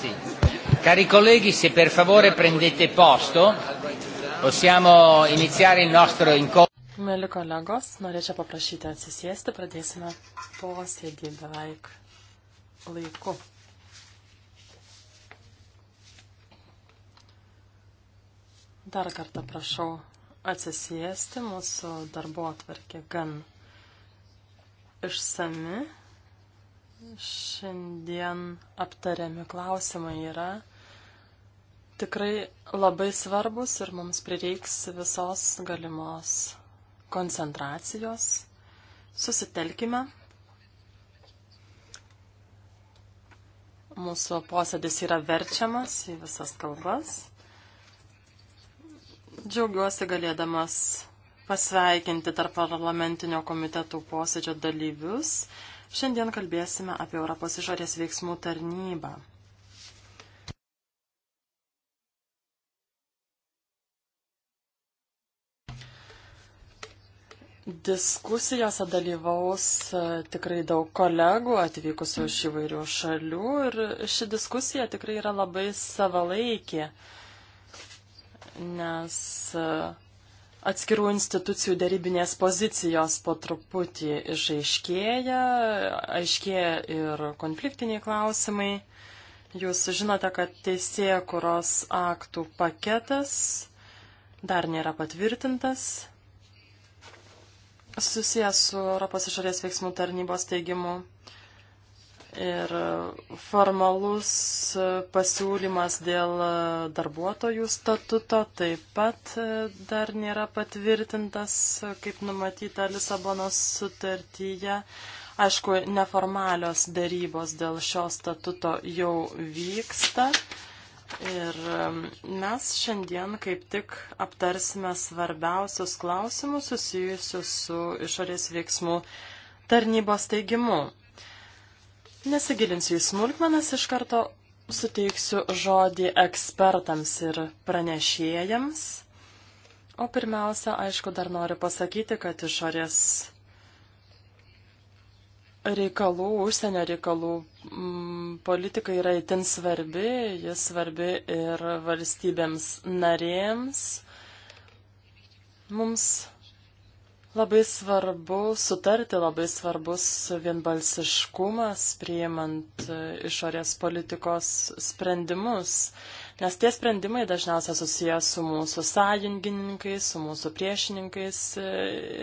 Sì. Cari colleghi, se per favore prendete posto, possiamo iniziare il nostro incontro. Mėly kolegos, norėčiau paprašyti atsisėsti, pradėsime posėdį beveik laiku. Dar kartą prašau atsisėsti, mūsų darbo atvarkė gan išsami šiandien aptariami klausimai yra tikrai labai svarbus ir mums prireiks visos galimos koncentracijos. Susitelkime. Mūsų posėdis yra verčiamas į visas kalbas. Džiaugiuosi galėdamas pasveikinti tarp parlamentinio komitetų posėdžio dalyvius Šiandien kalbėsime apie Europos išorės veiksmų tarnybą. Diskusijose dalyvaus e, tikrai daug kolegų atvykusių iš įvairių šalių ir ši diskusija tikrai yra labai savalaikė, nes uh, atskirų institucijų darybinės pozicijos po truputį išaiškėja, aiškėja ir konfliktiniai klausimai. Jūs žinote, kad teisėje kuros aktų paketas dar nėra patvirtintas. Susijęs su Europos išorės veiksmų tarnybos teigimu Ir formalus pasiūlymas dėl darbuotojų statuto taip pat dar nėra patvirtintas, kaip numatyta Lisabonos sutartyje. Aišku, neformalios dėrybos dėl šio statuto jau vyksta. Ir mes šiandien kaip tik aptarsime svarbiausius klausimus susijusius su išorės veiksmų tarnybos teigimu. Nesigilinsiu į smulkmenas, iš karto suteiksiu žodį ekspertams ir pranešėjams. O pirmiausia, aišku, dar noriu pasakyti, kad išorės reikalų, užsienio reikalų m, mm, politika yra itin svarbi, jis svarbi ir valstybėms narėms. Mums Labai svarbu sutarti, labai svarbus vienbalsiškumas priimant e, išorės politikos sprendimus, nes tie sprendimai dažniausiai susijęs su mūsų sąjungininkais, su mūsų priešininkais e,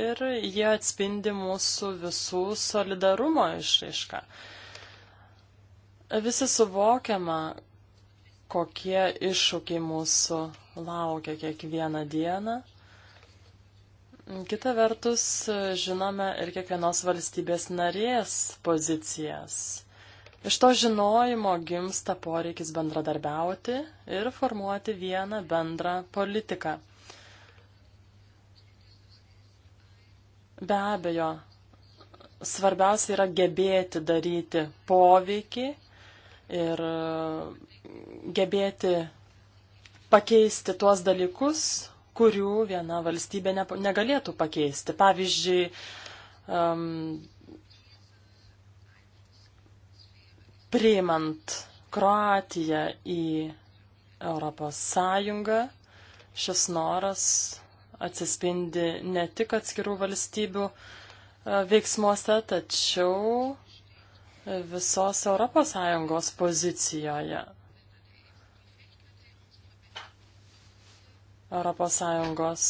ir jie atspindi mūsų visų solidarumo išraišką. Visi suvokiama, kokie iššūkiai mūsų laukia kiekvieną dieną. Kita vertus, žinome ir kiekvienos valstybės narės pozicijas. Iš to žinojimo gimsta poreikis bendradarbiauti ir formuoti vieną bendrą politiką. Be abejo, svarbiausia yra gebėti daryti poveikį ir e, gebėti pakeisti tuos dalykus, kurių viena valstybė ne, negalėtų pakeisti. Pavyzdžiui, um, priimant Kroatiją į Europos Sąjungą, šis noras atsispindi ne tik atskirų valstybių e, veiksmuose, tačiau visos Europos Sąjungos pozicijoje. ES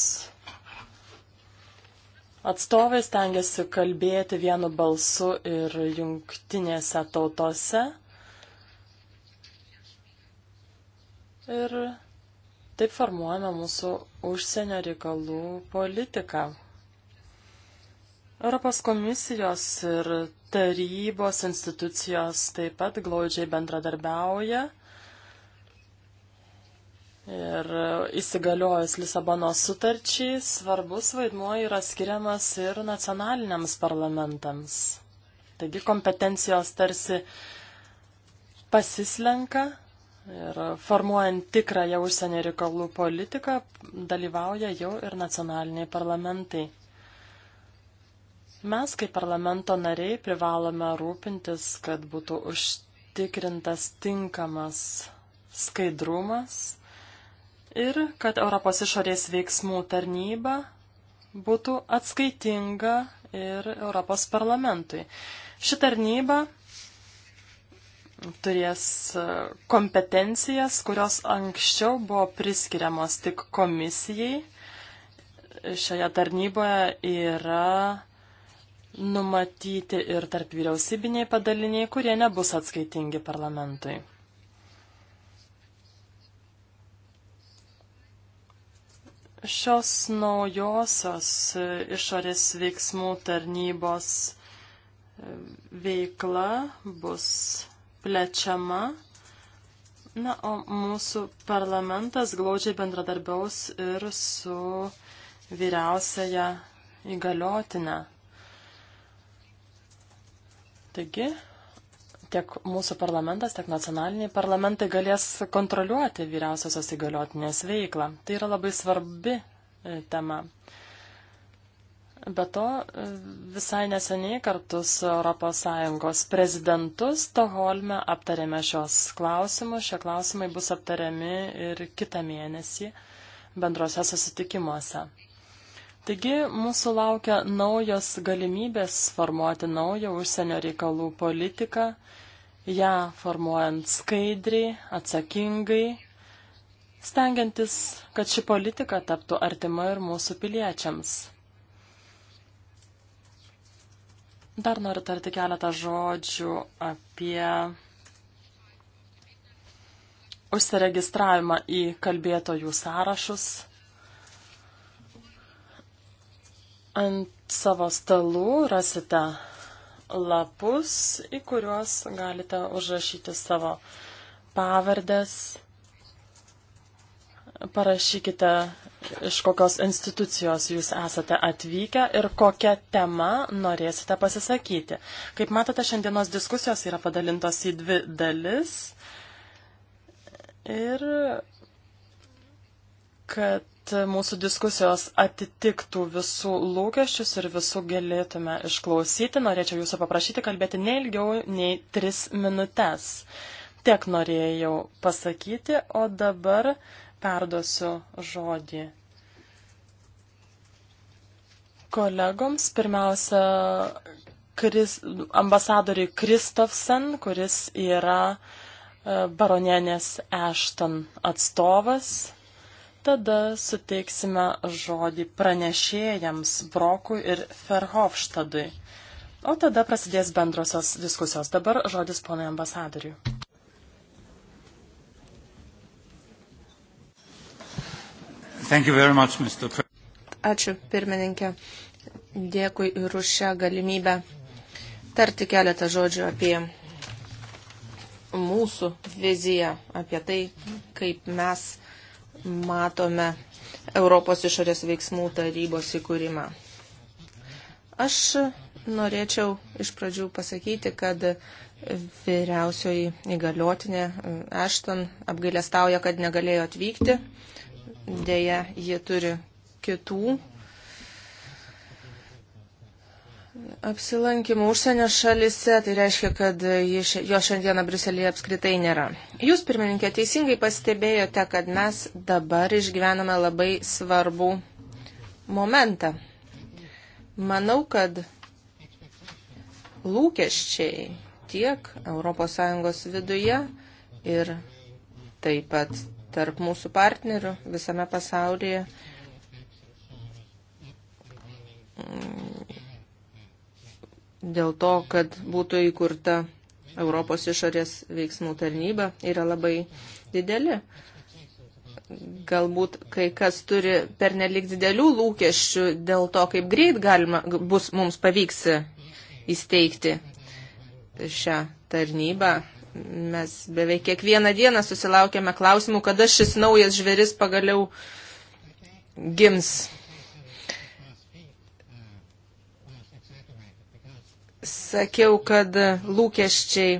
atstovai stengiasi kalbėti vienu balsu ir jungtinėse tautose. Ir taip formuojame mūsų užsienio reikalų politiką. Europos komisijos ir tarybos institucijos taip pat glaudžiai bendradarbiauja. Ir įsigaliojus Lisabonos sutarčiai svarbus vaidmuo yra skiriamas ir nacionaliniams parlamentams. Taigi kompetencijos tarsi pasislenka ir formuojant tikrą jau užsienio reikalų politiką dalyvauja jau ir nacionaliniai parlamentai. Mes kaip parlamento nariai privalome rūpintis, kad būtų užtikrintas tinkamas skaidrumas ir kad Europos išorės veiksmų tarnyba būtų atskaitinga ir Europos parlamentui. Ši tarnyba turės e, kompetencijas, kurios anksčiau buvo priskiriamos tik komisijai. Šioje tarnyboje yra numatyti ir tarp vyriausybiniai padaliniai, kurie nebus atskaitingi parlamentui. Šios naujosios e, išorės veiksmų tarnybos e, veikla bus plečiama. Na, o mūsų parlamentas glaudžiai bendradarbiaus ir su vyriausiaja įgaliotinę. Taigi, tiek mūsų parlamentas, tiek nacionaliniai parlamentai galės kontroliuoti vyriausiosios įgaliotinės veiklą. Tai yra labai svarbi e, tema. Be to, e, visai neseniai kartu su ES prezidentu Stoholme aptarėme šios klausimus. Šie klausimai bus aptariami ir kitą mėnesį bendrose susitikimuose. Taigi mūsų laukia naujos galimybės formuoti naują užsienio reikalų politiką, ją formuojant skaidriai, atsakingai, stengiantis, kad ši politika taptų artima ir mūsų piliečiams. Dar noriu tarti keletą žodžių apie užsiregistravimą į kalbėtojų sąrašus. Ant savo stalų rasite lapus, į kuriuos galite užrašyti savo pavardės. Parašykite, iš kokios institucijos jūs esate atvykę ir kokią temą norėsite pasisakyti. Kaip matote, šiandienos diskusijos yra padalintos į dvi dalis. Ir kad kad mūsų diskusijos atitiktų visų lūkesčius ir visų galėtume išklausyti, norėčiau jūsų paprašyti kalbėti neilgiau nei tris minutės. Tiek norėjau pasakyti, o dabar perduosiu žodį kolegoms. Pirmiausia, Kris, ambasadoriui Kristofsen, kuris yra e, baronienės Ashton atstovas. Tada suteiksime žodį pranešėjams Brokui ir Ferhofštadui. O tada prasidės bendrosios diskusijos. Dabar žodis ponui ambasadoriui. Much, Mr. Ačiū, pirmininkė. Dėkui ir už šią galimybę tarti keletą žodžių apie mūsų viziją, apie tai, kaip mes matome Europos išorės veiksmų tarybos įkūrimą. Aš norėčiau iš pradžių pasakyti, kad vyriausioji įgaliotinė Ashton apgailestauja, kad negalėjo atvykti. Deja, jie turi kitų apsilankimų užsienio šalise, tai reiškia, kad jo šiandieną Briuselėje apskritai nėra. Jūs, pirmininkė, teisingai pastebėjote, kad mes dabar išgyvename labai svarbų momentą. Manau, kad lūkesčiai tiek ES viduje ir taip pat tarp mūsų partnerių visame pasaulyje dėl to, kad būtų įkurta Europos išorės veiksmų tarnyba, yra labai dideli. Galbūt kai kas turi pernelik didelių lūkesčių dėl to, kaip greit galima, bus, mums pavyks įsteigti šią tarnybą. Mes beveik kiekvieną dieną susilaukėme klausimų, kada šis naujas žveris pagaliau gims Sakiau, kad lūkesčiai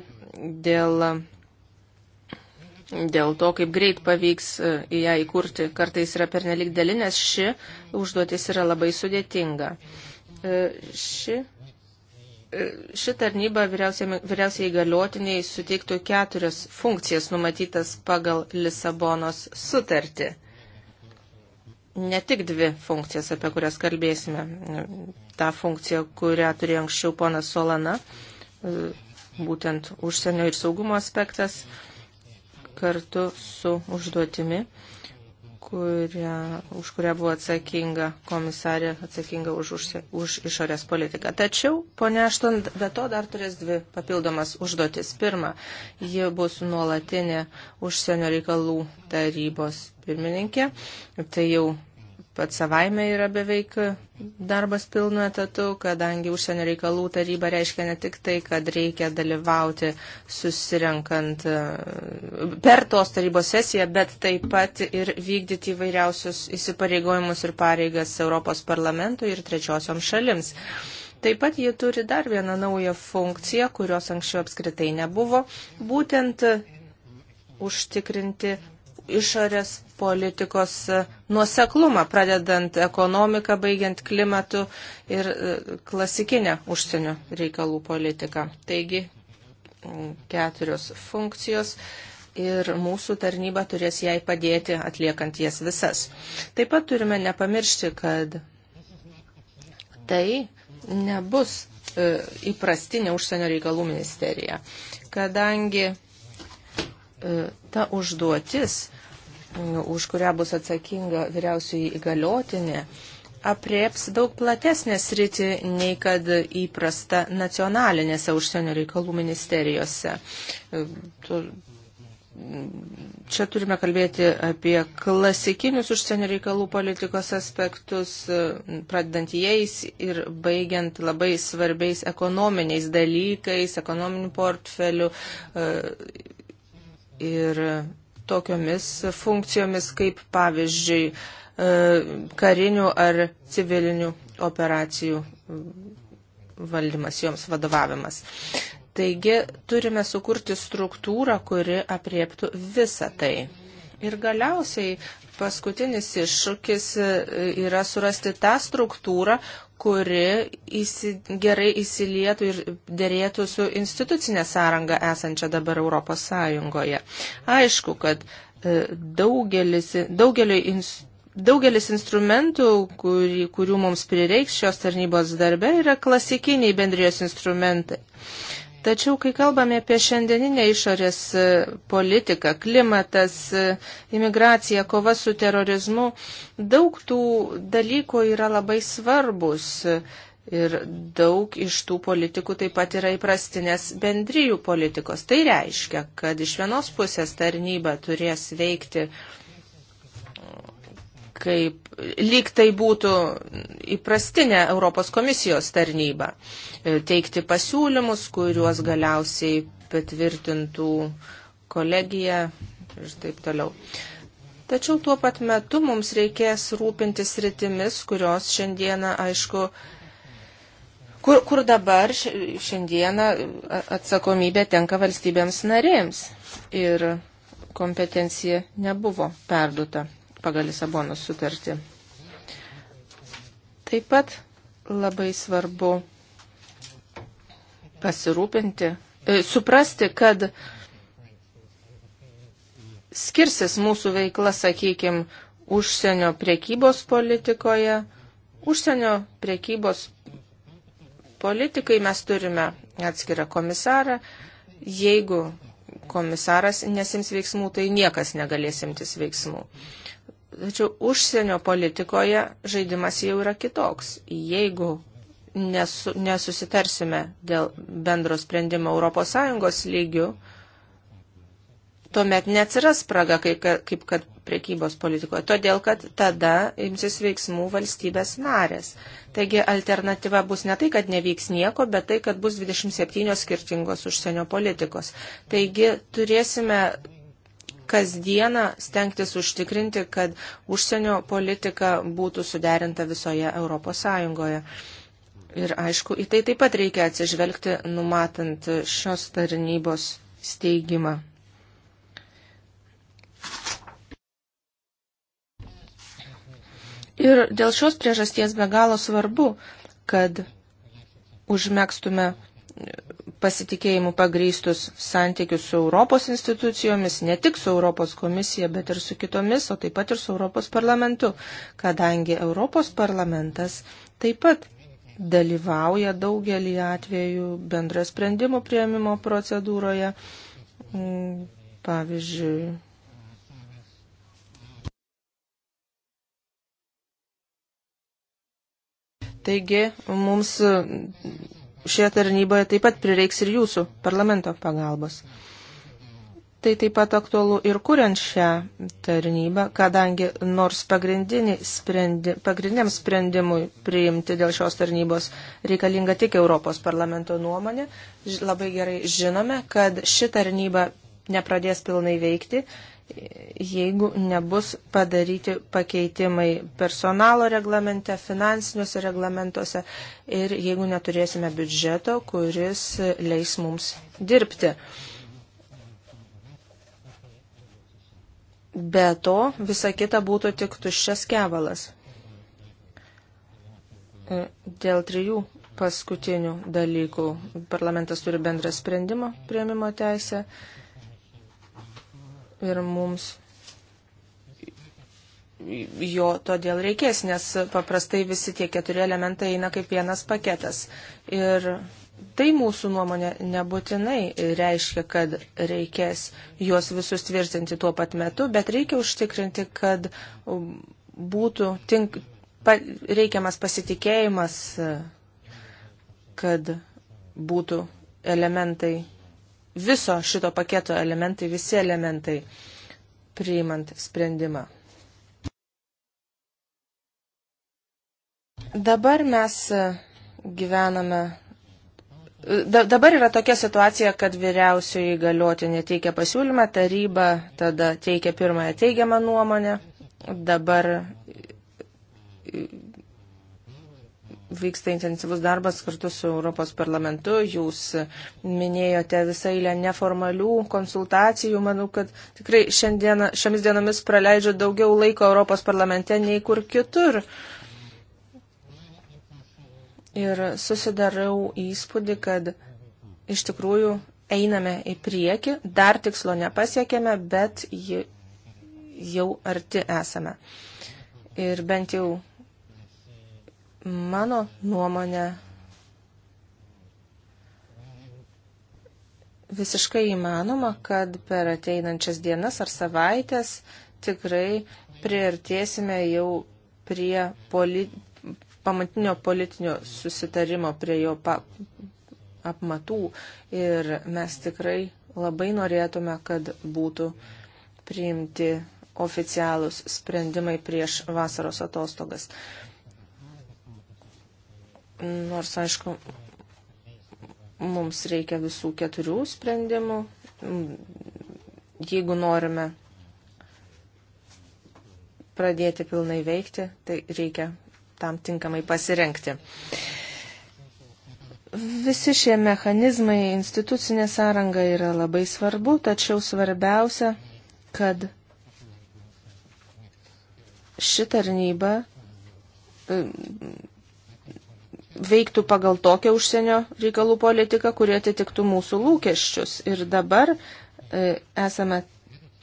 dėl, dėl to, kaip greit pavyks e, į ją įkurti, kartais yra pernelik dėlį, nes ši užduotis yra labai sudėtinga. E, ši, e, ši tarnyba vyriausiai įgaliotiniai suteiktų keturias funkcijas numatytas pagal Lisabonos sutartį ne tik dvi funkcijas, apie kurias kalbėsime. Ta funkcija, kurią turėjo anksčiau ponas Solana, būtent užsienio ir saugumo aspektas, kartu su užduotimi, kuria, už kurią buvo atsakinga komisarė, atsakinga už, už, už išorės politiką. Tačiau, ponia Ašton, be to dar turės dvi papildomas užduotis. Pirma, ji bus nuolatinė užsienio reikalų tarybos pirmininkė. Tai jau pat savaime yra beveik darbas pilnu etatu, kadangi užsienio reikalų taryba reiškia ne tik tai, kad reikia dalyvauti susirenkant e, per tos tarybos sesiją, bet taip pat ir vykdyti įvairiausius įsipareigojimus ir pareigas Europos parlamentui ir trečiosiom šalims. Taip pat ji turi dar vieną naują funkciją, kurios anksčiau apskritai nebuvo, būtent užtikrinti išorės politikos e, nuoseklumą, pradedant ekonomiką, baigiant klimatu ir e, klasikinę užsienio reikalų politiką. Taigi keturios funkcijos ir mūsų tarnyba turės jai padėti atliekant jas visas. Taip pat turime nepamiršti, kad tai nebus e, įprastinė užsienio reikalų ministerija, kadangi ta užduotis už kurią bus atsakinga vyriausiai įgaliotinė, aprieps daug platesnę sritį nei kad įprasta nacionalinėse užsienio reikalų ministerijose. Čia turime kalbėti apie klasikinius užsienio reikalų politikos aspektus, pradedant jais ir baigiant labai svarbiais ekonominiais dalykais, ekonominiu portfeliu e, ir tokiomis funkcijomis kaip pavyzdžiui e, karinių ar civilinių operacijų valdymas, joms vadovavimas. Taigi turime sukurti struktūrą, kuri apriektų visą tai. Ir galiausiai paskutinis iššūkis e, yra surasti tą struktūrą, kuri įsi, gerai įsilietų ir dėrėtų su institucinė sąranga esančia dabar Europos Sąjungoje. Aišku, kad e, daugelis, daugelio institucijų Daugelis instrumentų, kurį, kurių mums prireiks šios tarnybos darbe, yra klasikiniai bendrijos instrumentai. Tačiau, kai kalbame apie šiandieninę išorės e, politiką, klimatas, e, imigracija, kova su terorizmu, daug tų dalykų yra labai svarbus. Ir daug iš tų politikų taip pat yra įprastinės bendryjų politikos. Tai reiškia, kad iš vienos pusės tarnyba turės veikti uh, kaip lyg tai būtų įprastinė Europos komisijos tarnyba e, teikti pasiūlymus, kuriuos galiausiai patvirtintų kolegija ir taip toliau. Tačiau tuo pat metu mums reikės rūpintis rytimis, kurios šiandieną, aišku, kur, kur dabar šiandieną e, atsakomybė tenka valstybėms narėms ir kompetencija nebuvo perduta pagal Lisabonos sutartį. Taip pat labai svarbu pasirūpinti, e, suprasti, kad skirsis mūsų veikla, sakykime, užsienio priekybos politikoje. Užsienio priekybos politikai mes turime atskirą komisarą. Jeigu komisaras nesims veiksmų, tai niekas negalės imtis veiksmų. Tačiau užsienio politikoje žaidimas jau yra kitoks. Jeigu nesu, nesusitarsime dėl bendro sprendimo ES lygių, tuomet neatsiras spraga, kaip, kaip kad priekybos politikoje, todėl kad tada imsis veiksmų valstybės narės. Taigi alternatyva bus ne tai, kad nevyks nieko, bet tai, kad bus 27 skirtingos užsienio politikos. Taigi turėsime kasdieną stengtis užtikrinti, kad užsienio politika būtų suderinta visoje Europos Sąjungoje. Ir aišku, į tai taip pat reikia atsižvelgti, numatant šios tarnybos steigimą. Ir dėl šios priežasties be galo svarbu, kad užmėgstume pasitikėjimų pagrystus santykius su Europos institucijomis, ne tik su Europos komisija, bet ir su kitomis, o taip pat ir su Europos parlamentu, kadangi Europos parlamentas taip pat dalyvauja daugelį atvejų bendro sprendimų prieimimo procedūroje. Mm, pavyzdžiui, Taigi mums šioje tarnyboje taip pat prireiks ir jūsų parlamento pagalbos. Tai taip pat aktualu ir kuriant šią tarnybą, kadangi nors spendi, pagrindiniam sprendimui priimti dėl šios tarnybos reikalinga tik Europos parlamento nuomonė, labai gerai žinome, kad ši tarnyba nepradės pilnai veikti, jeigu nebus padaryti pakeitimai personalo reglamente, finansiniuose reglamentuose ir jeigu neturėsime biudžeto, kuris leis mums dirbti. Be to, visa kita būtų tik tuščias kevalas. Dėl trijų paskutinių dalykų parlamentas turi bendrą sprendimo prieimimo teisę ir mums jo todėl reikės, nes paprastai visi tie keturi elementai eina kaip vienas paketas. Ir tai mūsų nuomonė nebūtinai reiškia, kad reikės juos visus tvirtinti tuo pat metu, bet reikia užtikrinti, kad būtų tink, pa, reikiamas pasitikėjimas, kad būtų elementai viso šito paketo elementai, visi elementai priimant sprendimą. Dabar mes e, gyvename Dabar yra tokia situacija, kad vyriausioji galiotinė teikia pasiūlymą, taryba tada teikia pirmąją teigiamą nuomonę, dabar vyksta intensyvus darbas kartu su Europos parlamentu. Jūs minėjote visą eilę neformalių konsultacijų. Manau, kad tikrai šiandieną, šiomis dienomis praleidžiu daugiau laiko Europos parlamente nei kur kitur. Ir susidarau įspūdį, kad iš tikrųjų einame į priekį, dar tikslo nepasiekėme, bet jau arti esame. Ir bent jau Mano nuomonė visiškai įmanoma, kad per ateinančias dienas ar savaitės tikrai priartėsime jau prie polit, pamatinio politinio susitarimo, prie jo pa, apmatų ir mes tikrai labai norėtume, kad būtų priimti oficialūs sprendimai prieš vasaros atostogas. Nors, aišku, mums reikia visų keturių sprendimų, jeigu norime pradėti pilnai veikti, tai reikia tam tinkamai pasirenkti. Visi šie mechanizmai, institucinė sąranga yra labai svarbu, tačiau svarbiausia, kad ši tarnyba veiktų pagal tokią užsienio reikalų politiką, kurie atitiktų mūsų lūkesčius. Ir dabar e, esame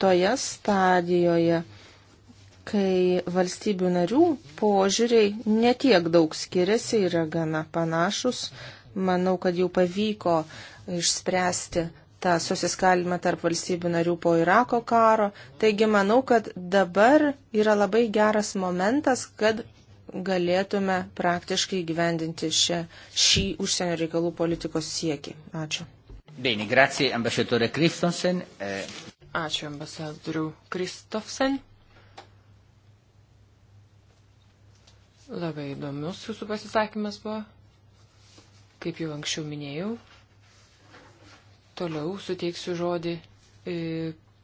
toje stadijoje, kai valstybių narių požiūriai netiek daug skiriasi, yra gana panašus. Manau, kad jau pavyko išspręsti tą susiskalimą tarp valstybių narių po Irako karo. Taigi manau, kad dabar yra labai geras momentas, kad galėtume praktiškai gyvendinti šią, šį užsienio reikalų politikos siekį. Ačiū. Bene, grazie, ambasadorė Kristofsen. Eh, Ačiū, ambasadoriu Kristofsen. Labai įdomus jūsų pasisakymas buvo. Kaip jau anksčiau minėjau, toliau suteiksiu žodį e,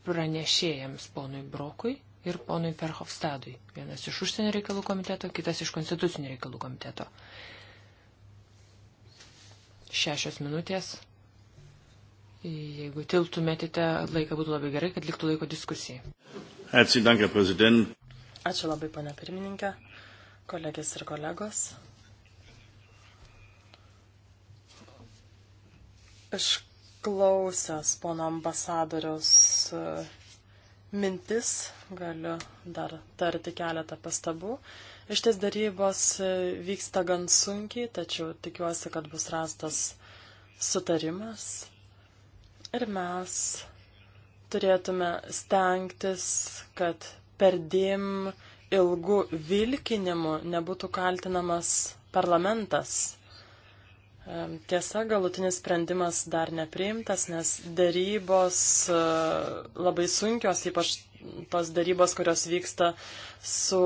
pranešėjams ponui Brokui ir ponui Ferhofstadui. Vienas iš užsienio reikalų komiteto, kitas iš konstitucinio reikalų komiteto. Šešios minutės. Jeigu tiltumėtite, laiką būtų labai gerai, kad liktų laiko diskusijai. Ačiū, dankia, prezident. Ačiū labai, pane pirmininkė, kolegės ir kolegos. Išklausęs pono ambasadoriaus mintis galiu dar tarti keletą pastabų. Iš ties darybos e, vyksta gan sunkiai, tačiau tikiuosi, kad bus rastas sutarimas. Ir mes turėtume stengtis, kad perdėm ilgu vilkinimu nebūtų kaltinamas parlamentas. Tiesa, galutinis sprendimas dar nepriimtas, nes darybos e, labai sunkios, ypač tos darybos, kurios vyksta su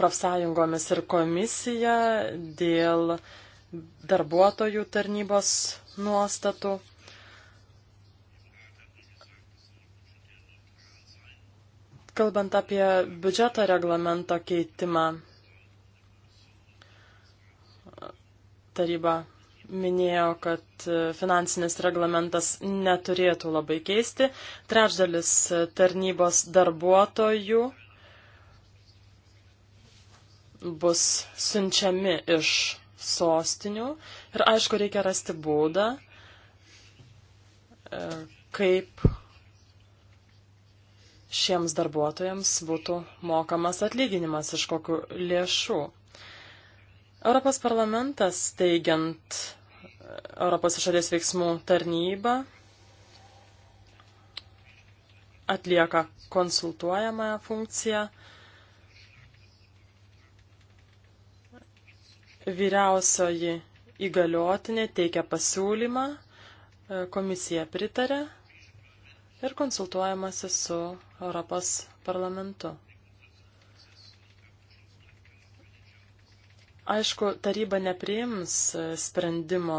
profsąjungomis ir komisija dėl darbuotojų tarnybos nuostatų. Kalbant apie biudžeto reglamento keitimą, taryba minėjo, kad e, finansinis reglamentas neturėtų labai keisti. Trečdalis e, tarnybos darbuotojų bus siunčiami iš sostinių ir aišku, reikia rasti būdą, e, kaip šiems darbuotojams būtų mokamas atlyginimas iš kokių lėšų. Europos parlamentas teigiant Europos šalies veiksmų tarnyba atlieka konsultuojamąją funkciją. Vyriausioji įgaliotinė teikia pasiūlymą, e, komisija pritarė ir konsultuojamasi su Europos parlamentu. Aišku, taryba nepriims e, sprendimo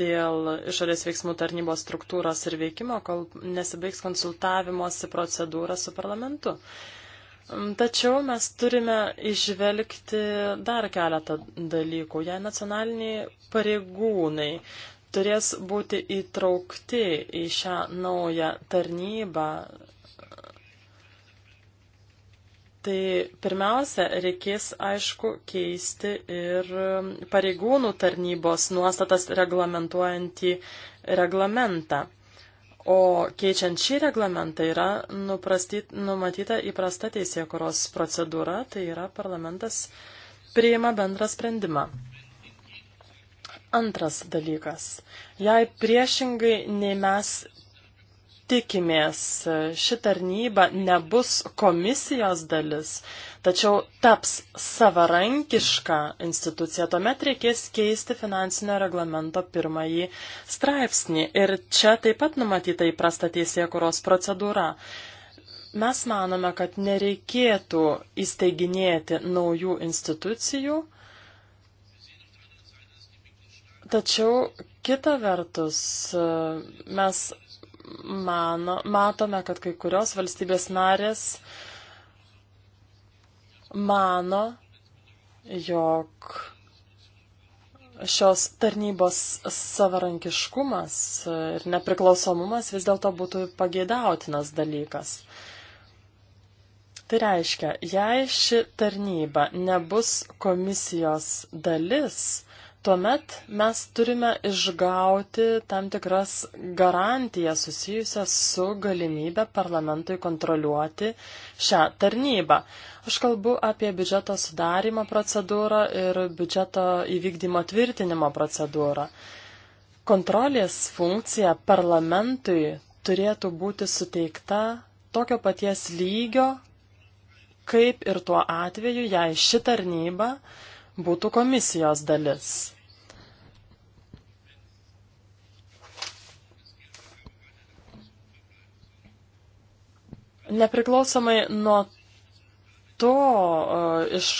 dėl išorės veiksmų tarnybos struktūros ir veikimo, kol nesibaigs konsultavimosi procedūra su parlamentu. Mm, tačiau mes turime išvelgti dar keletą dalykų. Jei nacionaliniai pareigūnai turės būti įtraukti į šią naują tarnybą, Tai pirmiausia, reikės, aišku, keisti ir um, pareigūnų tarnybos nuostatas reglamentuojantį reglamentą. O keičiant šį reglamentą yra nuprastyt, numatyta įprasta teisėkuros procedūra, tai yra parlamentas priima bendrą sprendimą. Antras dalykas. Jei priešingai nei mes tikimės, ši tarnyba nebus komisijos dalis, tačiau taps savarankiška institucija, tuomet reikės keisti finansinio reglamento pirmąjį straipsnį. Ir čia taip pat numatyta įprasta teisėkuros procedūra. Mes manome, kad nereikėtų įsteiginėti naujų institucijų, tačiau kita vertus mes mano, matome, kad kai kurios valstybės narės mano, jog šios tarnybos savarankiškumas ir nepriklausomumas vis dėlto būtų pageidautinas dalykas. Tai reiškia, jei ši tarnyba nebus komisijos dalis, tuomet mes turime išgauti tam tikras garantijas susijusias su galimybe parlamentui kontroliuoti šią tarnybą. Aš kalbu apie biudžeto sudarimo procedūrą ir biudžeto įvykdymo tvirtinimo procedūrą. Kontrolės funkcija parlamentui turėtų būti suteikta tokio paties lygio, kaip ir tuo atveju, jei ši tarnyba būtų komisijos dalis. Nepriklausomai nuo to, e, iš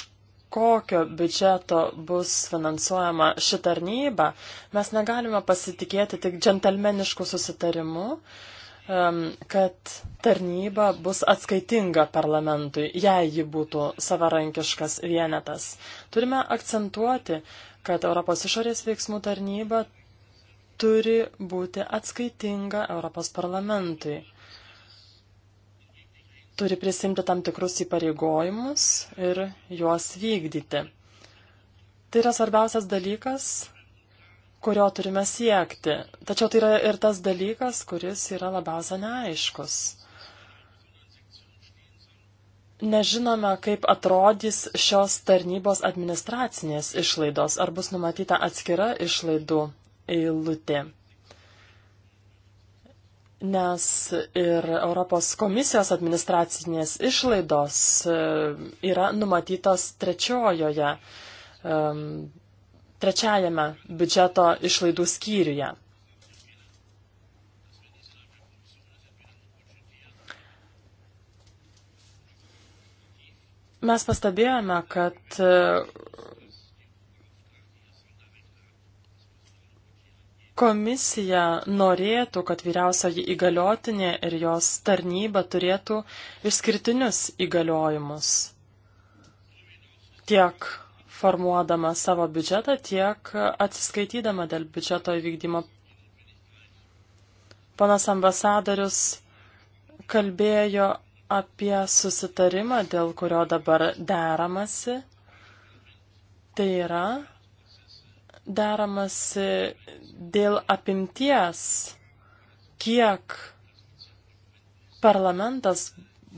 kokio biudžeto bus finansuojama ši tarnyba, mes negalime pasitikėti tik džentelmeniškų susitarimu, uh, Um, kad tarnyba bus atskaitinga parlamentui, jei ji būtų savarankiškas vienetas. Turime akcentuoti, kad Europos išorės veiksmų tarnyba turi būti atskaitinga Europos parlamentui. Turi prisimti tam tikrus įpareigojimus ir juos vykdyti. Tai yra svarbiausias dalykas, kurio turime siekti. Tačiau tai yra ir tas dalykas, kuris yra labiausia neaiškus. Nežinome, kaip atrodys šios tarnybos administracinės išlaidos, ar bus numatyta atskira išlaidų eilutė nes ir Europos komisijos administracinės išlaidos e, yra numatytos trečiojoje um, trečiajame biudžeto išlaidų skyriuje. Mes pastebėjome, kad e, komisija norėtų, kad vyriausioji įgaliotinė ir jos tarnyba turėtų išskirtinius įgaliojimus tiek formuodama savo biudžetą, tiek atsiskaitydama dėl biudžeto įvykdymo. Panas ambasadorius kalbėjo apie susitarimą, dėl kurio dabar deramasi. Tai yra deramasi dėl apimties, kiek parlamentas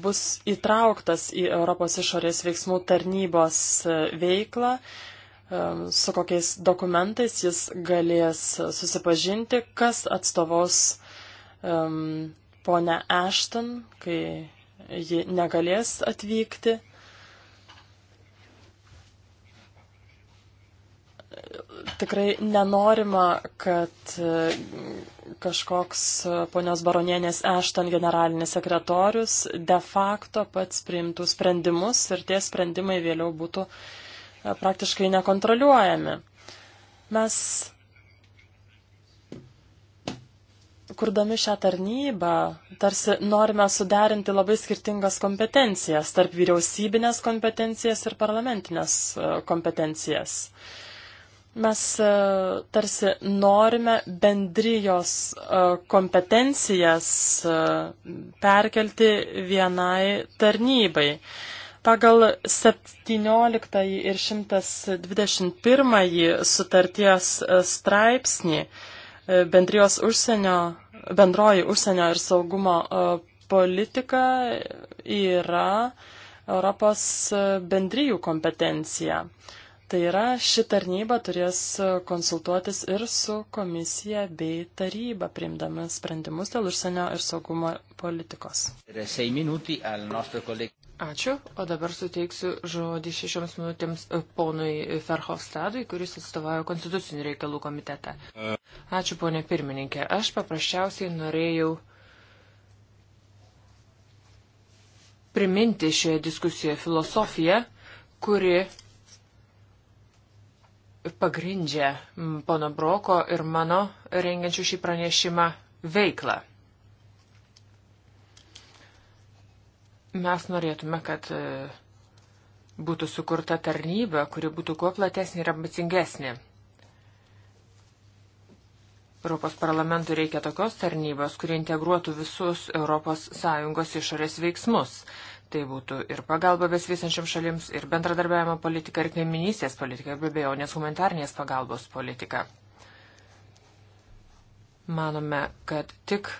bus įtrauktas į Europos išorės veiksmų tarnybos e, veiklą, e, su kokiais dokumentais jis galės susipažinti, kas atstovaus um, ponę Ashton, kai ji negalės atvykti. tikrai nenorima, kad e, kažkoks e, ponios baronienės Ešton generalinis sekretorius de facto pats priimtų sprendimus ir tie sprendimai vėliau būtų e, praktiškai nekontroliuojami. Mes, kurdami šią tarnybą, tarsi norime suderinti labai skirtingas kompetencijas, tarp vyriausybinės kompetencijas ir parlamentinės kompetencijas. Uh, Mes e, tarsi norime bendrijos e, kompetencijas e, perkelti vienai tarnybai. Pagal 17 ir 121 sutarties straipsnį bendrijos užsienio, bendroji užsienio ir saugumo politika yra Europos bendrijų kompetencija. Tai yra, ši tarnyba turės konsultuotis ir su komisija bei taryba, priimdama sprendimus dėl užsienio ir saugumo politikos. Ačiū, o dabar suteiksiu žodį šešioms minutėms ponui Ferhofstadui, kuris atstovauja Konstitucinių reikalų komitetą. Ačiū, ponė pirmininkė. Aš paprasčiausiai norėjau priminti šioje diskusijoje filosofiją, kuri pagrindžia pono Broko ir mano rengiančių šį pranešimą veiklą. Mes norėtume, kad e, būtų sukurta tarnyba, kuri būtų kuo platesnė ir ambicingesnė. Europos parlamentui reikia tokios tarnybos, kuri integruotų visus ES išorės veiksmus. Tai būtų ir pagalba besvysančiam šalims, ir bendradarbiavimo politika, ir kaiminystės politika, ir be abejo, nes humanitarnės pagalbos politika. Manome, kad tik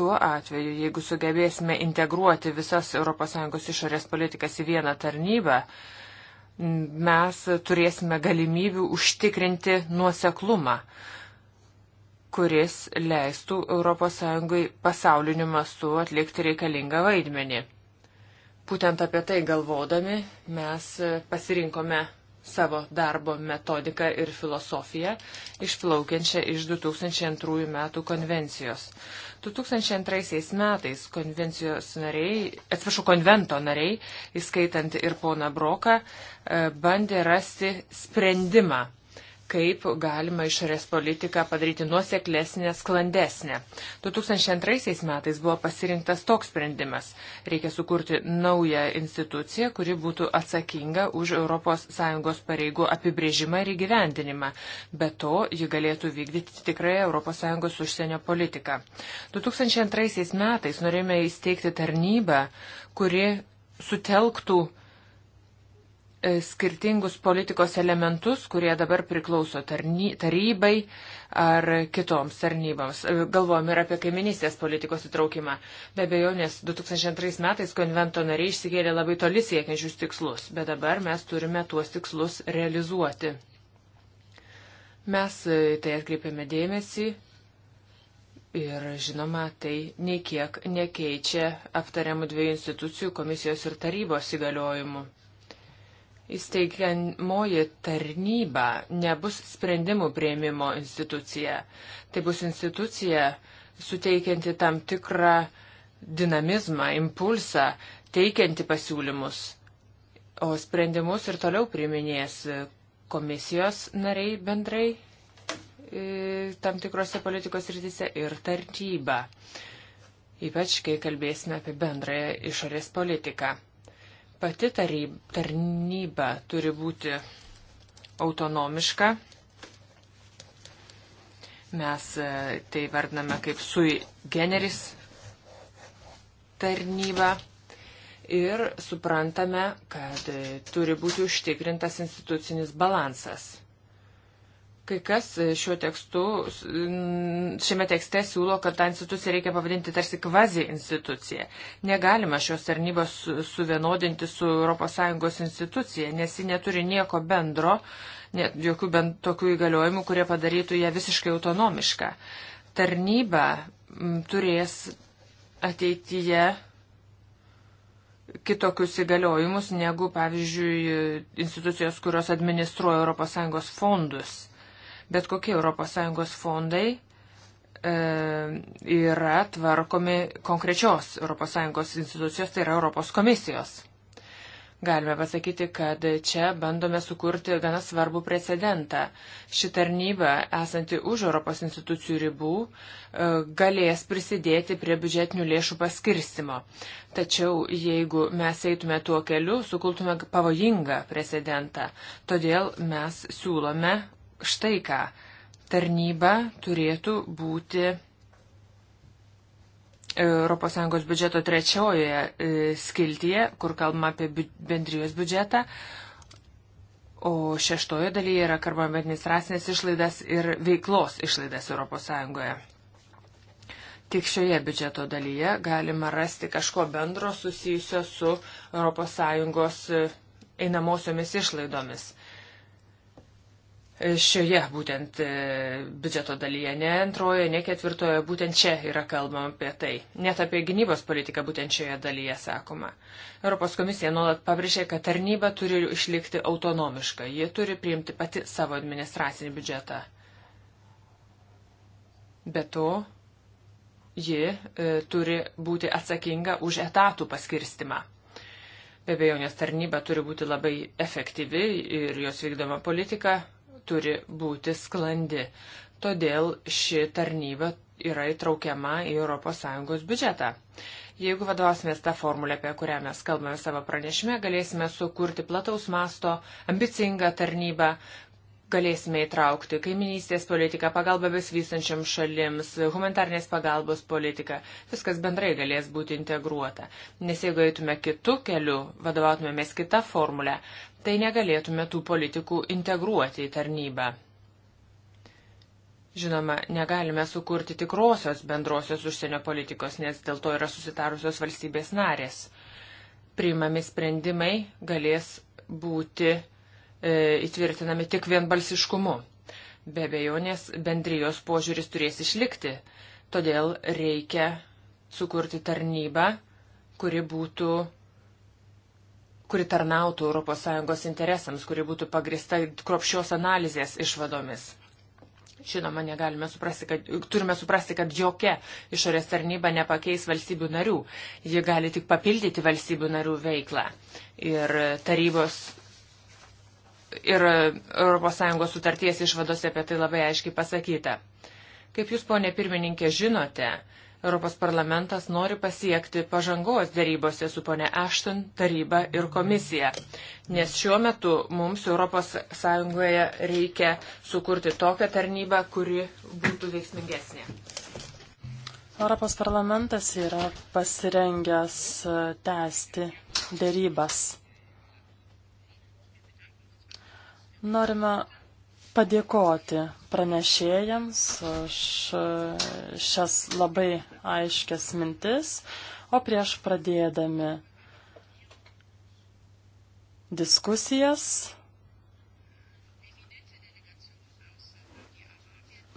tuo atveju, jeigu sugebėsime integruoti visas ES išorės politikas į vieną tarnybą, mes turėsime galimybių užtikrinti nuoseklumą, kuris leistų ES pasauliniu mastu atlikti reikalingą vaidmenį. Būtent apie tai galvodami mes pasirinkome savo darbo metodiką ir filosofiją, išplaukiančią iš 2002 metų konvencijos. 2002 metais konvencijos nariai, atsiprašau, konvento nariai, įskaitant ir poną Broką, e, bandė rasti sprendimą kaip galima išorės politiką padaryti nuoseklesnė, sklandesnė. 2002 metais buvo pasirinktas toks sprendimas. Reikia sukurti naują instituciją, kuri būtų atsakinga už ES pareigų apibrėžimą ir įgyvendinimą. Be to, ji galėtų vykdyti tikrąją ES užsienio politiką. 2002 metais norėjome įsteigti tarnybą, kuri sutelktų E, skirtingus politikos elementus, kurie dabar priklauso tarny, tarybai ar kitoms tarnyboms. E, Galvojom ir apie kaiminystės politikos įtraukimą. Be abejo, nes 2002 metais konvento nariai išsikėlė labai toli siekiančius tikslus, bet dabar mes turime tuos tikslus realizuoti. Mes tai atkreipėme dėmesį ir, žinoma, tai nei kiek nekeičia aptariamų dviejų institucijų komisijos ir tarybos įgaliojimų įsteigiamoji tarnyba nebus sprendimų prieimimo institucija. Tai bus institucija suteikianti tam tikrą dinamizmą, impulsą, teikianti pasiūlymus. O sprendimus ir toliau priiminės komisijos nariai bendrai e, tam tikrose politikos rytise ir tarnyba. Ypač, kai kalbėsime apie bendrąją išorės politiką. Pati tarnyba turi būti autonomiška. Mes e, tai vardiname kaip sui generis tarnyba ir suprantame, kad e, turi būti užtikrintas institucinis balansas. Kai kas šiuo tekstu, šiame tekste siūlo, kad tą instituciją reikia pavadinti tarsi kvazi institucija. Negalima šios tarnybos suvienodinti su ES institucija, nes ji neturi nieko bendro, net jokių bent tokių įgaliojimų, kurie padarytų ją visiškai autonomišką. Tarnyba turės ateityje kitokius įgaliojimus negu, pavyzdžiui, institucijos, kurios administruoja ES fondus bet kokie ES fondai e, yra tvarkomi konkrečios ES institucijos, tai yra Europos komisijos. Galime pasakyti, kad čia bandome sukurti gana svarbų precedentą. Ši tarnyba, esanti už Europos institucijų ribų, e, galės prisidėti prie biudžetinių lėšų paskirstimo. Tačiau jeigu mes eitume tuo keliu, sukultume pavojingą precedentą. Todėl mes siūlome štai ką. Tarnyba turėtų būti ES biudžeto trečiojoje e, skiltyje, kur kalbama apie bendrijos biudžetą, o šeštojo dalyje yra kalbama apie administracinės išlaidas ir veiklos išlaidas ES. Tik šioje biudžeto dalyje galima rasti kažko bendro susijusio su ES e, einamosiomis išlaidomis šioje būtent e, biudžeto dalyje, ne antrojoje, ne ketvirtoje, būtent čia yra kalbama apie tai. Net apie gynybos politiką būtent šioje dalyje sakoma. Europos komisija nuolat pabrėžė, kad tarnyba turi išlikti autonomiška, ji turi priimti pati savo administracinį biudžetą. Be to, ji e, turi būti atsakinga už etatų paskirstimą. Be abejo, nes tarnyba turi būti labai efektyvi ir jos vykdoma politika turi būti sklandi. Todėl ši tarnyba yra įtraukiama į ES biudžetą. Jeigu vadovausimės tą formulę, apie kurią mes kalbame savo pranešime, galėsime sukurti plataus masto ambicingą tarnybą, galėsime įtraukti kaiminystės politiką, pagalbą besvystančiam šalims, humanitarnės pagalbos politiką. Viskas bendrai galės būti integruota. Nes jeigu eitume kitų kelių, vadovautumėmės kitą formulę, tai negalėtume tų politikų integruoti į tarnybą. Žinoma, negalime sukurti tikrosios bendrosios užsienio politikos, nes dėl to yra susitarusios valstybės narės. Priimami sprendimai galės būti E, įtvirtinami tik vienbalsiškumu. Be abejonės bendrijos požiūris turės išlikti, todėl reikia sukurti tarnybą, kuri būtų kuri tarnautų ES interesams, kuri būtų pagrista kropščios analizės išvadomis. Žinoma, negalime suprasti, kad, turime suprasti, kad jokia išorės tarnyba nepakeis valstybių narių. Ji gali tik papildyti valstybių narių veiklą. Ir tarybos ir ES sutarties išvadose apie tai labai aiškiai pasakyta. Kaip jūs, ponė pirmininkė, žinote, Europos parlamentas nori pasiekti pažangos dėrybose su ponė Ashton, taryba ir komisija. Nes šiuo metu mums ES reikia sukurti tokią tarnybą, kuri būtų veiksmingesnė. Europos parlamentas yra pasirengęs e, tęsti dėrybas. Norime padėkoti pranešėjams už šias labai aiškias mintis, o prieš pradėdami diskusijas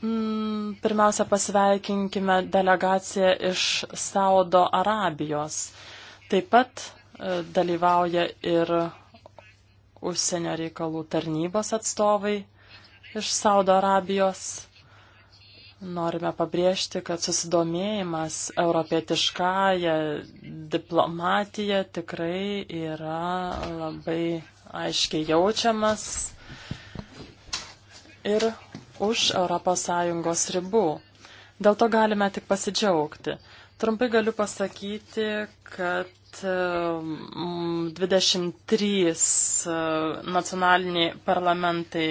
mm, pirmiausia pasveikinkime delegaciją iš Saudo Arabijos. Taip pat e, dalyvauja ir užsienio reikalų tarnybos atstovai iš Saudo Arabijos. Norime pabrėžti, kad susidomėjimas europietiškąją diplomatiją tikrai yra labai aiškiai jaučiamas ir už ES ribų. Dėl to galime tik pasidžiaugti. Trumpai galiu pasakyti, kad 23 um, uh, nacionaliniai parlamentai,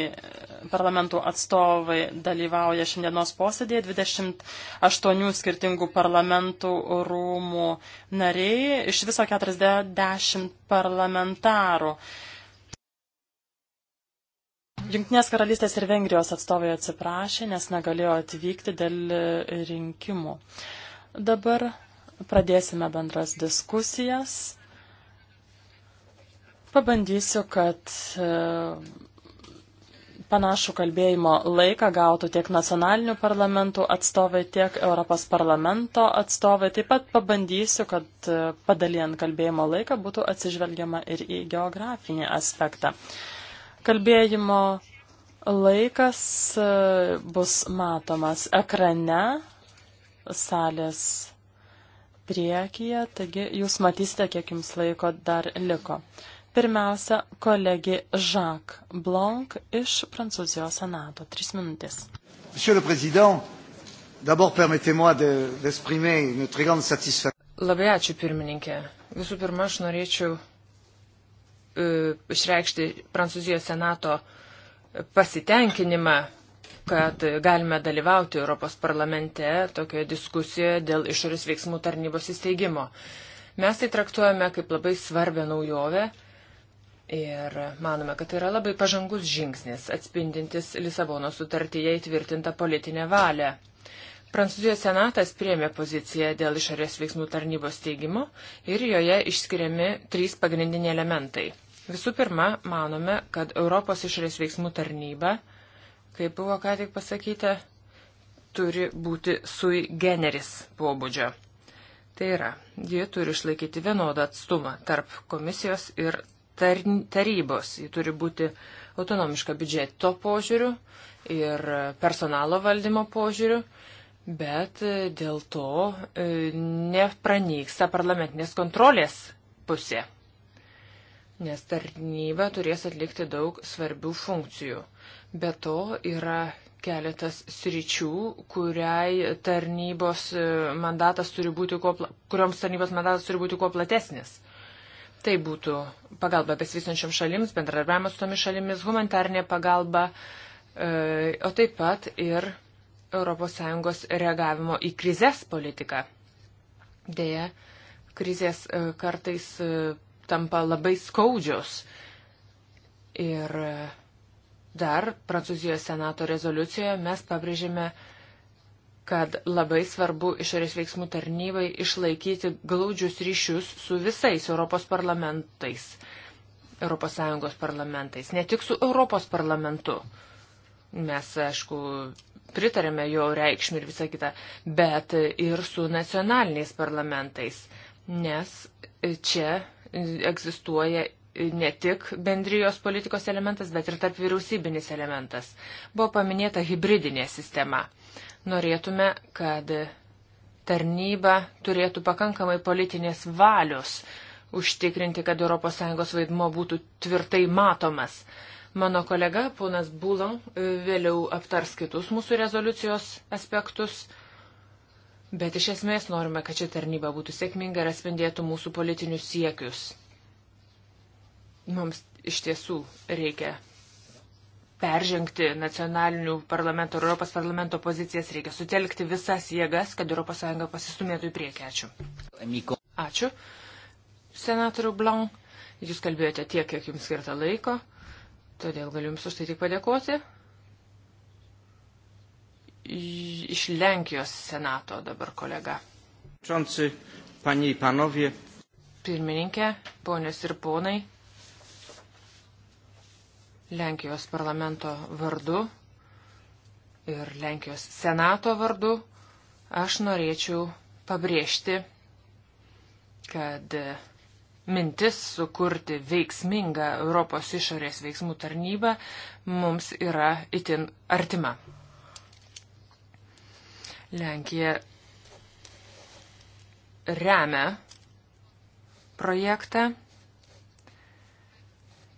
parlamentų atstovai dalyvauja šiandienos posėdėje, 28 skirtingų parlamentų rūmų nariai, iš viso 40 parlamentarų. Junktinės karalystės ir Vengrijos atstovai atsiprašė, nes negalėjo atvykti dėl rinkimų. Dabar Pradėsime bendras diskusijas. Pabandysiu, kad e, panašų kalbėjimo laiką gautų tiek nacionalinių parlamentų atstovai, tiek Europos parlamento atstovai. Taip pat pabandysiu, kad e, padalijant kalbėjimo laiką būtų atsižvelgiama ir į geografinį aspektą. Kalbėjimo laikas e, bus matomas ekrane salės priekyje, taigi jūs matysite, kiek jums laiko dar liko. Pirmiausia, kolegė Jacques Blanc iš Prancūzijos Senato. Tris minutės. Labai ačiū pirmininkė. Visų pirma, aš norėčiau uh, išreikšti Prancūzijos Senato pasitenkinimą kad galime dalyvauti Europos parlamente tokioje diskusijoje dėl išorės veiksmų tarnybos įsteigimo. Mes tai traktuojame kaip labai svarbę naujovę ir manome, kad tai yra labai pažangus žingsnis atspindintis Lisabono sutartyje įtvirtintą politinę valią. Prancūzijos senatas priemė poziciją dėl išorės veiksmų tarnybos teigimo ir joje išskiriami trys pagrindiniai elementai. Visų pirma, manome, kad Europos išorės veiksmų tarnyba kaip buvo ką tik pasakyta, turi būti sui generis pobūdžio. Tai yra, ji turi išlaikyti vienodą atstumą tarp komisijos ir tarybos. Ji turi būti autonomiška biudžeto požiūriu ir personalo valdymo požiūriu, bet dėl to e, nepranyksta parlamentinės kontrolės pusė, nes tarnyba turės atlikti daug svarbių funkcijų. Be to yra keletas sričių, kuriai tarnybos e, mandatas turi būti, kuo, kurioms tarnybos mandatas turi būti kuo platesnis. Tai būtų pagalba besivystančiom šalims, bendradarbiavimas su tomis šalimis, humanitarnė pagalba, e, o taip pat ir ES reagavimo į krizės politiką. Deja, krizės e, kartais tampa labai skaudžios ir Dar Prancūzijos Senato rezoliucijoje mes pabrėžėme, kad labai svarbu išorės veiksmų tarnybai išlaikyti glaudžius ryšius su visais Europos parlamentais, ES parlamentais, ne tik su Europos parlamentu. Mes, aišku, pritarėme jo reikšmį ir visą kitą, bet ir su nacionaliniais parlamentais, nes čia egzistuoja ne tik bendrijos politikos elementas, bet ir tarp vyriausybinis elementas. Buvo paminėta hybridinė sistema. Norėtume, kad tarnyba turėtų pakankamai politinės valios užtikrinti, kad ES vaidmo būtų tvirtai matomas. Mano kolega, ponas Būlon, vėliau aptars kitus mūsų rezoliucijos aspektus. Bet iš esmės norime, kad ši tarnyba būtų sėkminga ir atspindėtų mūsų politinius siekius. Mums iš tiesų reikia peržengti nacionalinių parlamento ir Europos parlamento pozicijas, reikia sutelkti visas jėgas, kad ES pasistumėtų į priekį. Ačiū. Ačiū. Senatorių Blanc, jūs kalbėjote tiek, kiek jums skirta laiko, todėl galiu jums už tai tik padėkoti. Iš Lenkijos senato dabar kolega. Pirmininkė, ponios ir ponai. Lenkijos parlamento vardu ir Lenkijos senato vardu aš norėčiau pabrėžti, kad mintis sukurti veiksmingą Europos išorės veiksmų tarnybą mums yra itin artima. Lenkija remia projektą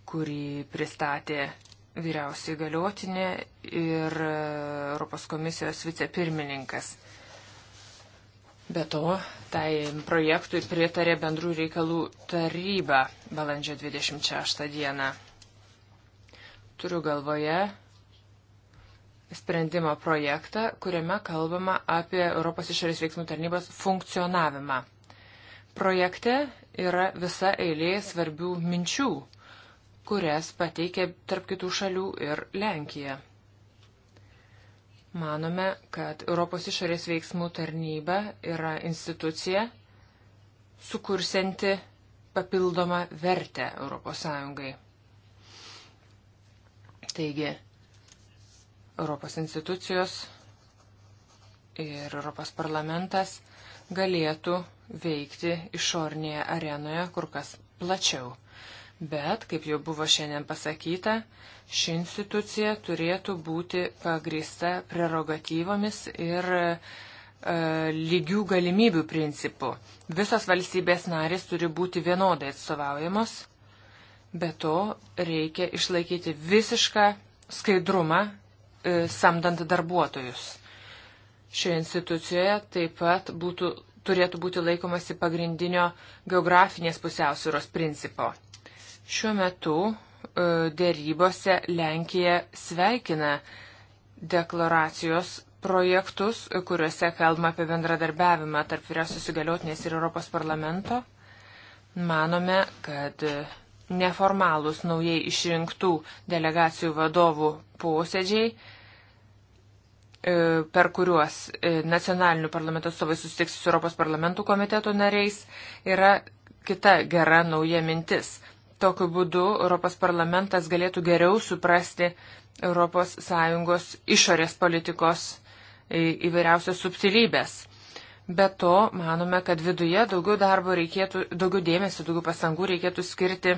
kurį pristatė vyriausiai galiotinė ir e, Europos komisijos vicepirmininkas. Be to, tai projektui pritarė bendrų reikalų taryba balandžio 26 dieną. Turiu galvoje sprendimo projektą, kuriame kalbama apie Europos išorės veiksmų tarnybos funkcionavimą. Projekte yra visa eilė svarbių minčių kurias pateikė tarp kitų šalių ir Lenkija. Manome, kad Europos išorės veiksmų tarnyba yra institucija, sukursianti papildomą vertę ES. Taigi, Europos institucijos ir Europos parlamentas galėtų veikti išornėje arenoje kur kas plačiau. Bet, kaip jau buvo šiandien pasakyta, ši institucija turėtų būti pagrįsta prerogatyvomis ir e, lygių galimybių principu. Visos valstybės narės turi būti vienodai atstovaujamos. Be to, reikia išlaikyti visišką skaidrumą e, samdant darbuotojus. Šioje institucijoje taip pat būtų, turėtų būti laikomasi pagrindinio geografinės pusiausvyros principo Šiuo metu e, dėrybose Lenkija sveikina deklaracijos projektus, kuriuose kalbama apie bendradarbiavimą tarp vyriausios įgaliotinės ir Europos parlamento. Manome, kad neformalūs naujai išrinktų delegacijų vadovų posėdžiai, e, per kuriuos e, nacionalinių parlamento atstovai susitiks su Europos parlamentų komiteto nariais, yra kita gera nauja mintis. Tokiu būdu Europos parlamentas galėtų geriau suprasti ES išorės politikos e, įvairiausias subtilybės. Be to, manome, kad viduje daugiau darbo reikėtų, daugiau dėmesio, daugiau pasangų reikėtų skirti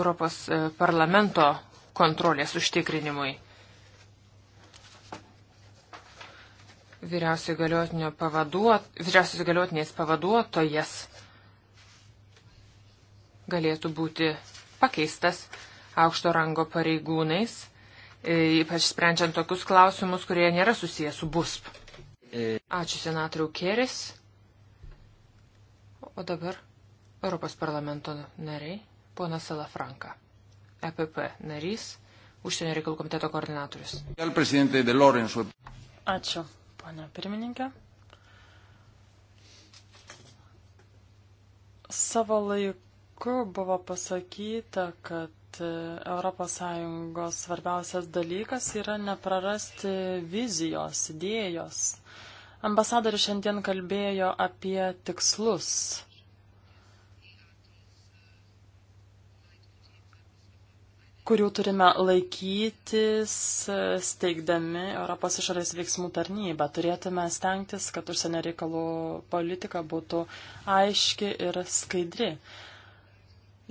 Europos e, parlamento kontrolės užtikrinimui. vyriausios galiotinės pavaduotojas galėtų būti pakeistas aukšto rango pareigūnais, e, ypač sprendžiant tokius klausimus, kurie nėra susijęs su BUSP. E. Ačiū senatoriu Kėris. O dabar Europos parlamento nariai, ponas Salafranka, EPP narys, užsienio reikalų komiteto koordinatorius. Ačiū ponia pirmininkė. Savo laiku buvo pasakyta, kad ES svarbiausias dalykas yra neprarasti vizijos, idėjos. Ambasadorius šiandien kalbėjo apie tikslus. kurių turime laikytis, steigdami Europos išorės veiksmų tarnybą. Turėtume stengtis, kad užsienio reikalų politika būtų aiški ir skaidri.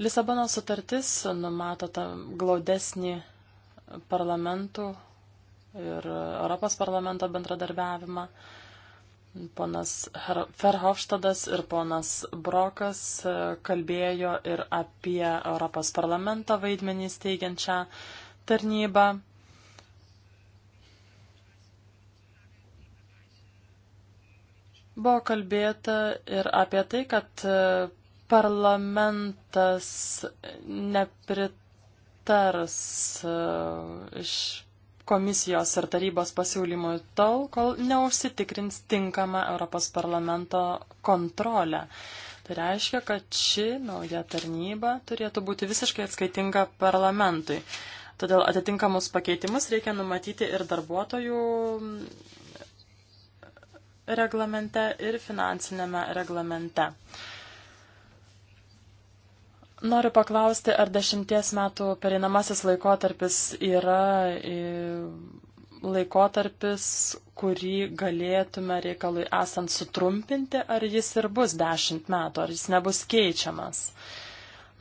Lisabono sutartis numato tą glaudesnį parlamentų ir Europos parlamento bendradarbiavimą. Ponas Ferhofštadas ir ponas Brokas e, kalbėjo ir apie Europos parlamento vaidmenį steigiančią tarnybą. Buvo kalbėta ir apie tai, kad e, parlamentas nepritars e, iš komisijos ir tarybos pasiūlymui tol, kol neužsitikrins tinkamą Europos parlamento kontrolę. Tai reiškia, kad ši nauja tarnyba turėtų būti visiškai atskaitinga parlamentui. Todėl atitinkamus pakeitimus reikia numatyti ir darbuotojų reglamente, ir finansinėme reglamente. Noriu paklausti, ar dešimties metų perinamasis laikotarpis yra e, laikotarpis, kurį galėtume reikalui esant sutrumpinti, ar jis ir bus dešimt metų, ar jis nebus keičiamas.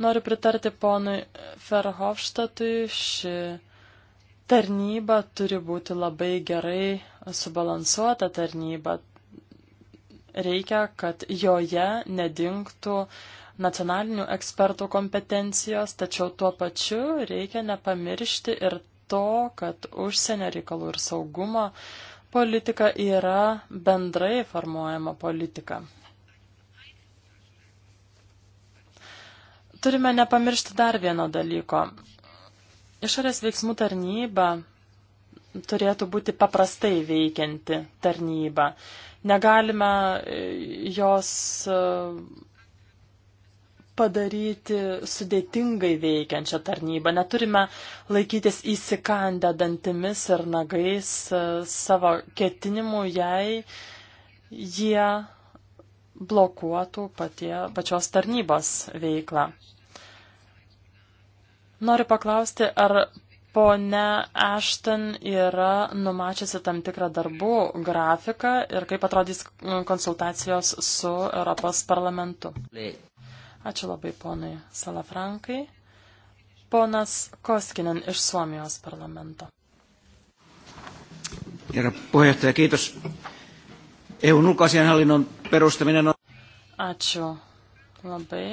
Noriu pritarti ponui Ferhofštatui, ši tarnyba turi būti labai gerai subalansuota tarnyba. Reikia, kad joje nedingtų uh, nacionalinių ekspertų kompetencijos, tačiau tuo pačiu reikia nepamiršti ir to, kad užsienio reikalų ir saugumo politika yra bendrai formuojama politika. Turime nepamiršti dar vieno dalyko. Išorės veiksmų tarnyba turėtų būti paprastai veikianti tarnyba. Negalime e, jos e, padaryti sudėtingai veikiančią tarnybą. Neturime laikytis įsikandę dantimis ir nagais e, savo ketinimų, jei jie blokuotų patie, pačios tarnybos veiklą. Noriu paklausti, ar ponia Ashton yra numačiusi tam tikrą darbų grafiką ir kaip atrodys konsultacijos su Europos parlamentu. Ačiū labai ponui Salafrankai. Ponas Koskinen iš Suomijos parlamento. Herra puheenjohtaja, kiitos. EUn ulkoasianhallinnon perustaminen on... Ačiū labai.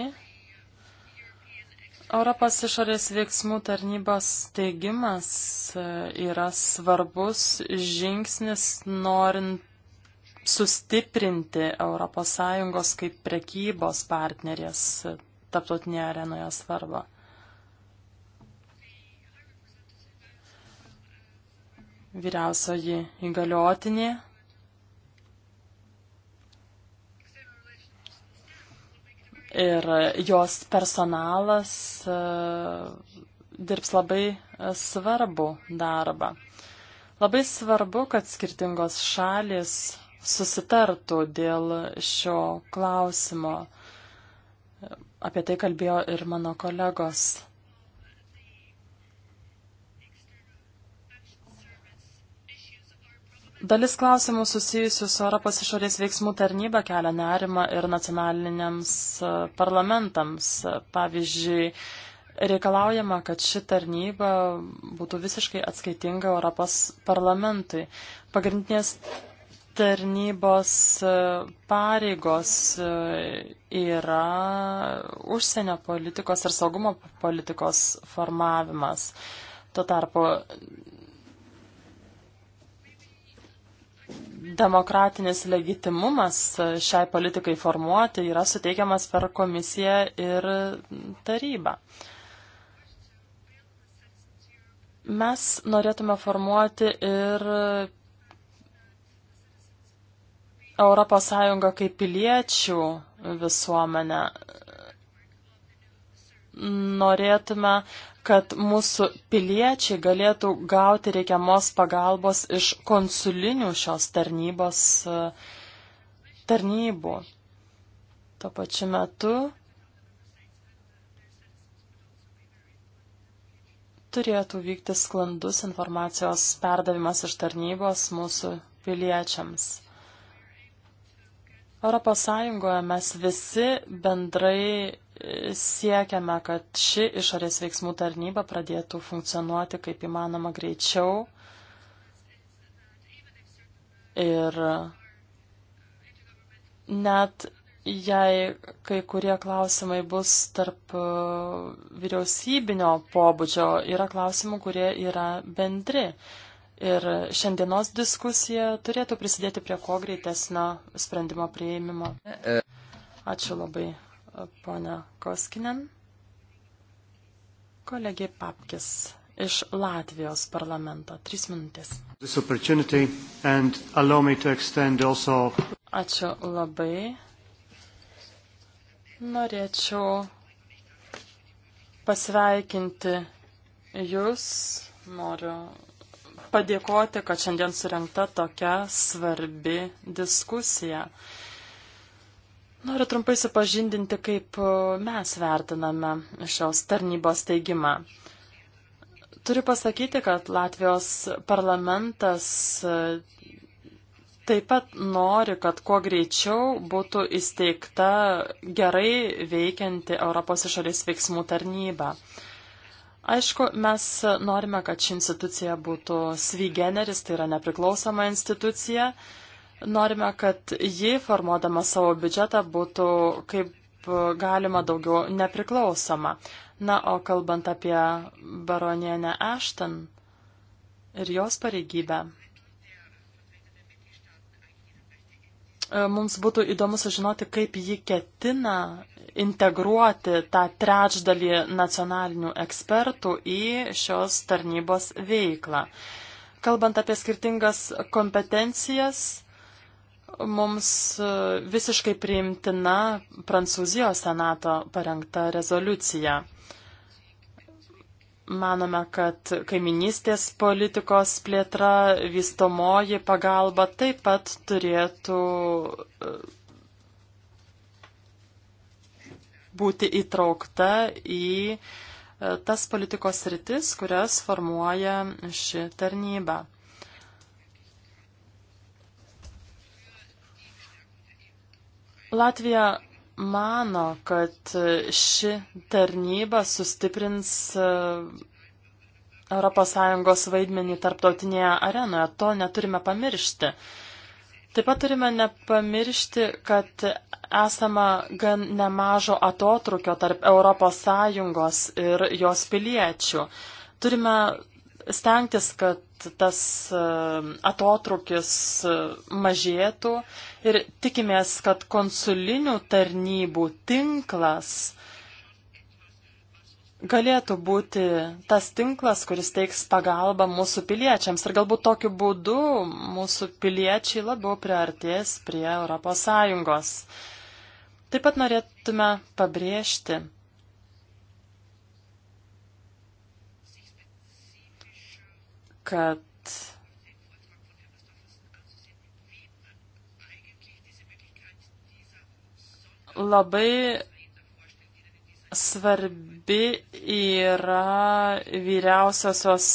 Europos išorės veiksmų tarnybos steigimas e, yra svarbus žingsnis norint sustiprinti ES kaip prekybos partnerės taptotinėje arenoje svarbą. Vyriausioji įgaliotinė ir jos personalas e, dirbs labai e, svarbu darbą. Labai svarbu, kad skirtingos šalis susitartų dėl šio klausimo. Apie tai kalbėjo ir mano kolegos. Dalis klausimų susijusių su Europos išorės veiksmų tarnyba kelia nerimą ir nacionaliniams e, parlamentams. Pavyzdžiui, reikalaujama, kad ši tarnyba būtų visiškai atskaitinga Europos parlamentui. Pagrindinės tarnybos e, pareigos e, yra užsienio politikos ir saugumo politikos formavimas. Tuo tarpu demokratinis legitimumas šiai politikai formuoti yra suteikiamas per komisiją ir tarybą. Mes norėtume formuoti ir Europos Sąjungą kaip piliečių visuomenę norėtume, kad mūsų piliečiai galėtų gauti reikiamos pagalbos iš konsulinių šios tarnybos tarnybų. Tuo pačiu metu turėtų vykti sklandus informacijos perdavimas iš tarnybos mūsų piliečiams. Europos Sąjungoje mes visi bendrai e, siekiame, kad ši išorės veiksmų tarnyba pradėtų funkcionuoti kaip įmanoma greičiau. Ir net jei kai kurie klausimai bus tarp e, vyriausybinio pobūdžio, yra klausimų, kurie yra bendri ir šiandienos diskusija turėtų prisidėti prie ko greitesnio sprendimo prieimimo. Ačiū labai, ponia Koskinen. Kolegė Papkis iš Latvijos parlamento. Tris minutės. Also... Ačiū labai. Norėčiau pasveikinti Jūs. Noriu padėkoti, kad šiandien surinkta tokia svarbi diskusija. Noriu trumpai supažindinti, kaip mes vertiname šios tarnybos teigimą. Turiu pasakyti, kad Latvijos parlamentas taip pat nori, kad kuo greičiau būtų įsteigta gerai veikianti Europos išorės veiksmų tarnyba. Aišku, mes norime, kad ši institucija būtų svygeneris, tai yra nepriklausoma institucija. Norime, kad ji, formuodama savo biudžetą, būtų kaip galima daugiau nepriklausoma. Na, o kalbant apie baronienę Ashton ir jos pareigybę. E, mums būtų įdomu sužinoti, kaip ji ketina integruoti tą trečdalį nacionalinių ekspertų į šios tarnybos veiklą. Kalbant apie skirtingas kompetencijas, mums visiškai priimtina Prancūzijos senato parengta rezoliucija. Manome, kad kaiminystės politikos plėtra, vystomoji pagalba taip pat turėtų e, būti įtraukta į e, tas politikos rytis, kurias formuoja ši tarnyba. Latvija mano, kad ši tarnyba sustiprins ES vaidmenį tarptautinėje arenoje. To neturime pamiršti. Taip pat turime nepamiršti, kad esama gan nemažo atotrukio tarp ES ir jos piliečių. Turime stengtis, kad tas e, atotrukis e, mažėtų ir tikimės, kad konsulinių tarnybų tinklas galėtų būti tas tinklas, kuris teiks pagalbą mūsų piliečiams ir galbūt tokiu būdu mūsų piliečiai labiau priartės prie ES. Taip pat norėtume pabrėžti, kad labai svarbi yra vyriausiosios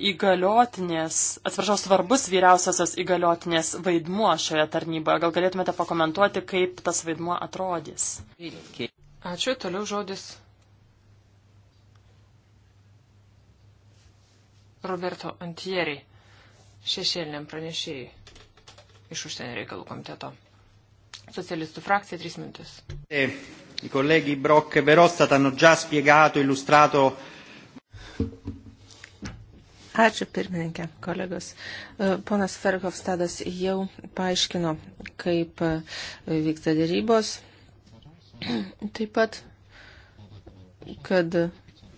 įgaliotinės, atsiprašau, svarbus vyriausiosios įgaliotinės vaidmuo šioje tarnyboje. Gal galėtumėte pakomentuoti, kaip tas vaidmuo atrodys? Ačiū, toliau žodis Roberto Antieri, šešėliniam pranešėjai iš užsienio reikalų komiteto. Socialistų frakcija, trys minutės. E, I colleghi Brock e Verostat hanno già spiegato, illustrato. Ačiū pirmininkė, kolegos. E, ponas Ferhofstadas jau paaiškino, kaip e, vyksta dėrybos. Taip pat, kad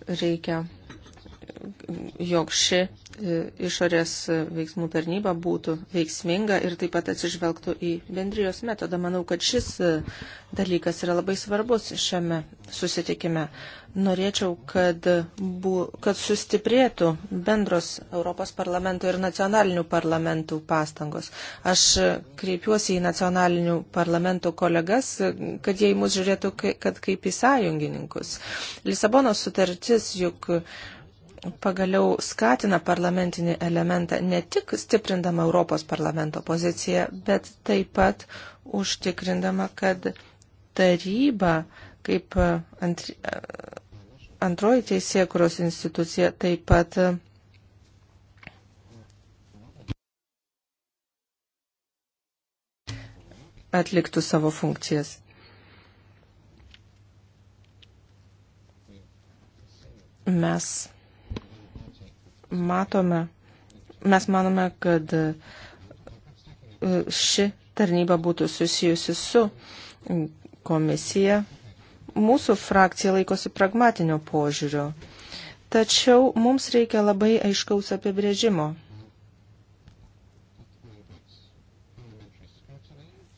reikia jog ši e, išorės e, veiksmų tarnyba būtų veiksminga ir taip pat atsižvelgtų į bendrijos metodą. Manau, kad šis e, dalykas yra labai svarbus šiame susitikime. Norėčiau, kad, bu, kad sustiprėtų bendros Europos parlamento ir nacionalinių parlamentų pastangos. Aš kreipiuosi į nacionalinių parlamentų kolegas, kad jie į mus žiūrėtų kad kaip į sąjungininkus. Lisabonos sutartis juk pagaliau skatina parlamentinį elementą ne tik stiprindama Europos parlamento poziciją, bet taip pat užtikrindama, kad taryba kaip e, antri, e, antroji teisėkuros institucija taip pat e, atliktų savo funkcijas. Mes matome, mes manome, kad e, ši tarnyba būtų susijusi su komisija. Mūsų frakcija laikosi pragmatinio požiūrio, tačiau mums reikia labai aiškaus apibrėžimo.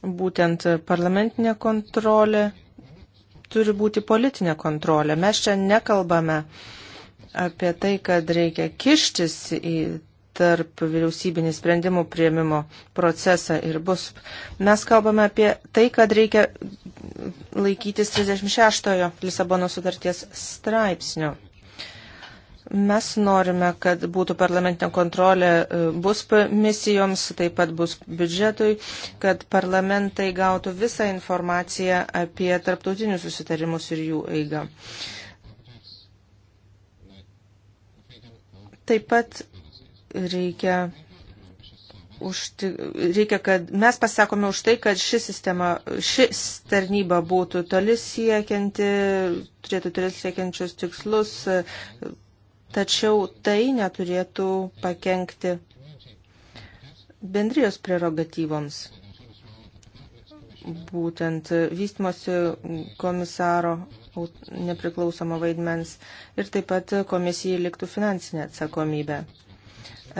Būtent parlamentinė kontrolė turi būti politinė kontrolė. Mes čia nekalbame uh, apie tai, kad reikia kištis į tarp vyriausybinį sprendimų prieimimo procesą ir bus. Mes kalbame apie tai, kad reikia laikytis 36 Lisabono sutarties straipsnio. Mes norime, kad būtų parlamentinė kontrolė e, bus misijoms, taip pat bus biudžetui, kad parlamentai gautų visą informaciją apie tarptautinius susitarimus ir jų eigą. Taip pat reikia užti, reikia, kad mes pasakome už tai, kad ši sistema, ši tarnyba būtų toli siekianti, turėtų turėti siekiančius tikslus, tačiau tai neturėtų pakengti bendrijos prerogatyvoms. Būtent vystimosi komisaro nepriklausomo vaidmens ir taip pat komisijai liktų finansinė atsakomybė.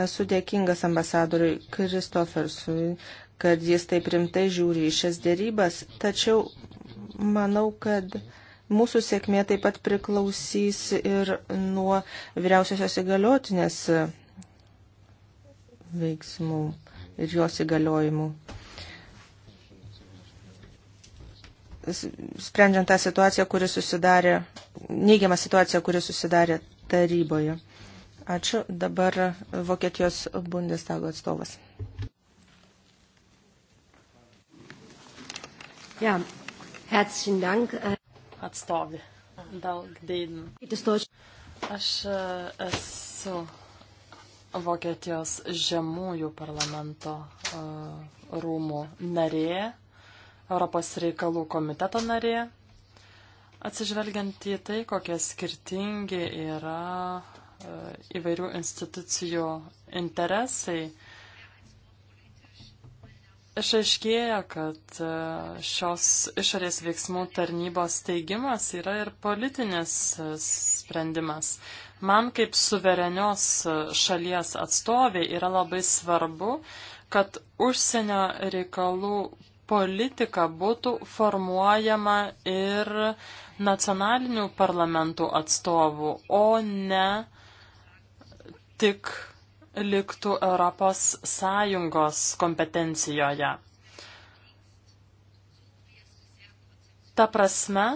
Esu dėkingas ambasadoriui Kristofersui, kad jis taip rimtai žiūri į šias dėrybas, tačiau manau, kad mūsų sėkmė taip pat priklausys ir nuo vyriausiosios įgaliotinės veiksmų ir jos įgaliojimų. sprendžiant tą situaciją, kuri susidarė, neigiamą situaciją, kuri susidarė taryboje. Ačiū. Dabar Vokietijos Bundestago atstovas. Ja, herzlichen Dank. Atstovė. Dalgdeidin. Aš e, esu Vokietijos žemųjų parlamento e, rūmų narė Europos reikalų komiteto narė. Atsižvelgiant į tai, kokie skirtingi yra e, įvairių institucijų interesai, išaiškėja, kad e, šios išorės veiksmų tarnybos teigimas yra ir politinis e, sprendimas. Man kaip suverenios šalies atstovė yra labai svarbu, kad užsienio reikalų politika būtų formuojama ir nacionalinių parlamentų atstovų, o ne tik liktų Europos Sąjungos kompetencijoje. Ta prasme,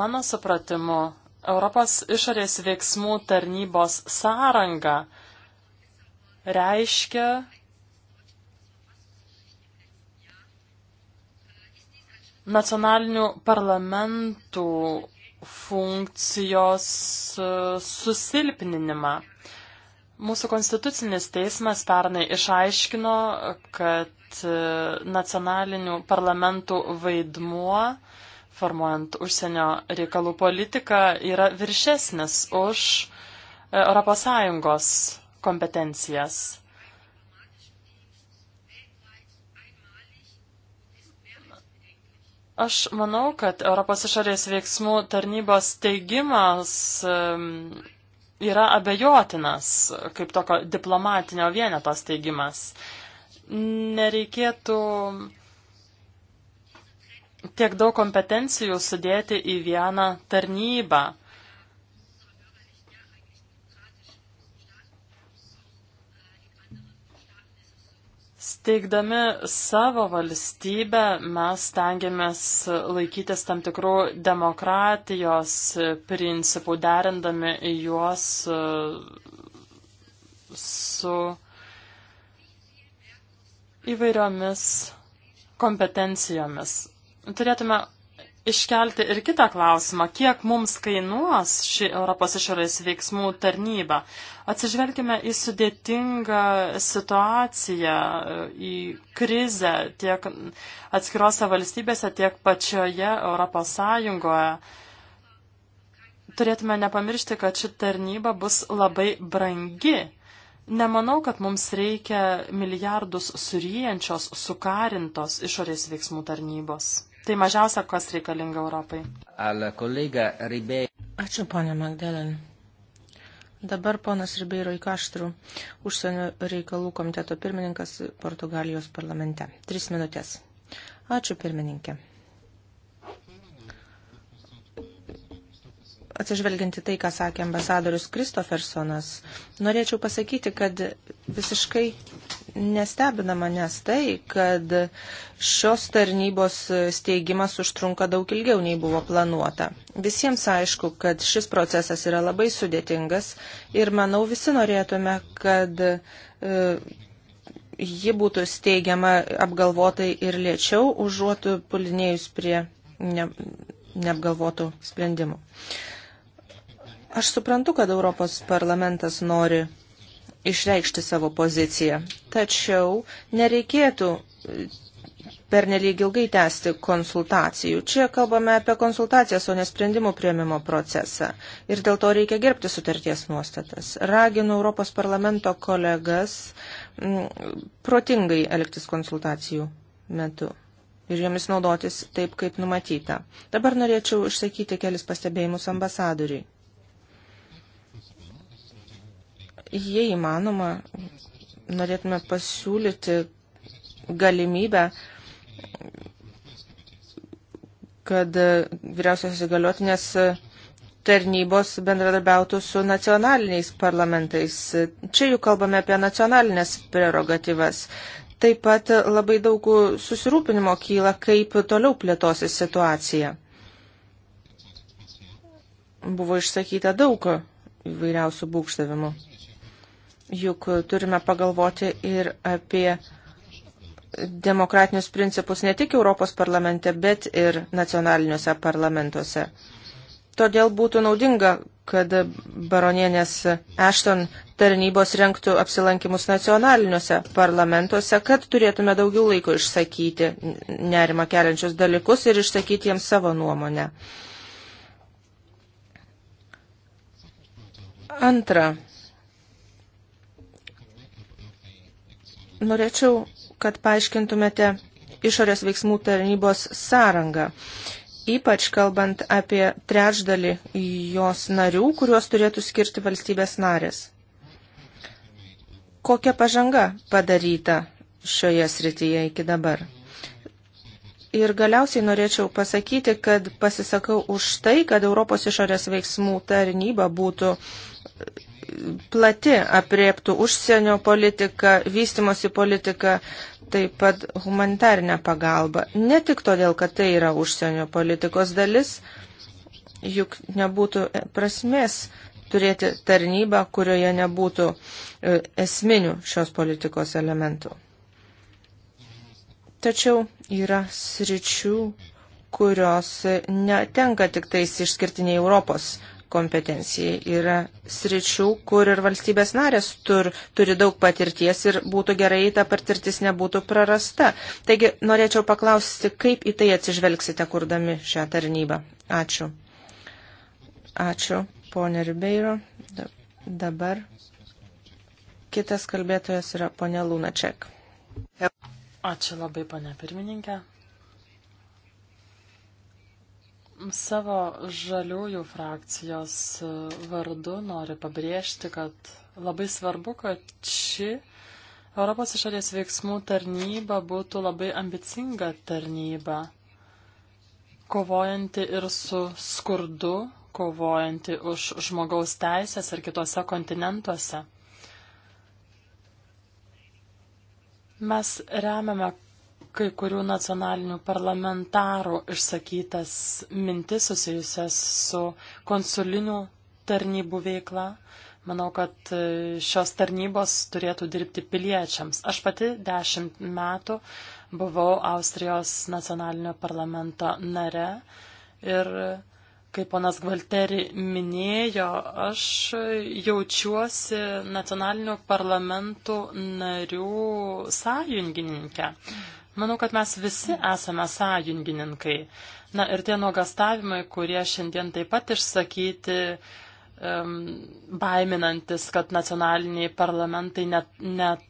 mano supratimu, Europos išorės veiksmų tarnybos sąranga reiškia, nacionalinių parlamentų funkcijos e, susilpninimą. Mūsų konstitucinis teismas pernai išaiškino, kad e, nacionalinių parlamentų vaidmuo formuojant užsienio reikalų politiką yra viršesnis už ES kompetencijas. Aš manau, kad Europos išorės veiksmų tarnybos teigimas yra abejotinas, kaip tokio diplomatinio vieneto steigimas. Nereikėtų tiek daug kompetencijų sudėti į vieną tarnybą. Steigdami savo valstybę mes tengiamės laikytis tam tikrų demokratijos principų, derindami juos e, su įvairiomis kompetencijomis. Turėtume iškelti ir kitą klausimą, kiek mums kainuos ši Europos išorės veiksmų tarnyba. Atsižvelgime į sudėtingą situaciją, į krizę tiek atskirose valstybėse, tiek pačioje Europos Sąjungoje. Turėtume nepamiršti, kad ši tarnyba bus labai brangi. Nemanau, kad mums reikia milijardus suryjančios, sukarintos išorės veiksmų tarnybos. Tai mažiausia, kas reikalinga Europai. Ačiū, ponė Magdalen. Dabar ponas Ribeiro Ikaštrų, užsienio reikalų komiteto pirmininkas Portugalijos parlamente. Tris minutės. Ačiū, pirmininkė. atsižvelginti tai, ką sakė ambasadorius Kristofersonas, norėčiau pasakyti, kad visiškai nestebina manęs tai, kad šios tarnybos steigimas užtrunka daug ilgiau nei buvo planuota. Visiems aišku, kad šis procesas yra labai sudėtingas ir manau visi norėtume, kad e, ji būtų steigiama apgalvotai ir lėčiau, užuotų pulinėjus prie ne, neapgalvotų sprendimų. Aš suprantu, kad Europos parlamentas nori išreikšti savo poziciją, tačiau nereikėtų e, pernelyg ilgai tęsti konsultacijų. Čia kalbame apie konsultacijas, o ne sprendimų prieimimo procesą. Ir dėl to reikia gerbti sutarties nuostatas. Raginu Europos parlamento kolegas m, protingai elgtis konsultacijų metu ir jomis naudotis taip, kaip numatyta. Dabar norėčiau išsakyti kelis pastebėjimus ambasadoriai. jei įmanoma, norėtume pasiūlyti galimybę, kad vyriausios įgaliotinės tarnybos bendradarbiautų su nacionaliniais parlamentais. Čia jau kalbame apie nacionalinės prerogatyvas. Taip pat labai daug susirūpinimo kyla, kaip toliau plėtosi situacija. Buvo išsakyta daug įvairiausių būkštavimų juk turime pagalvoti ir apie demokratinius principus ne tik Europos parlamente, bet ir nacionaliniuose parlamentuose. Todėl būtų naudinga, kad baronienės Ashton tarnybos renktų apsilankimus nacionaliniuose parlamentuose, kad turėtume daugiau laiko išsakyti nerimą keliančius dalykus ir išsakyti jiems savo nuomonę. Antra, Norėčiau, kad paaiškintumėte išorės veiksmų tarnybos sąrangą, ypač kalbant apie trečdalį jos narių, kuriuos turėtų skirti valstybės narės. Kokia pažanga padaryta šioje srityje iki dabar? Ir galiausiai norėčiau pasakyti, kad pasisakau už tai, kad Europos išorės veiksmų tarnyba būtų plati apriektų užsienio politiką, vystimosi politiką, taip pat humanitarinę pagalbą. Ne tik todėl, kad tai yra užsienio politikos dalis, juk nebūtų prasmės turėti tarnybą, kurioje nebūtų e, esminių šios politikos elementų. Tačiau yra sričių, kurios e, netenka tik tais išskirtiniai Europos kompetencijai. Yra sričių, kur ir valstybės narės tur, turi daug patirties ir būtų gerai, ta patirtis nebūtų prarasta. Taigi norėčiau paklausti, kaip į tai atsižvelgsite, kurdami šią tarnybą. Ačiū. Ačiū, ponė Ribeiro. Dabar kitas kalbėtojas yra ponė Lunaček. Ačiū labai, ponė pirmininkė. Savo žaliųjų frakcijos vardu noriu pabrėžti, kad labai svarbu, kad ši Europos išorės veiksmų tarnyba būtų labai ambicinga tarnyba, kovojanti ir su skurdu, kovojanti už žmogaus teisės ir kitose kontinentuose. Mes remiame kai kurių nacionalinių parlamentarų išsakytas mintis susijusias su konsulinių tarnybų veikla. Manau, kad e, šios tarnybos turėtų dirbti piliečiams. Aš pati dešimt metų buvau Austrijos nacionalinio parlamento nare ir, kaip ponas Gvalteri minėjo, aš jaučiuosi nacionalinių parlamentų narių sąjungininkę. Mm. Manau, kad mes visi esame sąjungininkai. Na ir tie nuogastavimai, kurie šiandien taip pat išsakyti, um, baiminantis, kad nacionaliniai parlamentai net, net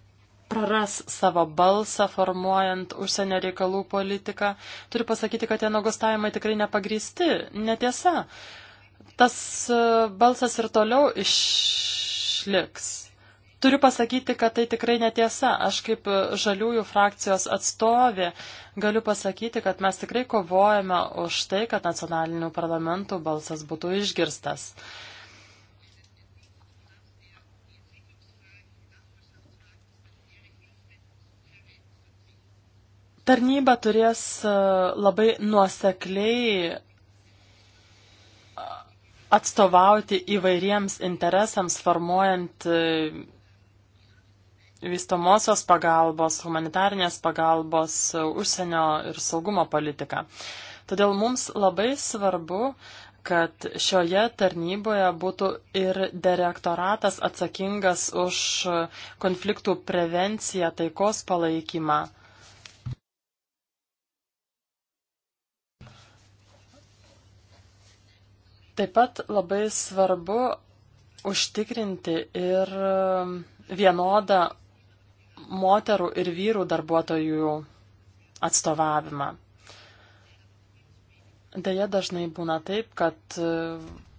praras savo balsą formuojant užsienio reikalų politiką. Turiu pasakyti, kad tie nuogastavimai tikrai nepagrysti, netiesa. Tas e, balsas ir toliau išliks. Turiu pasakyti, kad tai tikrai netiesa. Aš kaip žaliųjų frakcijos atstovė galiu pasakyti, kad mes tikrai kovojame už tai, kad nacionalinių parlamentų balsas būtų išgirstas. Tarnyba turės e, labai nuosekliai e, atstovauti įvairiems interesams, formuojant e, vystomosios pagalbos, humanitarinės pagalbos, užsienio ir saugumo politiką. Todėl mums labai svarbu, kad šioje tarnyboje būtų ir direktoratas atsakingas už konfliktų prevenciją, taikos palaikymą. Taip pat labai svarbu užtikrinti ir vienodą moterų ir vyrų darbuotojų atstovavimą. Deja, dažnai būna taip, kad e,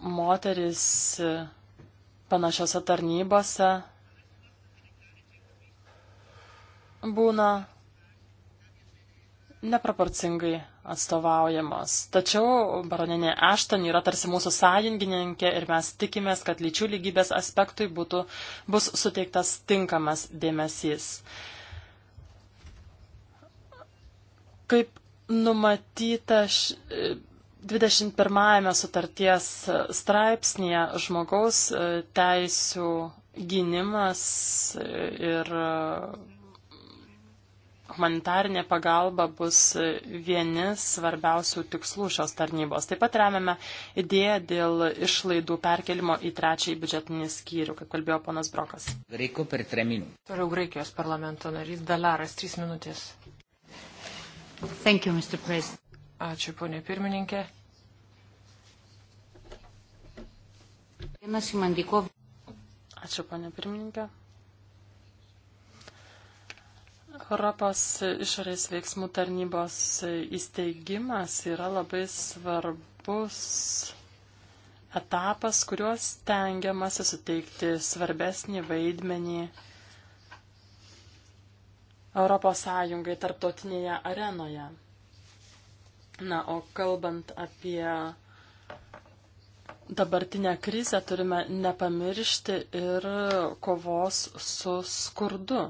moteris e, panašiose tarnybose būna neproporcingai atstovaujamas. Tačiau baroninė Ashton yra tarsi mūsų sąjungininkė ir mes tikimės, kad lyčių lygybės aspektui būtų, bus suteiktas tinkamas dėmesys. Kaip numatyta š... 21 e, sutarties straipsnėje žmogaus e, teisų gynimas e, ir Humanitarinė pagalba bus vieni svarbiausių tikslų šios tarnybos. Taip pat remiame idėją dėl išlaidų perkelimo į trečiąjį biudžetinį skyrių, kaip kalbėjo ponas Brokas. Graikų per treminų. Toliau Graikijos parlamento narys Dalaras, trys minutės. Thank you, Mr. President. Ačiū, ponė pirmininkė. Ačiū, ponė pirmininkė. Europos išorės veiksmų tarnybos įsteigimas yra labai svarbus etapas, kuriuos tengiamasi suteikti svarbesnį vaidmenį Europos Sąjungai tarptautinėje arenoje. Na, o kalbant apie dabartinę krizę, turime nepamiršti ir kovos su skurdu.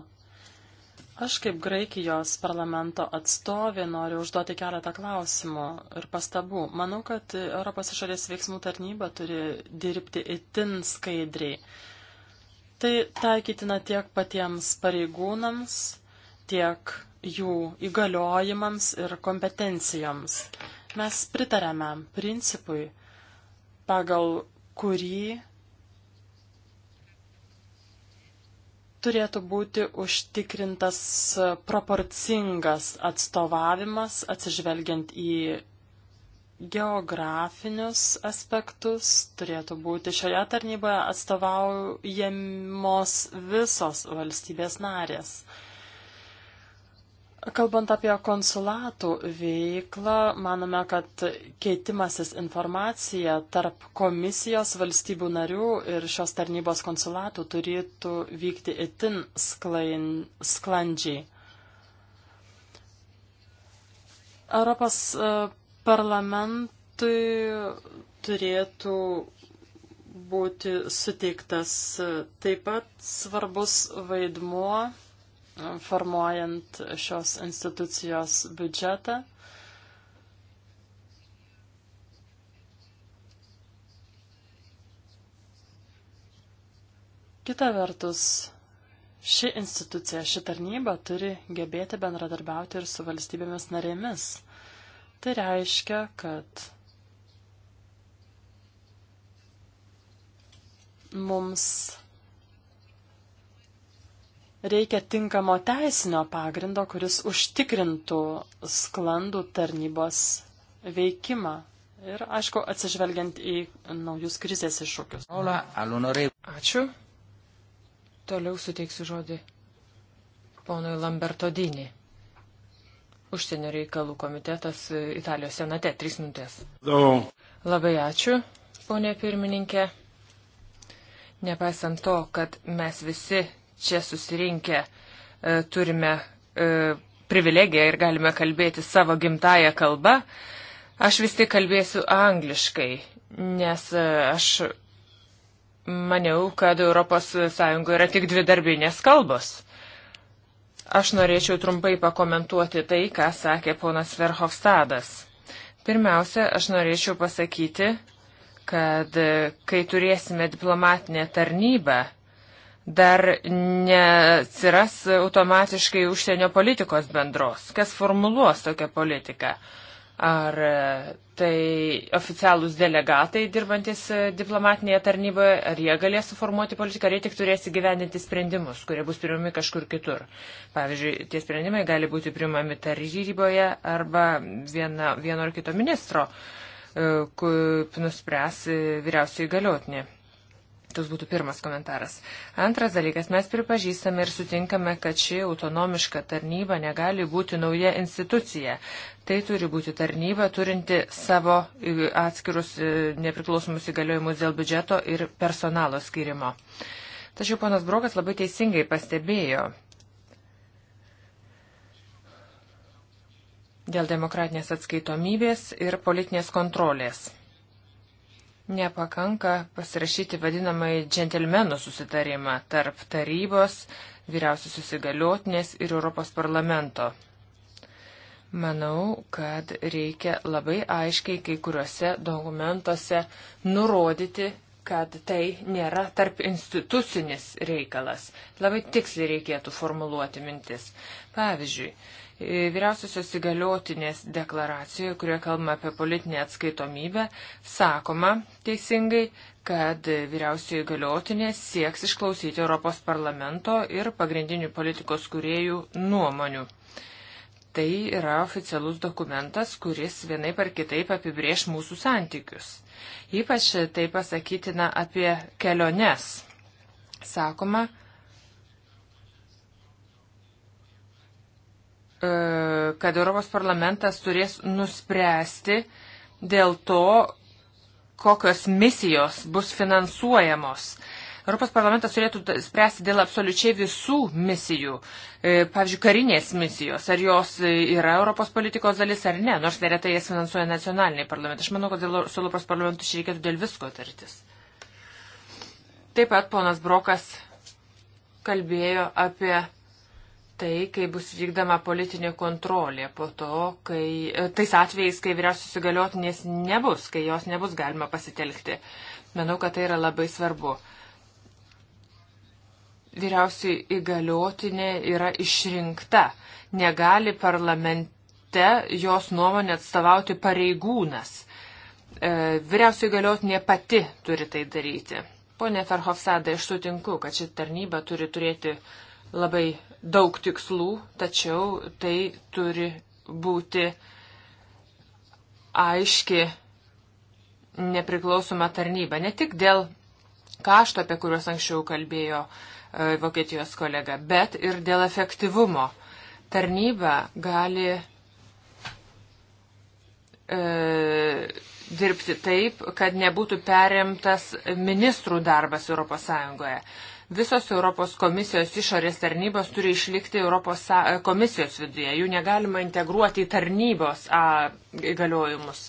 Aš kaip Graikijos parlamento atstovė noriu užduoti keletą klausimų ir pastabų. Manau, kad Europos išorės veiksmų tarnyba turi dirbti itin skaidriai. Tai taikytina tiek patiems pareigūnams, tiek jų įgaliojimams ir kompetencijoms. Mes pritarėme principui, pagal kurį turėtų būti užtikrintas proporcingas atstovavimas atsižvelgiant į geografinius aspektus, turėtų būti šioje tarnyboje atstovaujamos visos valstybės narės. Kalbant apie konsulatų veiklą, manome, kad keitimasis informacija tarp komisijos valstybių narių ir šios tarnybos konsulatų turėtų vykti itin sklandžiai. Europos e, parlamentui turėtų būti suteiktas e, taip pat svarbus vaidmuo formuojant šios institucijos biudžetą. Kita vertus, ši institucija, ši tarnyba turi gebėti bendradarbiauti ir su valstybėmis narėmis. Tai reiškia, kad mums reikia tinkamo teisinio pagrindo, kuris užtikrintų sklandų tarnybos veikimą. Ir, aišku, atsižvelgiant į naujus krizės iššūkius. Ačiū. Toliau suteiksiu žodį ponui Lambertodinį. Užsienio reikalų komitetas e, Italijos senate. Tris minutės. Daug. Labai ačiū, ponė pirmininkė. Nepaisant to, kad mes visi čia susirinkę e, turime e, privilegiją ir galime kalbėti savo gimtają kalbą, aš vis tik kalbėsiu angliškai, nes e, aš maniau, kad ES yra tik dvi darbinės kalbos. Aš norėčiau trumpai pakomentuoti tai, ką sakė ponas Verhofstadas. Pirmiausia, aš norėčiau pasakyti, kad kai turėsime diplomatinę tarnybą, dar neatsiras automatiškai užsienio politikos bendros. Kas formuluos tokią politiką? Ar e, tai oficialūs delegatai dirbantis e, diplomatinėje tarnyboje, ar jie galės suformuoti politiką, ar jie tik turės įgyvendinti sprendimus, kurie bus priimami kažkur kitur. Pavyzdžiui, tie sprendimai gali būti priimami taryboje arba viena, vieno ar kito ministro, e, kaip nuspręs vyriausiai galiotinė. Toks būtų pirmas komentaras. Antras dalykas, mes pripažįstame ir sutinkame, kad ši autonomiška tarnyba negali būti nauja institucija. Tai turi būti tarnyba turinti savo e, atskirus e, nepriklausomus įgaliojimus dėl biudžeto ir personalo skirimo. Tačiau ponas Brokas labai teisingai pastebėjo, dėl demokratinės atskaitomybės ir politinės kontrolės nepakanka pasirašyti vadinamąjį džentelmenų susitarimą tarp tarybos, vyriausiosios įgaliotinės ir Europos parlamento. Manau, kad reikia labai aiškiai kai kuriuose dokumentuose nurodyti, kad tai nėra tarp institucinis reikalas. Labai tiksliai reikėtų formuluoti mintis. Pavyzdžiui, Vyriausiosios įgaliotinės deklaracijoje, kurioje kalbama apie politinę atskaitomybę, sakoma teisingai, kad vyriausioji įgaliotinė sieks išklausyti Europos parlamento ir pagrindinių politikos kuriejų nuomonių. Tai yra oficialus dokumentas, kuris vienai par kitaip apibrieš mūsų santykius. Ypač tai pasakytina apie keliones. Sakoma, E, kad Europos parlamentas turės nuspręsti dėl to, kokios misijos bus finansuojamos. Europos parlamentas turėtų spręsti dėl absoliučiai visų misijų, e, pavyzdžiui, karinės misijos, ar jos yra Europos politikos dalis ar ne, nors neretai jas finansuoja nacionaliniai parlamentai. Aš manau, kad dėl, su Europos parlamentu čia reikėtų dėl visko tartis. Taip pat ponas Brokas kalbėjo apie tai, kai bus vykdoma politinė kontrolė po to, kai e, tais atvejais, kai vyriausios įgaliotinės nebus, kai jos nebus galima pasitelkti. Manau, kad tai yra labai svarbu. Vyriausiai įgaliotinė yra išrinkta. Negali parlamente jos nuomonę atstovauti pareigūnas. E, Vyriausiai įgaliotinė pati turi tai daryti. Pone Ferhofsadai, aš sutinku, kad ši tarnyba turi turėti uh, labai daug tikslų, tačiau tai turi būti aiški nepriklausoma tarnyba. Ne tik dėl kašto, apie kuriuos anksčiau kalbėjo e, Vokietijos kolega, bet ir dėl efektyvumo. Tarnyba gali e, dirbti taip, kad nebūtų perimtas ministrų darbas ES. Visos Europos komisijos išorės tarnybos turi išlikti Europos komisijos viduje. Jų negalima integruoti į tarnybos įgaliojimus.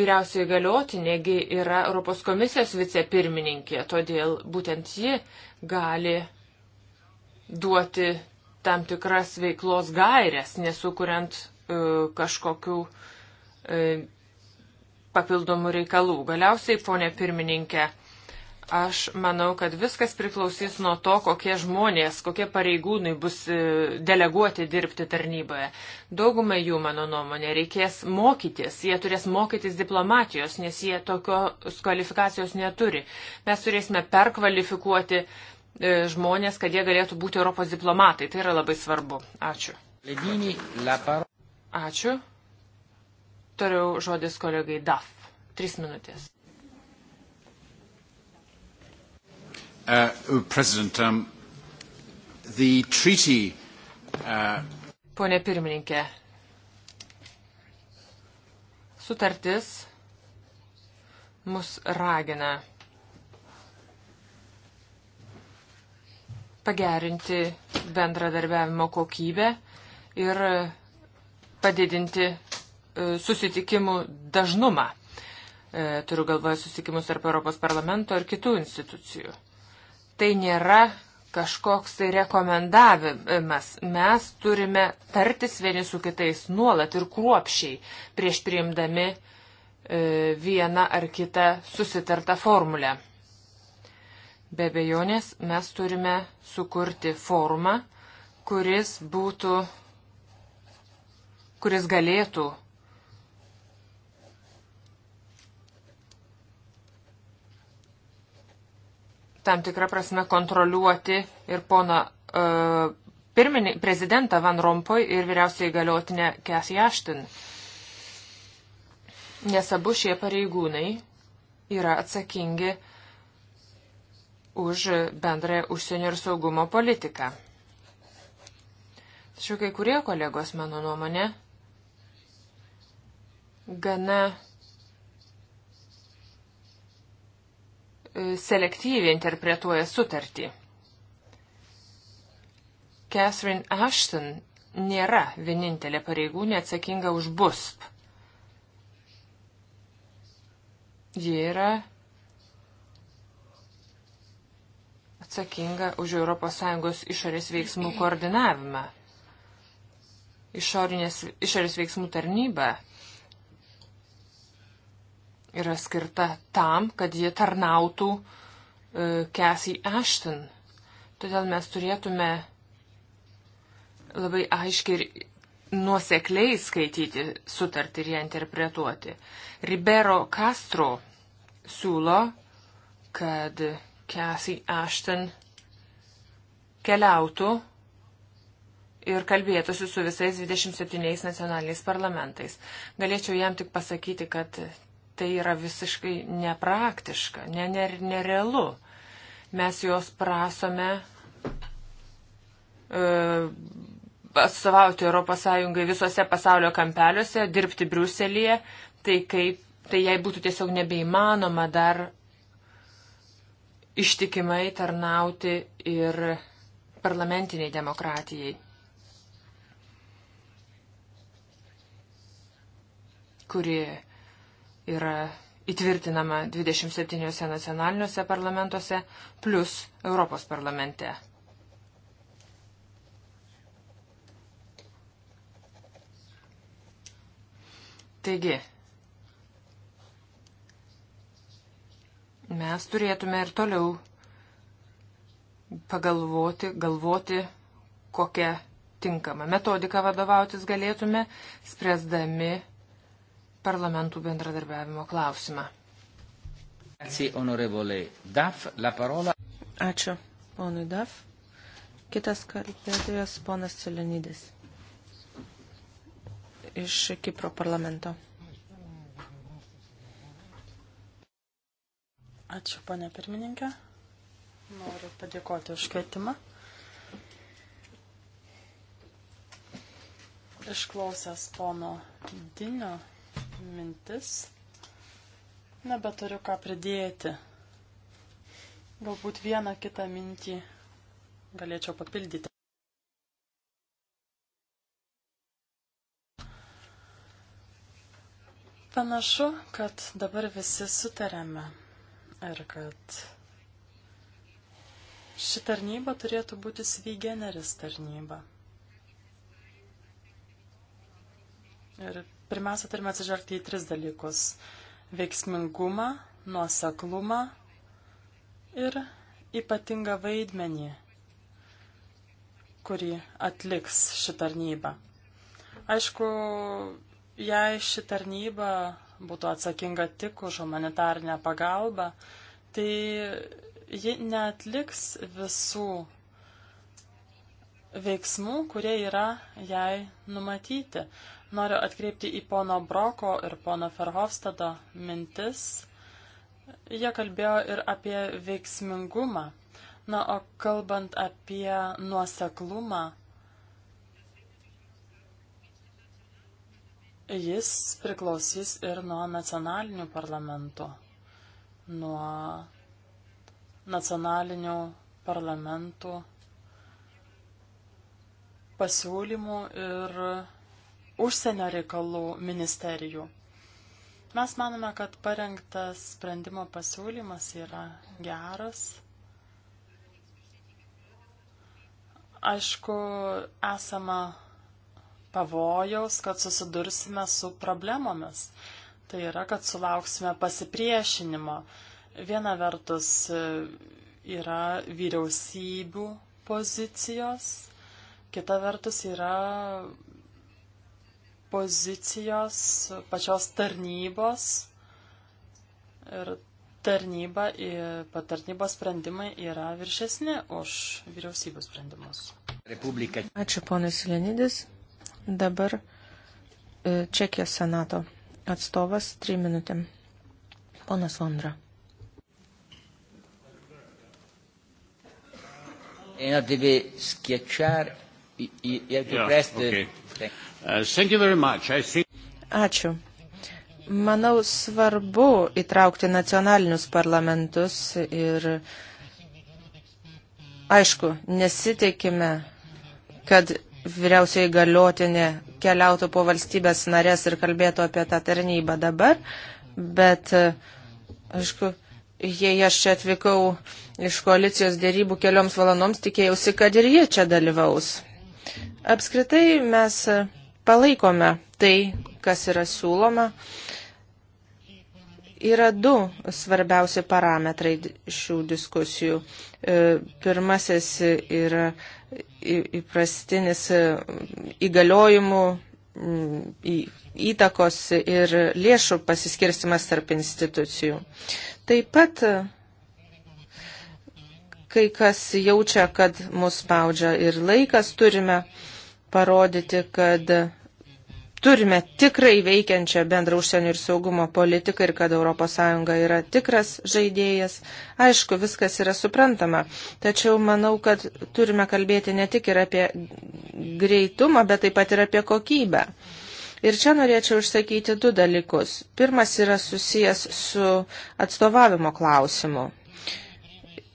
Vyriausiai galiotinėgi yra Europos komisijos vicepirmininkė, todėl būtent ji gali duoti tam tikras veiklos gairias, nesukuriant uh, kažkokių uh, papildomų reikalų. Galiausiai, ponė pirmininkė, uh, Aš manau, kad viskas priklausys nuo to, kokie žmonės, kokie pareigūnai bus e, deleguoti dirbti tarnyboje. Daugumai jų, mano nuomonė, reikės mokytis. Jie turės mokytis diplomatijos, nes jie tokios kvalifikacijos neturi. Mes turėsime perkvalifikuoti e, žmonės, kad jie galėtų būti Europos diplomatai. Tai yra labai svarbu. Ačiū. Ačiū. Toliau žodis kolegai DAF. Tris minutės. Uh, President, um, the treaty, uh... Pone pirmininkė, sutartis mus ragina pagerinti bendradarbiavimo kokybę ir padidinti e, susitikimų dažnumą. E, turiu galvoje susitikimus tarp Europos parlamento ir kitų institucijų tai nėra kažkoks tai rekomendavimas. Mes turime tartis vieni su kitais nuolat ir kruopšiai prieš priimdami e, vieną ar kitą susitartą formulę. Be bejonės mes turime sukurti formą, kuris būtų, kuris galėtų tam tikrą prasme kontroliuoti ir pono uh, pirminį, prezidentą Van Rompoj ir vyriausiai galiotinę Kathy Ashton. Nes abu šie pareigūnai yra atsakingi už bendrąją užsienio ir saugumo politiką. Tačiau kai kurie kolegos, mano nuomonė, gana selektyviai interpretuoja sutartį. Catherine Ashton nėra vienintelė pareigūnė atsakinga už BUSP. Ji yra atsakinga už ES išorės veiksmų koordinavimą. Išorinės, išorės veiksmų tarnyba yra skirta tam, kad ji tarnautų e, Cassie Ashton. Todėl mes turėtume labai aiškiai ir nuosekliai skaityti sutartį ir ją interpretuoti. Ribero Castro siūlo, kad Cassie Ashton keliautų ir kalbėtųsi su visais 27 nacionaliniais parlamentais. Galėčiau jam tik pasakyti, kad tai yra visiškai nepraktiška, ne, ne, nerealu. Mes jos prasome e, atstovauti ES visose pasaulio kampeliuose, dirbti Briuselėje, tai kaip, tai jai būtų tiesiog nebeįmanoma dar ištikimai tarnauti ir parlamentiniai demokratijai. kuri yra įtvirtinama 27 nacionaliniuose parlamentuose plus Europos parlamente. Taigi, mes turėtume ir toliau pagalvoti, galvoti, kokią tinkamą metodiką vadovautis galėtume, spręsdami parlamentų bendradarbiavimo klausimą. Ačiū, ponui Daf. Kitas kalbėtojas ponas Celenidis iš Kipro parlamento. Ačiū, ponė pirmininkė. Noriu padėkoti už kvietimą. Išklausęs pono Dinio mintis. Nebeturiu ką pridėti. Galbūt vieną kitą mintį galėčiau papildyti. Panašu, kad dabar visi sutarėme ir kad ši tarnyba turėtų būti svygeneris tarnyba. Ir pirmiausia, turime atsižvelgti į tris dalykus - veiksmingumą, nuoseklumą ir ypatingą vaidmenį, kurį atliks ši tarnyba. Aišku, jei ši tarnyba būtų atsakinga tik už humanitarnę pagalbą, tai ji neatliks visų veiksmų, kurie yra jai numatyti. Noriu atkreipti į pono Broko ir pono Ferhofstado mintis. Jie kalbėjo ir apie veiksmingumą. Na, o kalbant apie nuoseklumą, jis priklausys ir nuo nacionalinių parlamentų, nuo nacionalinių parlamentų pasiūlymų ir užsienio reikalų ministerijų. Mes manome, kad parengtas sprendimo pasiūlymas yra geras. Aišku, esama pavojaus, kad susidursime su problemomis. Tai yra, kad sulauksime pasipriešinimo. Viena vertus yra vyriausybių pozicijos, kita vertus yra pozicijos pačios tarnybos ir tarnyba, patarnybos sprendimai yra viršesni už vyriausybės sprendimus. Republika. Ačiū ponai Silenidis. Dabar e, Čekijos senato atstovas 3 minutėm. Ponas Vondra. E no, deve schiacciare, è più presto. Uh, Ačiū. Manau, svarbu įtraukti nacionalinius parlamentus ir aišku, nesitikime, kad vyriausiai galiotinė keliautų po valstybės narės ir kalbėtų apie tą tarnybą dabar, bet, aišku, jei aš čia atvykau iš koalicijos dėrybų kelioms valandoms, tikėjausi, kad ir jie čia dalyvaus. Apskritai mes palaikome tai, kas yra siūloma. Yra du svarbiausi parametrai šių diskusijų. E, pirmasis yra įprastinis e, įgaliojimų įtakos ir lėšų pasiskirstimas tarp institucijų. Taip pat kai kas jaučia, kad mus spaudžia ir laikas, turime parodyti, kad turime tikrai veikiančią bendrą užsienio ir saugumo politiką ir kad ES yra tikras žaidėjas. Aišku, viskas yra suprantama, tačiau manau, kad turime kalbėti ne tik ir apie greitumą, bet taip pat ir apie kokybę. Ir čia norėčiau išsakyti du dalykus. Pirmas yra susijęs su atstovavimo klausimu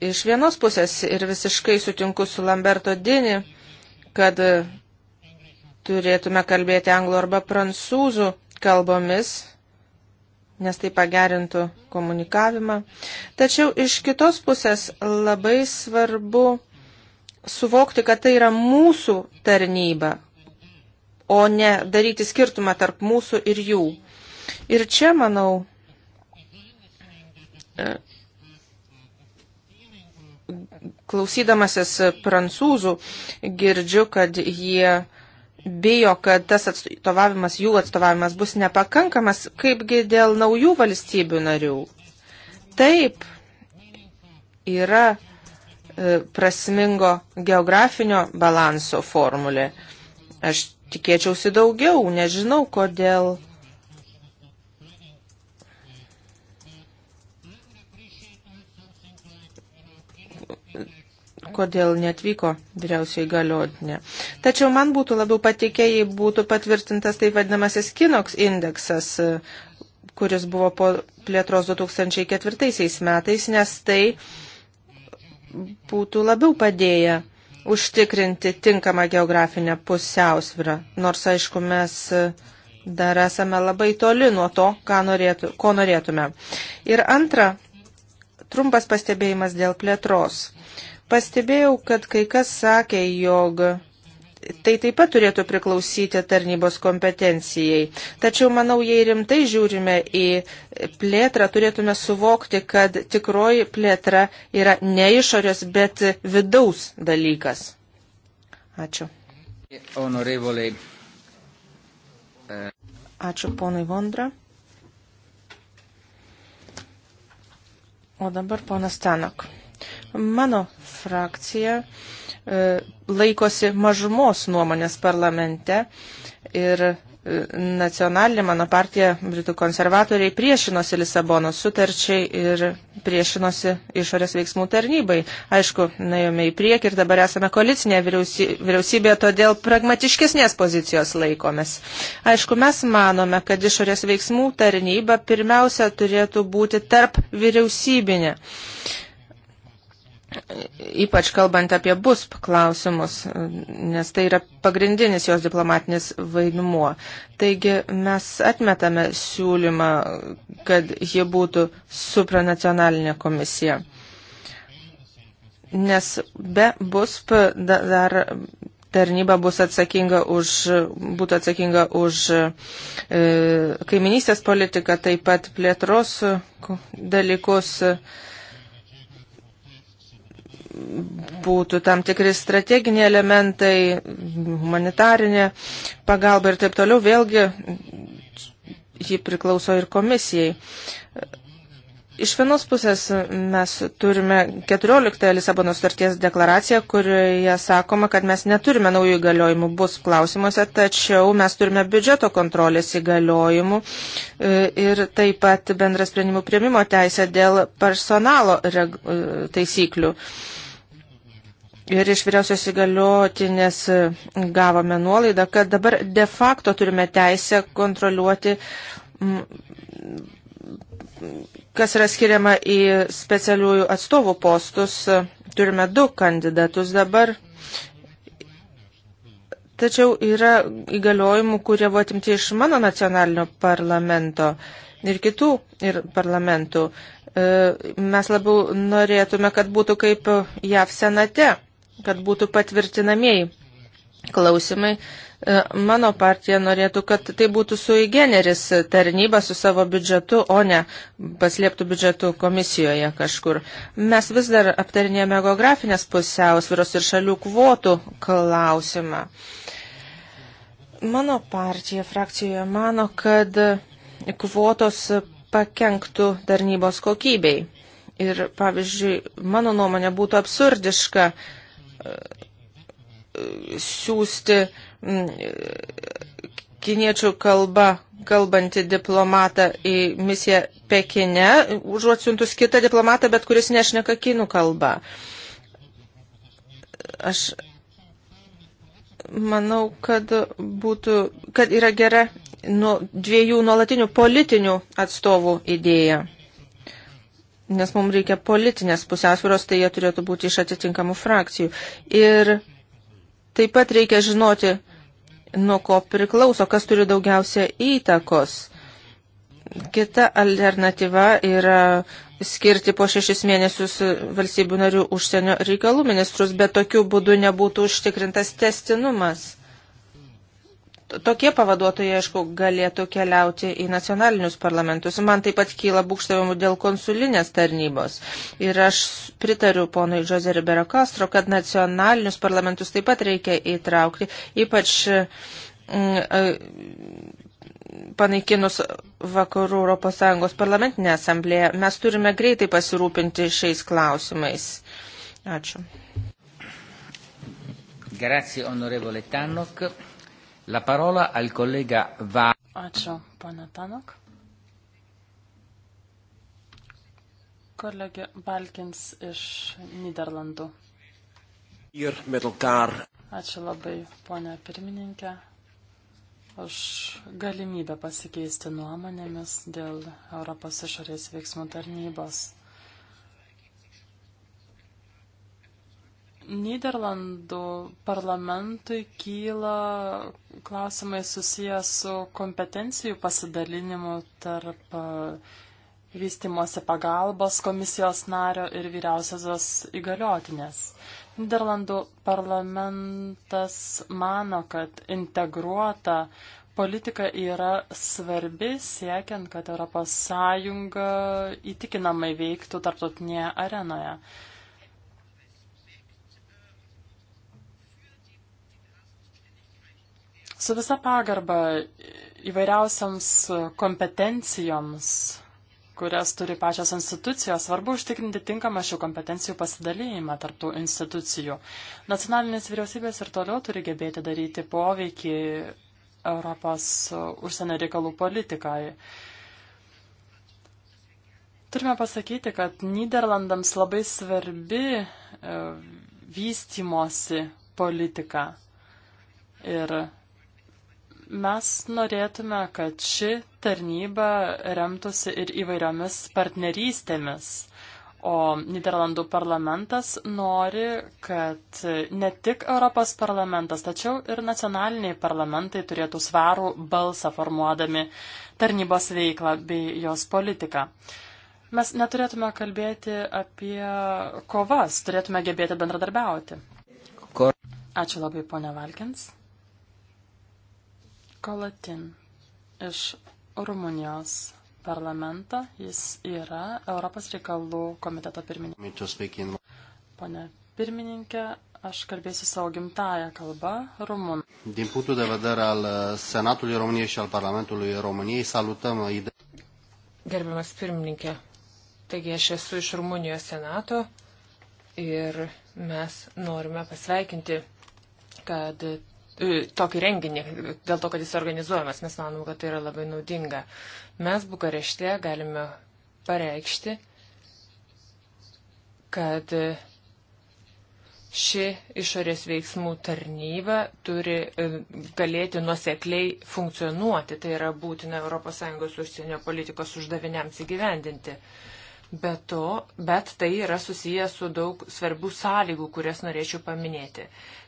iš vienos pusės ir visiškai sutinku su Lamberto Dini, kad turėtume kalbėti anglų arba prancūzų kalbomis, nes tai pagerintų komunikavimą. Tačiau iš kitos pusės labai svarbu suvokti, kad tai yra mūsų tarnyba, o ne daryti skirtumą tarp mūsų ir jų. Ir čia, manau, klausydamasis prancūzų girdžiu, kad jie bijo, kad tas atstovavimas, jų atstovavimas bus nepakankamas, kaipgi dėl naujų valstybių narių. Taip, yra e, prasmingo geografinio balanso formulė. Aš tikėčiausi daugiau, nežinau kodėl kodėl netvyko vyriausiai galiotinė. Tačiau man būtų labiau patikė, jei būtų patvirtintas taip vadinamasis Kinoks indeksas, kuris buvo po plėtros 2004 metais, nes tai būtų labiau padėję užtikrinti tinkamą geografinę pusiausvyrą. Nors, aišku, mes dar esame labai toli nuo to, norėtų, ko norėtume. Ir antra, trumpas pastebėjimas dėl plėtros. Pastebėjau, kad kai kas sakė, jog tai taip pat turėtų priklausyti tarnybos kompetencijai. Tačiau, manau, jei rimtai žiūrime į plėtrą, turėtume suvokti, kad tikroji plėtra yra ne išorės, bet vidaus dalykas. Ačiū. Honorevoliai. E. Ačiū ponai Vondra. O dabar ponas Tanok. Mano frakcija e, laikosi mažumos nuomonės parlamente ir e, nacionalinė mano partija, Britų konservatoriai, priešinosi Lisabonos sutarčiai ir priešinosi išorės veiksmų tarnybai. Aišku, naėjome į priekį ir dabar esame koalicinė vyriausybė, todėl pragmatiškesnės pozicijos laikomės. Aišku, mes manome, kad išorės veiksmų tarnyba pirmiausia turėtų būti tarp vyriausybinė. Ypač kalbant apie BUSP klausimus, nes tai yra pagrindinis jos diplomatinis vaidmuo. Taigi mes atmetame siūlymą, kad ji būtų supranacionalinė komisija. Nes be BUSP dar tarnyba bus atsakinga už, būtų atsakinga už e, kaiminystės politiką, taip pat plėtros dalykus. E, būtų tam tikri strateginiai elementai, humanitarinė pagalba ir taip toliau, vėlgi ji priklauso ir komisijai. Iš vienos pusės mes turime 14 Lisabono sutarties deklaraciją, kurioje sakoma, kad mes neturime naujų įgaliojimų bus klausimuose, tačiau mes turime biudžeto kontrolės įgaliojimų e, ir taip pat bendras sprendimų prieimimo teisę dėl personalo e, taisyklių. Ir iš vyriausios įgaliotinės gavome nuolaidą, kad dabar de facto turime teisę kontroliuoti, kas yra skiriama į specialiųjų atstovų postus. Turime du kandidatus dabar. Tačiau yra įgaliojimų, kurie buvo atimti iš mano nacionalinio parlamento ir kitų ir parlamentų. E, mes labiau norėtume, kad būtų kaip JAV senate kad būtų patvirtinamieji klausimai. E, mano partija norėtų, kad tai būtų sui generis tarnyba su savo biudžetu, o ne paslėptų biudžetu komisijoje kažkur. Mes vis dar aptarinėjame geografinės pusiausviros ir šalių kvotų klausimą. Mano partija frakcijoje mano, kad kvotos pakenktų tarnybos kokybei. Ir, pavyzdžiui, mano nuomonė būtų absurdiška siūsti mm, kiniečių kalbą kalbantį diplomatą į misiją Pekine, užuot siuntus kitą diplomatą, bet kuris nešneka kinų kalbą. Aš manau, kad būtų, kad yra gera nu, dviejų nuolatinių politinių atstovų idėja nes mums reikia politinės pusiausvėros, tai jie turėtų būti iš atitinkamų frakcijų. Ir taip pat reikia žinoti, nuo ko priklauso, kas turi daugiausia įtakos. Kita alternatyva yra skirti po šešis mėnesius valstybių narių užsienio reikalų ministrus, bet tokiu būdu nebūtų užtikrintas testinumas. Tokie pavaduotojai, aišku, galėtų keliauti į nacionalinius parlamentus. Man taip pat kyla būkštavimų dėl konsulinės tarnybos. Ir aš pritariu ponui Jose Ribero Castro, kad nacionalinius parlamentus taip pat reikia įtraukti, ypač mm, panaikinus Vakarų ES parlamentinę asamblėją. Mes turime greitai pasirūpinti šiais klausimais. Ačiū. Grazie, onorevole Tannok. La parola al collega Va. Ačiū, pana Tanok. Kolegė Balkins iš Niderlandų. Ir metalkar. Ačiū labai, ponia pirmininkė, už galimybę pasikeisti nuomonėmis dėl Europos išorės veiksmų tarnybos. Niderlandų parlamentui kyla klausimai susijęs su kompetencijų pasidalinimu tarp e, vystimosi pagalbos komisijos nario ir vyriausiosios įgaliotinės. Niderlandų parlamentas mano, kad integruota politika yra svarbi siekiant, kad ES įtikinamai veiktų tarptautinėje arenoje. Su visa pagarba įvairiausiams kompetencijoms, kurias turi pačios institucijos, svarbu užtikrinti tinkamą šių kompetencijų pasidalėjimą tarptų institucijų. Nacionalinės vyriausybės ir toliau turi gebėti daryti poveikį Europos užsienio reikalų politikai. Turime pasakyti, kad Niderlandams labai svarbi e, vystimosi politika. Ir Mes norėtume, kad ši tarnyba remtųsi ir įvairiomis partnerystėmis, o Niderlandų parlamentas nori, kad ne tik Europos parlamentas, tačiau ir nacionaliniai parlamentai turėtų svarų balsą formuodami tarnybos veiklą bei jos politiką. Mes neturėtume kalbėti apie kovas, turėtume gebėti bendradarbiauti. Ačiū labai, ponia Valkins. Kalatin iš Rumunijos parlamentą. Jis yra Europos reikalų komiteto pirmininkas. Pone pirmininkė, aš kalbėsiu savo gimtają kalbą, rumunų. Din punctul de vedere al uh, Senatului României și al Parlamentului României salutăm ideea. Gerbiamas pirmininkė, taigi aš esu iš Rumunijos Senato ir mes norime pasveikinti, kad E, tokį renginį dėl to, kad jis organizuojamas. Mes manom, kad tai yra labai naudinga. Mes Bukarešte galime pareikšti, kad e, ši išorės veiksmų tarnyba turi e, galėti nusekliai funkcionuoti. Tai yra būtina ES užsienio politikos uždaviniams įgyvendinti. Be to, bet tai yra susijęs su daug svarbių sąlygų, kurias norėčiau paminėti.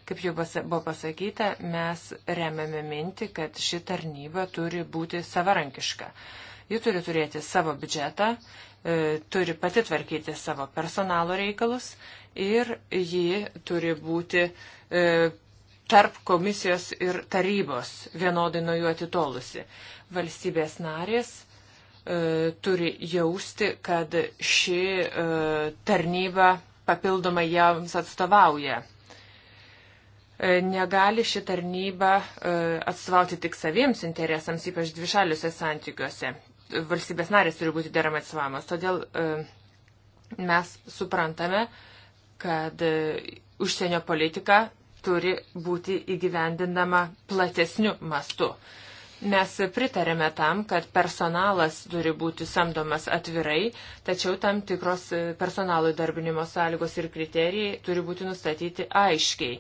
Kaip jau buvo pasakyta, mes remiame mintį, kad ši tarnyba turi būti savarankiška. Ji turi turėti savo biudžetą, e, turi pati tvarkyti savo personalo reikalus ir ji turi būti e, tarp komisijos ir tarybos vienodai nuo jų atitolusi. Valstybės narės e, turi jausti, kad ši tarnyba papildomai jiems atstovauja. E, negali ši tarnyba e, atstovauti tik saviems interesams, ypač dvišaliuose santykiuose. Valstybės narės turi būti deramai atstovavimas. Todėl e, mes suprantame, kad užsienio politika turi būti įgyvendinama platesniu mastu. Mes pritarėme tam, kad personalas turi būti samdomas atvirai, tačiau tam tikros personalo darbinimo sąlygos ir kriterijai turi būti nustatyti aiškiai.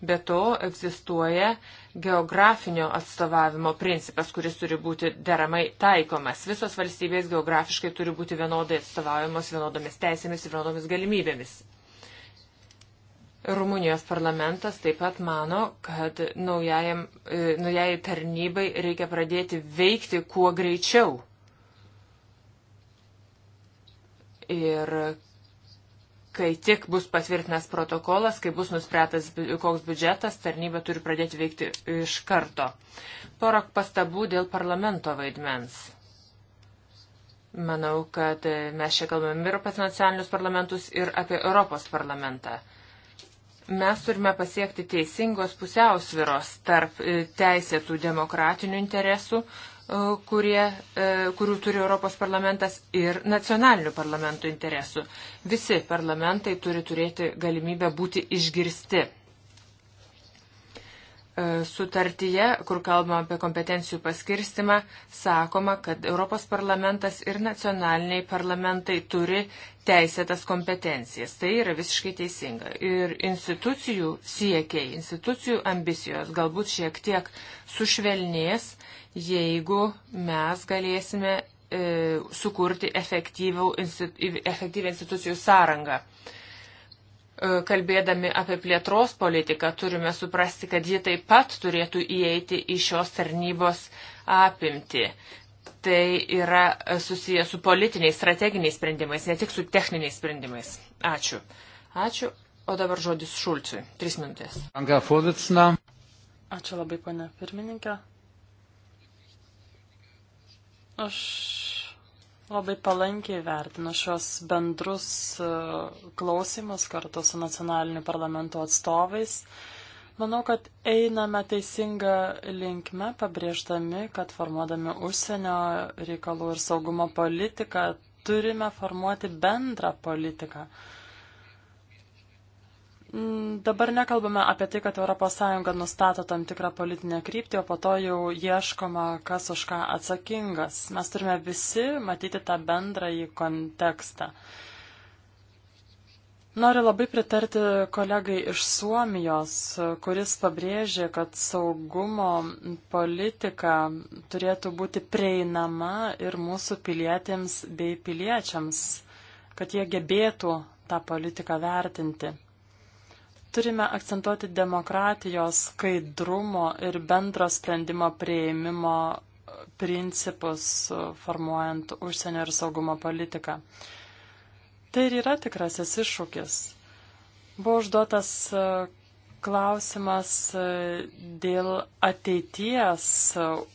Be to egzistuoja geografinio atstovavimo principas, kuris turi būti deramai taikomas. Visos valstybės geografiškai turi būti vienodai atstovaujamos vienodomis teisėmis ir vienodomis galimybėmis. Rumunijos parlamentas taip pat mano, kad naujajam, e, naujai tarnybai reikia pradėti veikti kuo greičiau. Ir Kai tik bus patvirtinas protokolas, kai bus nusprętas koks biudžetas, tarnyba turi pradėti veikti iš karto. Porą pastabų dėl parlamento vaidmens. Manau, kad e, mes čia kalbame ir apie nacionalinius parlamentus, ir apie Europos parlamentą. Mes turime pasiekti teisingos pusiausviros tarp e, teisėtų demokratinių interesų, E, kurie, e, kurių turi Europos parlamentas ir nacionalinių parlamentų interesų. Visi parlamentai turi turėti galimybę būti išgirsti. E, sutartyje, kur kalbama apie kompetencijų paskirstimą, sakoma, kad Europos parlamentas ir nacionaliniai parlamentai turi teisėtas kompetencijas. Tai yra visiškai teisinga. Ir institucijų siekiai, institucijų ambicijos galbūt šiek tiek sušvelnės, uh, jeigu mes galėsime e, sukurti institu, efektyvę institucijų sąrangą. E, kalbėdami apie plėtros politiką, turime suprasti, kad ji taip pat turėtų įeiti į šios tarnybos apimti. Tai yra e, susijęs su politiniais, strateginiais sprendimais, ne tik su techniniais sprendimais. Ačiū. Ačiū. O dabar žodis Šulciui. Tris minutės. Ačiū labai, pane pirmininkė. Aš labai palankiai vertinu šios bendrus e, klausimus kartu su nacionaliniu parlamento atstovais. Manau, kad einame teisinga linkme, pabrėždami, kad formuodami užsienio reikalų ir saugumo politiką turime formuoti bendrą politiką. Mm, dabar nekalbame apie tai, kad ES nustato tam tikrą politinę kryptį, o po to jau ieškoma, kas už ką atsakingas. Mes turime visi matyti tą bendrąjį kontekstą. Noriu labai pritarti kolegai iš Suomijos, kuris pabrėžė, kad saugumo politika turėtų būti prieinama ir mūsų pilietėms bei piliečiams, kad jie gebėtų tą politiką vertinti. Turime akcentuoti demokratijos skaidrumo ir bendro sprendimo prieimimo principus formuojant užsienio ir saugumo politiką. Tai ir yra tikrasis iššūkis. Buvo užduotas e, klausimas e, dėl ateities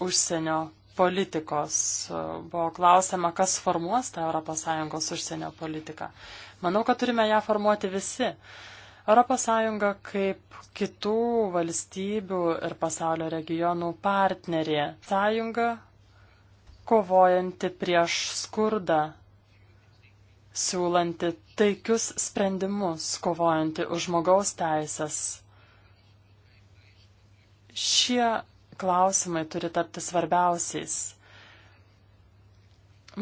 užsienio politikos. E, buvo klausima, kas formuos tą ES užsienio politiką. Manau, kad turime ją formuoti visi. ES kaip kitų valstybių ir pasaulio regionų partnerė, sąjunga kovojanti prieš skurdą, siūlanti taikius sprendimus, kovojanti už žmogaus teisės. Šie klausimai turi tapti svarbiausiais.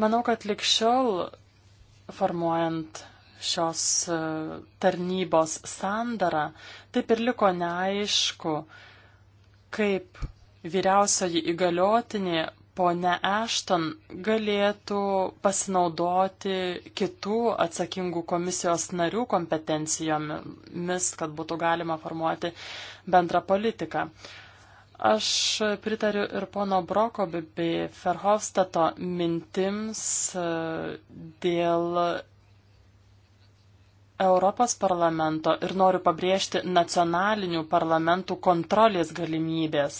Manau, kad likščiol formuojant šios e, tarnybos sandara, taip ir liko neaišku, kaip vyriausioji įgaliotinė ponia Ešton galėtų pasinaudoti kitų atsakingų komisijos narių kompetencijomis, kad būtų galima formuoti bendrą politiką. Aš pritariu ir pono Broko bei Ferhofstato mintims e, dėl Europos parlamento ir noriu pabrėžti nacionalinių parlamentų kontrolės galimybės.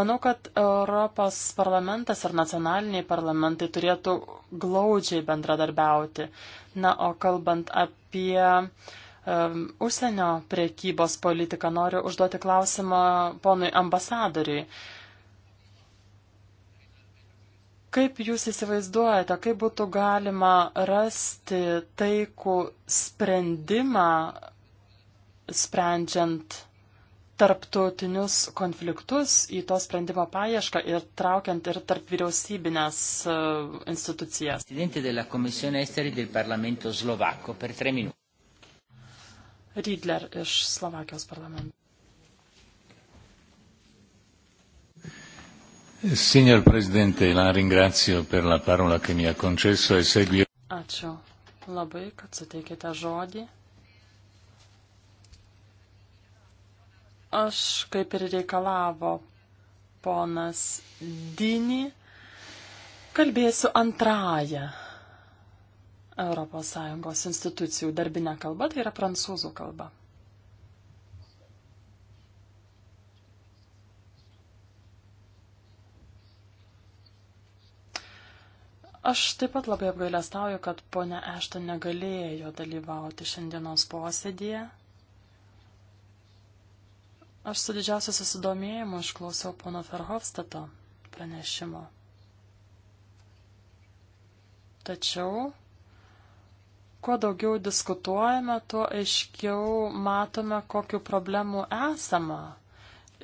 Manau, kad Europos parlamentas ir nacionaliniai parlamentai turėtų glaudžiai bendradarbiauti. Na, o kalbant apie um, užsienio priekybos politiką, noriu užduoti klausimą ponui ambasadoriui. Uh, Kaip Jūs įsivaizduojate, kaip būtų galima rasti taikų sprendimą, sprendžiant tarptautinius konfliktus į to sprendimo paiešką ir traukiant ir tarp vyriausybinės e, institucijas? Riedler iš Slovakijos parlamento. Signor Presidente, la ringrazio per la parola che mi ha concesso e seguio. Ačiū labai, kad suteikėte žodį. Aš, kaip ir reikalavo ponas Dini, kalbėsiu antrąją ES institucijų darbinę kalbą, tai yra prancūzų kalba. Aš taip pat labai apgailestauju, kad ponia Ešta negalėjo dalyvauti šiandienos posėdėje. Aš su didžiausiu susidomėjimu išklausiau pono Ferhofstato pranešimo. Tačiau, kuo daugiau diskutuojame, tuo aiškiau matome, kokiu problemu esama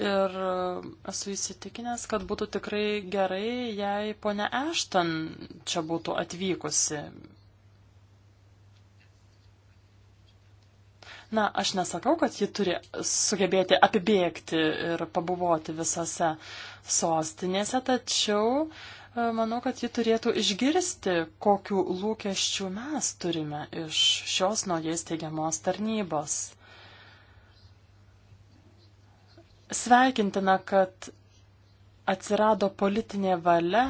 Ir e, esu įsitikinęs, kad būtų tikrai gerai, jei ponia Ešton čia būtų atvykusi. Na, aš nesakau, kad ji turi sugebėti apibėgti ir pabuvoti visose sostinėse, tačiau e, manau, kad ji turėtų išgirsti, kokiu lūkesčiu mes turime iš šios naujais teigiamos tarnybos. Sveikintina, kad atsirado politinė valia,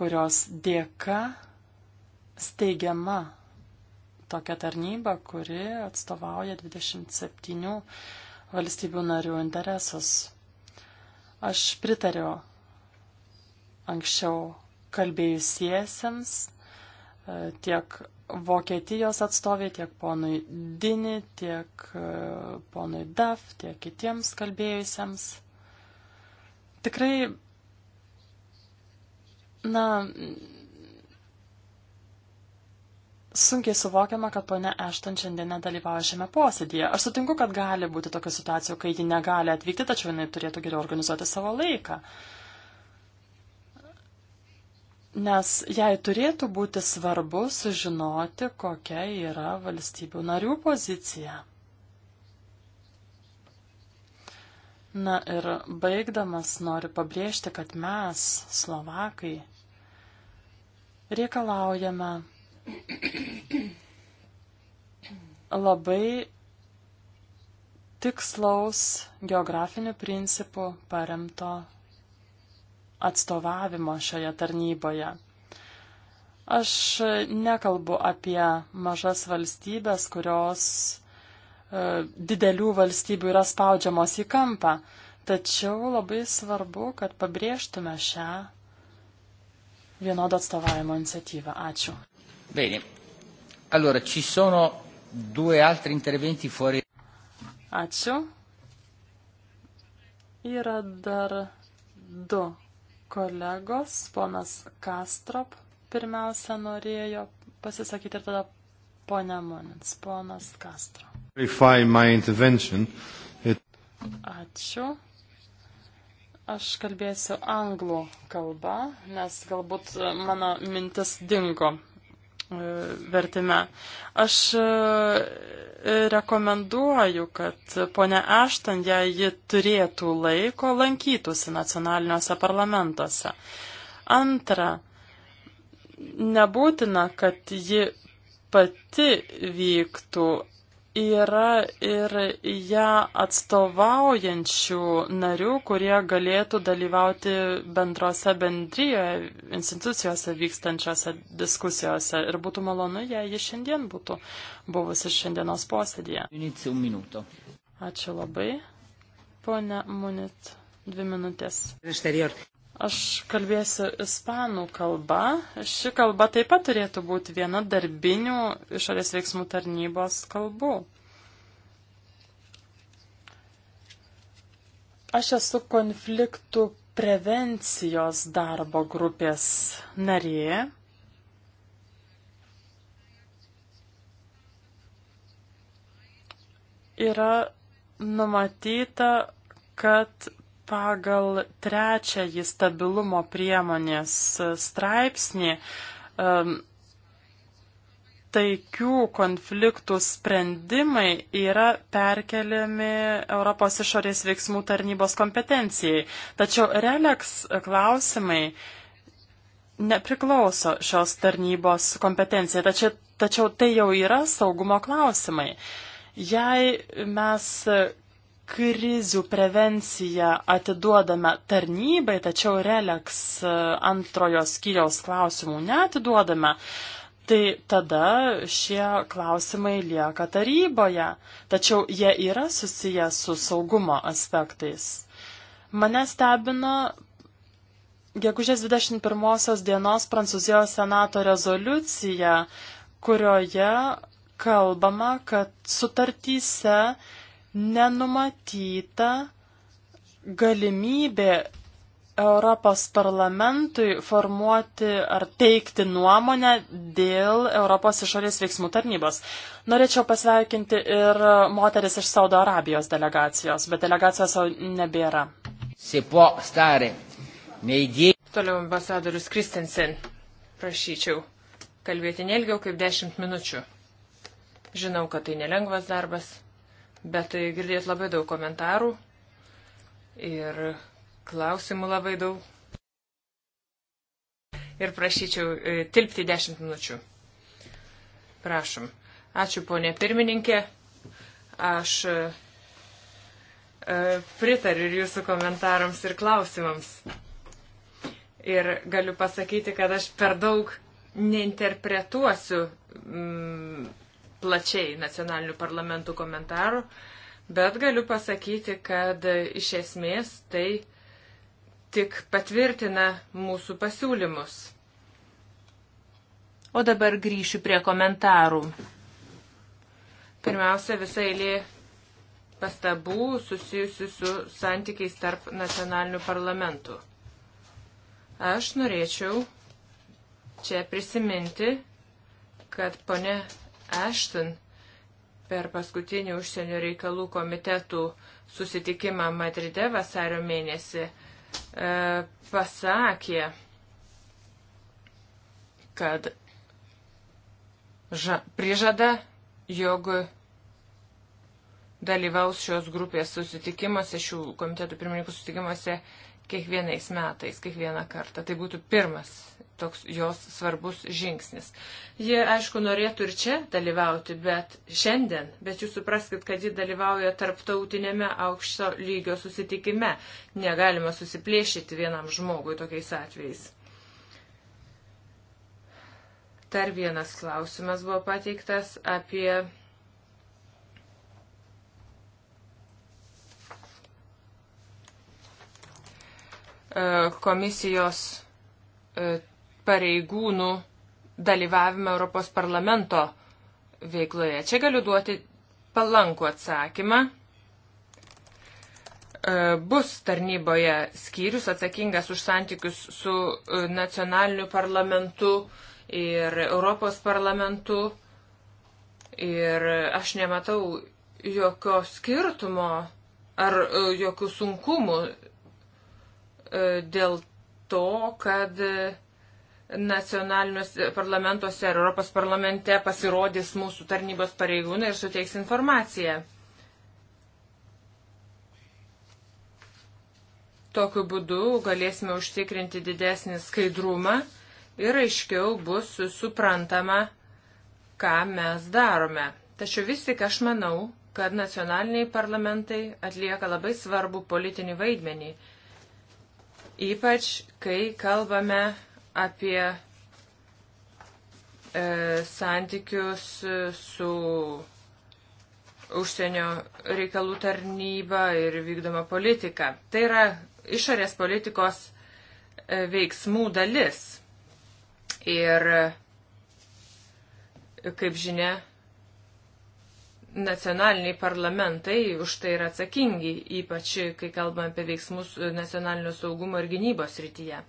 kurios dėka steigiama tokia tarnyba, kuri atstovauja 27 valstybių narių interesus. Aš pritariu anksčiau kalbėjusiesiems e, tiek Vokietijos atstovė, tiek ponui Dini, tiek e, ponui Daf, tiek kitiems kalbėjusiems. Tikrai, na, sunkiai suvokiama, kad ponia Ešton šiandien nedalyvauja šiame posėdėje. Aš sutinku, kad gali būti tokia situacija, kai ji negali atvykti, tačiau jinai turėtų geriau organizuoti savo laiką. Uh, Nes jai turėtų būti svarbu sužinoti, kokia yra valstybių narių pozicija. Na ir baigdamas noriu pabrėžti, kad mes, Slovakai, reikalaujame labai tikslaus geografinių principų paremto atstovavimo šioje tarnyboje. Aš nekalbu apie mažas valstybės, kurios e, didelių valstybių yra spaudžiamos į kampą, tačiau labai svarbu, kad pabrėžtume šią vienodo atstovavimo iniciatyvą. Ačiū. Bene. Allora, ci sono due altri interventi fuori. Ačiū. Yra dar du Kolegos, ponas Kastrop pirmiausia norėjo pasisakyti ir tada ponia Monins, ponas Kastro. Ačiū. Aš kalbėsiu anglų kalbą, nes galbūt mano mintis dingo E, vertime. Aš e, rekomenduoju, kad ponia Aštan, jei ji turėtų laiko, lankytųsi nacionaliniuose parlamentuose. Antra, nebūtina, kad ji pati vyktų yra ir ją atstovaujančių narių, kurie galėtų dalyvauti bendrose bendryje institucijose vykstančiose diskusijose. Ir būtų malonu, jei ji šiandien būtų buvusi šiandienos posėdėje. Ačiū labai. Pone Munit, dvi minutės. Aš kalbėsiu ispanų kalba. Ši kalba taip pat turėtų būti viena darbinių išorės veiksmų tarnybos kalbų. Aš esu konfliktų prevencijos darbo grupės narė. Yra numatyta, kad pagal trečiąjį stabilumo priemonės straipsnį taikių konfliktų sprendimai yra perkeliami Europos išorės veiksmų tarnybos kompetencijai. Tačiau releks klausimai nepriklauso šios tarnybos kompetencijai, tačiau, tačiau tai jau yra saugumo klausimai. Jei mes krizių prevenciją atiduodame tarnybai, tačiau releks e, antrojo skyriaus klausimų neatiduodame, tai tada šie klausimai lieka taryboje, tačiau jie yra susiję su saugumo aspektais. Mane stebina gegužės 21 dienos Prancūzijos senato rezoliucija, kurioje kalbama, kad sutartyse nenumatyta galimybė Europos parlamentui formuoti ar teikti nuomonę dėl Europos išorės veiksmų tarnybos. Norėčiau pasveikinti ir moteris iš Saudo Arabijos delegacijos, bet delegacijos nebėra. Toliau ambasadorius Kristensen. Prašyčiau kalbėti nelgiau kaip 10 minučių. Žinau, kad tai nelengvas darbas bet tai girdėt labai daug komentarų ir klausimų labai daug. Ir prašyčiau e, tilpti 10 minučių. Prašom. Ačiū, ponė pirmininkė. Aš e, e, pritariu ir jūsų komentarams ir klausimams. Ir galiu pasakyti, kad aš per daug neinterpretuosiu mm, plačiai nacionalinių parlamentų komentarų, bet galiu pasakyti, kad iš esmės tai tik patvirtina mūsų pasiūlymus. O dabar grįšiu prie komentarų. Pirmiausia, visa eilė pastabų susijusių su santykiais tarp nacionalinių parlamentų. Aš norėčiau čia prisiminti, kad ponė Ashton per paskutinį užsienio reikalų komitetų susitikimą Madride vasario mėnesį e, pasakė, kad ža, prižada, jog dalyvaus šios grupės susitikimuose, šių komitetų pirmininkų susitikimuose kiekvienais metais, kiekvieną kartą. Tai būtų pirmas toks jos svarbus žingsnis. Ji, aišku, norėtų ir čia dalyvauti, bet šiandien, bet jūs supraskit, kad ji dalyvauja tarptautinėme aukšto lygio susitikime. Negalima susiplėšyti vienam žmogui tokiais atvejais. Dar vienas klausimas buvo pateiktas apie e, komisijos e, pareigūnų dalyvavimą Europos parlamento veikloje. Čia galiu duoti palankų atsakymą. E, bus tarnyboje skyrius atsakingas už santykius su e, nacionaliniu parlamentu ir Europos parlamentu. Ir aš nematau jokio skirtumo ar e, jokių sunkumų dėl to, kad nacionaliniuose parlamentuose ir Europos parlamente pasirodys mūsų tarnybos pareigūnai ir suteiks informaciją. Tokiu būdu galėsime užtikrinti didesnį skaidrumą ir aiškiau bus suprantama, ką mes darome. Tačiau vis tik aš manau, kad nacionaliniai parlamentai atlieka labai svarbų politinį vaidmenį, ypač kai kalbame apie e, santykius su užsienio reikalų tarnyba ir vykdoma politika. Tai yra išorės politikos e, veiksmų dalis. Ir, e, kaip žinia, nacionaliniai parlamentai už tai yra atsakingi, ypač kai kalbame apie veiksmus nacionalinio saugumo ir gynybos rytyje.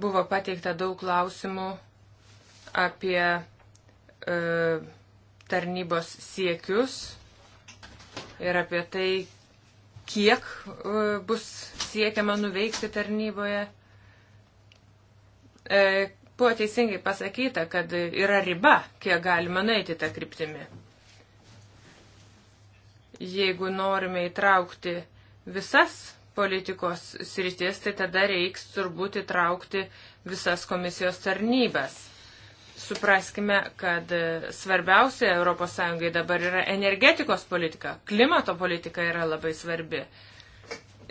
Buvo pateikta daug klausimų apie e, tarnybos siekius ir apie tai, kiek e, bus siekiama nuveikti tarnyboje. E, buvo teisingai pasakyta, kad yra riba, kiek galima nueiti tą kryptimį. Jeigu norime įtraukti visas politikos sritis, tai tada reiks turbūt įtraukti visas komisijos tarnybas. Supraskime, kad e, svarbiausia ES dabar yra energetikos politika, klimato politika yra labai svarbi,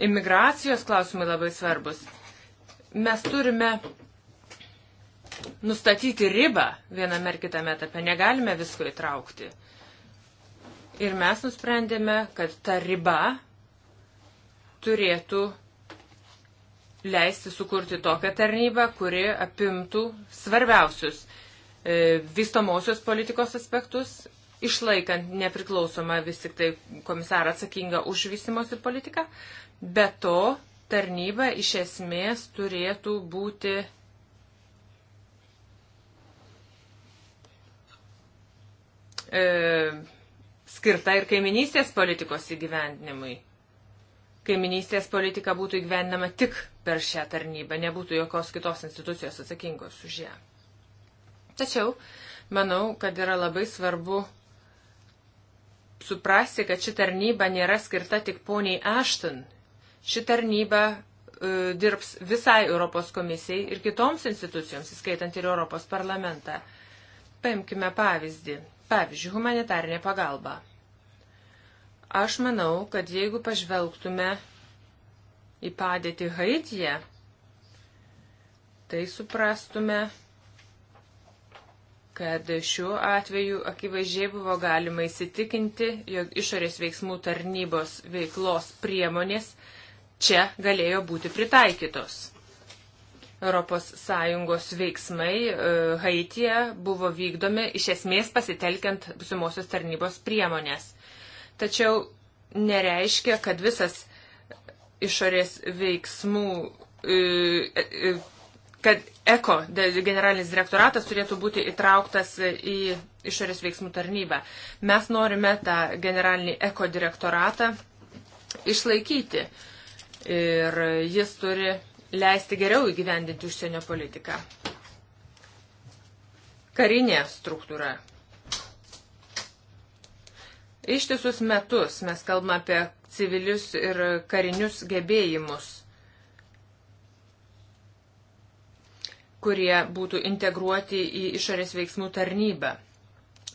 imigracijos klausimai labai svarbus. Mes turime nustatyti ribą viename ar kitame etape, negalime visko įtraukti. Ir mes nusprendėme, kad ta riba turėtų leisti sukurti tokią tarnybą, kuri apimtų svarbiausius e, vystomosios politikos aspektus, išlaikant nepriklausomą vis tik tai komisarą atsakingą už vystimosi politiką. Be to, tarnyba iš esmės turėtų būti e, skirta ir kaiminystės politikos įgyvendinimui kaiminystės politika būtų įgyvendinama tik per šią tarnybą, nebūtų jokios kitos institucijos atsakingos už ją. Tačiau manau, kad yra labai svarbu suprasti, kad ši tarnyba nėra skirta tik poniai Ashton. Ši tarnyba e, dirbs visai Europos komisijai ir kitoms institucijoms, įskaitant ir Europos parlamentą. Paimkime pavyzdį. Pavyzdžiui, humanitarinė pagalba. Aš manau, kad jeigu pažvelgtume į padėtį Haityje, tai suprastume, kad šiuo atveju akivaizdžiai buvo galima įsitikinti, jog išorės veiksmų tarnybos veiklos priemonės čia galėjo būti pritaikytos. ES veiksmai e, Haityje buvo vykdomi iš esmės pasitelkiant busimosios tarnybos priemonės tačiau nereiškia, kad visas išorės veiksmų, e, e, kad ECO generalinis direktoratas turėtų būti įtrauktas į išorės veiksmų tarnybą. Mes norime tą generalinį ECO direktoratą išlaikyti ir jis turi leisti geriau įgyvendinti užsienio politiką. Karinė struktūra Ištisus metus mes kalbame apie civilius ir karinius gebėjimus, kurie būtų integruoti į išorės veiksmų tarnybą.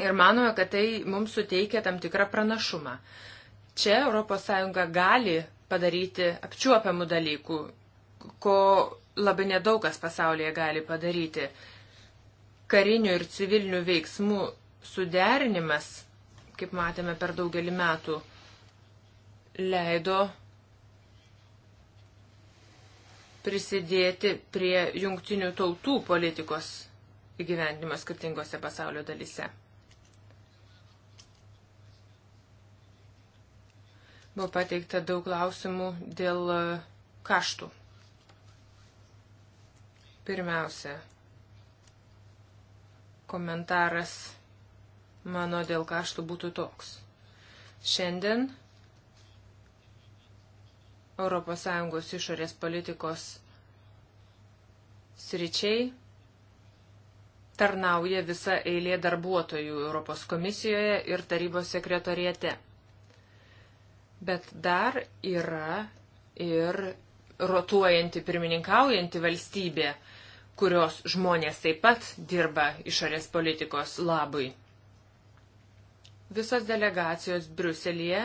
Ir manome, kad tai mums suteikia tam tikrą pranašumą. Čia ES gali padaryti apčiuopiamų dalykų, ko labai nedaug kas pasaulyje gali padaryti. Karinių ir civilinių veiksmų suderinimas kaip matėme per daugelį metų, leido prisidėti prie jungtinių tautų politikos įgyvendimo skirtingose pasaulio dalise. Buvo pateikta daug klausimų dėl e, kaštų. Pirmiausia, komentaras mano dėl kaštų būtų toks. Šiandien ES išorės politikos sričiai tarnauja visa eilė darbuotojų Europos komisijoje ir tarybos sekretorijate. Bet dar yra ir rotuojanti pirmininkaujanti valstybė, kurios žmonės taip pat dirba išorės politikos labui. Visos delegacijos Briuselėje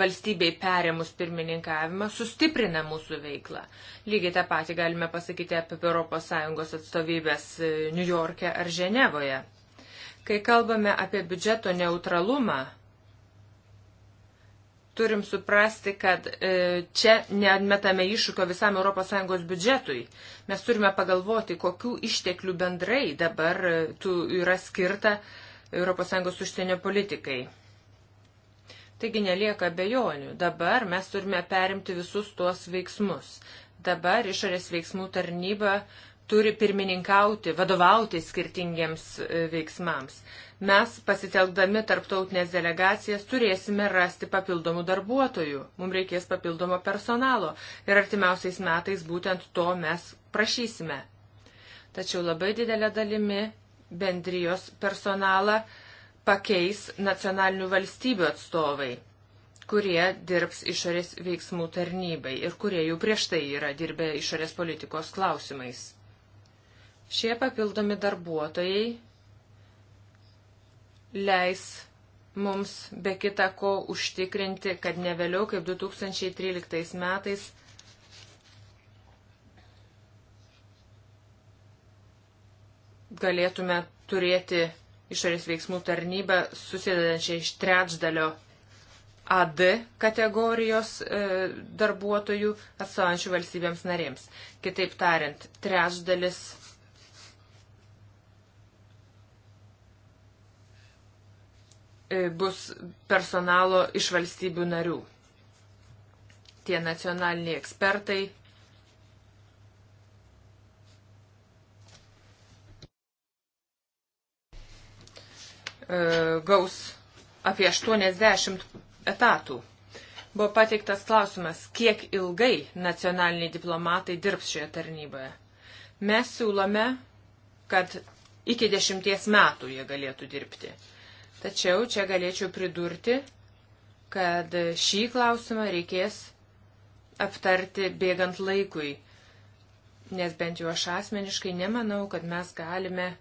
valstybei perėmus pirmininkavimą sustiprina mūsų veiklą. Lygiai tą patį galime pasakyti apie ES atstovybės e, New York'e ar Ženevoje. Kai kalbame apie biudžeto neutralumą, turim suprasti, kad e, čia neatmetame iššūkio visam ES biudžetui. Mes turime pagalvoti, kokių išteklių bendrai dabar e, yra skirta uh, ES užsienio politikai. Taigi nelieka bejonių. Dabar mes turime perimti visus tuos veiksmus. Dabar išorės veiksmų tarnyba turi pirmininkauti, vadovauti skirtingiems e, veiksmams. Mes, pasitelkdami tarptautinės delegacijas, turėsime rasti papildomų darbuotojų. Mums reikės papildomo personalo ir artimiausiais metais būtent to mes prašysime. Tačiau labai didelė dalimi bendrijos personalą pakeis nacionalinių valstybių atstovai, kurie dirbs išorės veiksmų tarnybai ir kurie jau prieš tai yra dirbę išorės politikos klausimais. Šie papildomi darbuotojai leis mums be kita ko užtikrinti, kad ne vėliau kaip 2013 metais galėtume turėti išorės veiksmų tarnybą susidedančią iš trečdalio AD kategorijos e, darbuotojų atstovaujančių valstybėms narėms. Kitaip tariant, trečdalis e, bus personalo iš valstybių narių. Tie nacionaliniai ekspertai E, gaus apie 80 etatų. Buvo pateiktas klausimas, kiek ilgai nacionaliniai diplomatai dirbs šioje tarnyboje. Mes siūlome, kad iki dešimties metų jie galėtų dirbti. Tačiau čia galėčiau pridurti, kad šį klausimą reikės aptarti bėgant laikui, nes bent jau aš asmeniškai nemanau, kad mes galime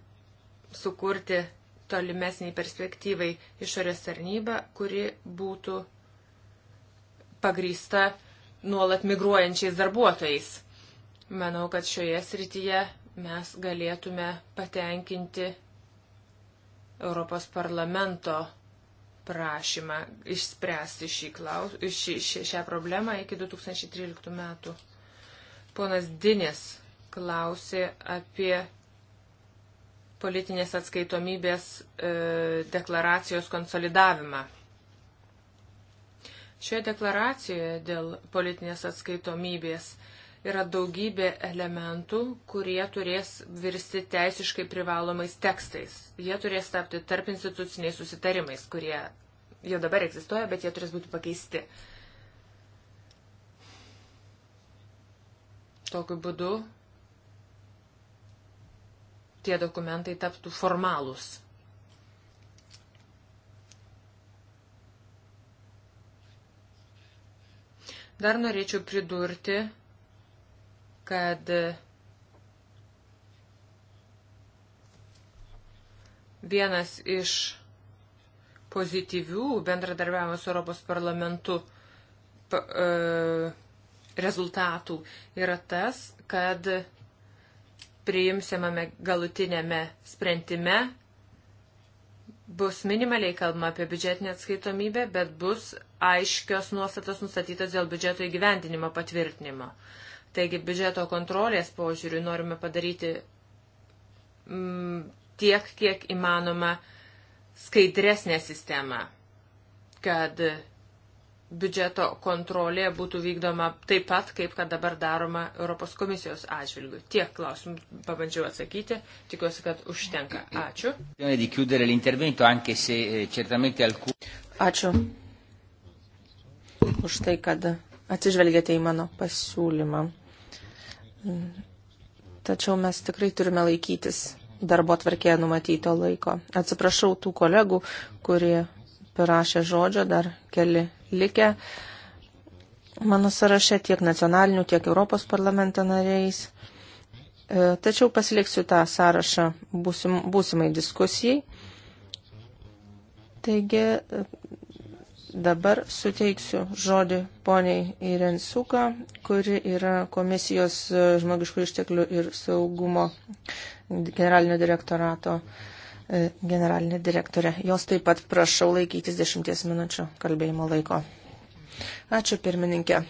sukurti tolimesniai perspektyvai išorės tarnybą, kuri būtų pagrįsta nuolat migruojančiais darbuotojais. Manau, kad šioje srityje mes galėtume patenkinti Europos parlamento prašymą išspręsti šį klaus, šį, šį, šią problemą iki 2013 metų. Ponas Dinis klausė apie politinės atskaitomybės e, deklaracijos konsolidavimą. Šioje deklaracijoje dėl politinės atskaitomybės yra daugybė elementų, kurie turės virsti teisiškai privalomais tekstais. Jie turės tapti tarp instituciniais susitarimais, kurie jau dabar egzistuoja, bet jie turės būti pakeisti. Tokiu būdu tie dokumentai taptų formalūs. Dar norėčiau pridurti, kad vienas iš pozityvių bendradarbiavimo su Europos parlamentu e, rezultatų yra tas, kad priimsiamame galutinėme sprendime bus minimaliai kalbama apie biudžetinę atskaitomybę, bet bus aiškios nuostatos nustatytos dėl biudžeto įgyvendinimo patvirtinimo. Taigi biudžeto kontrolės požiūriui norime padaryti mm, tiek, kiek įmanoma skaidresnę sistemą, kad biudžeto kontrolė būtų vykdoma taip pat, kaip kad dabar daroma Europos komisijos atžvilgių. Tiek klausimų pabandžiau atsakyti, tikiuosi, kad užtenka. Ačiū. Eh, Ačiū už tai, kad atsižvelgėte į mano pasiūlymą. Tačiau mes tikrai turime laikytis darbo tvarkėje numatyto laiko. Atsiprašau tų kolegų, kurie parašė žodžio, dar keli likę mano sąraše tiek nacionalinių, tiek Europos parlamento nariais. E, tačiau pasiliksiu tą sąrašą būsim, būsimai diskusijai. Taigi e, dabar suteiksiu žodį poniai Irensuka, kuri yra komisijos e, žmogiškų išteklių ir saugumo generalinio direktorato uh, E, generalinė direktorė. Jos taip pat prašau laikytis dešimties minučių kalbėjimo laiko. Ačiū pirmininkė.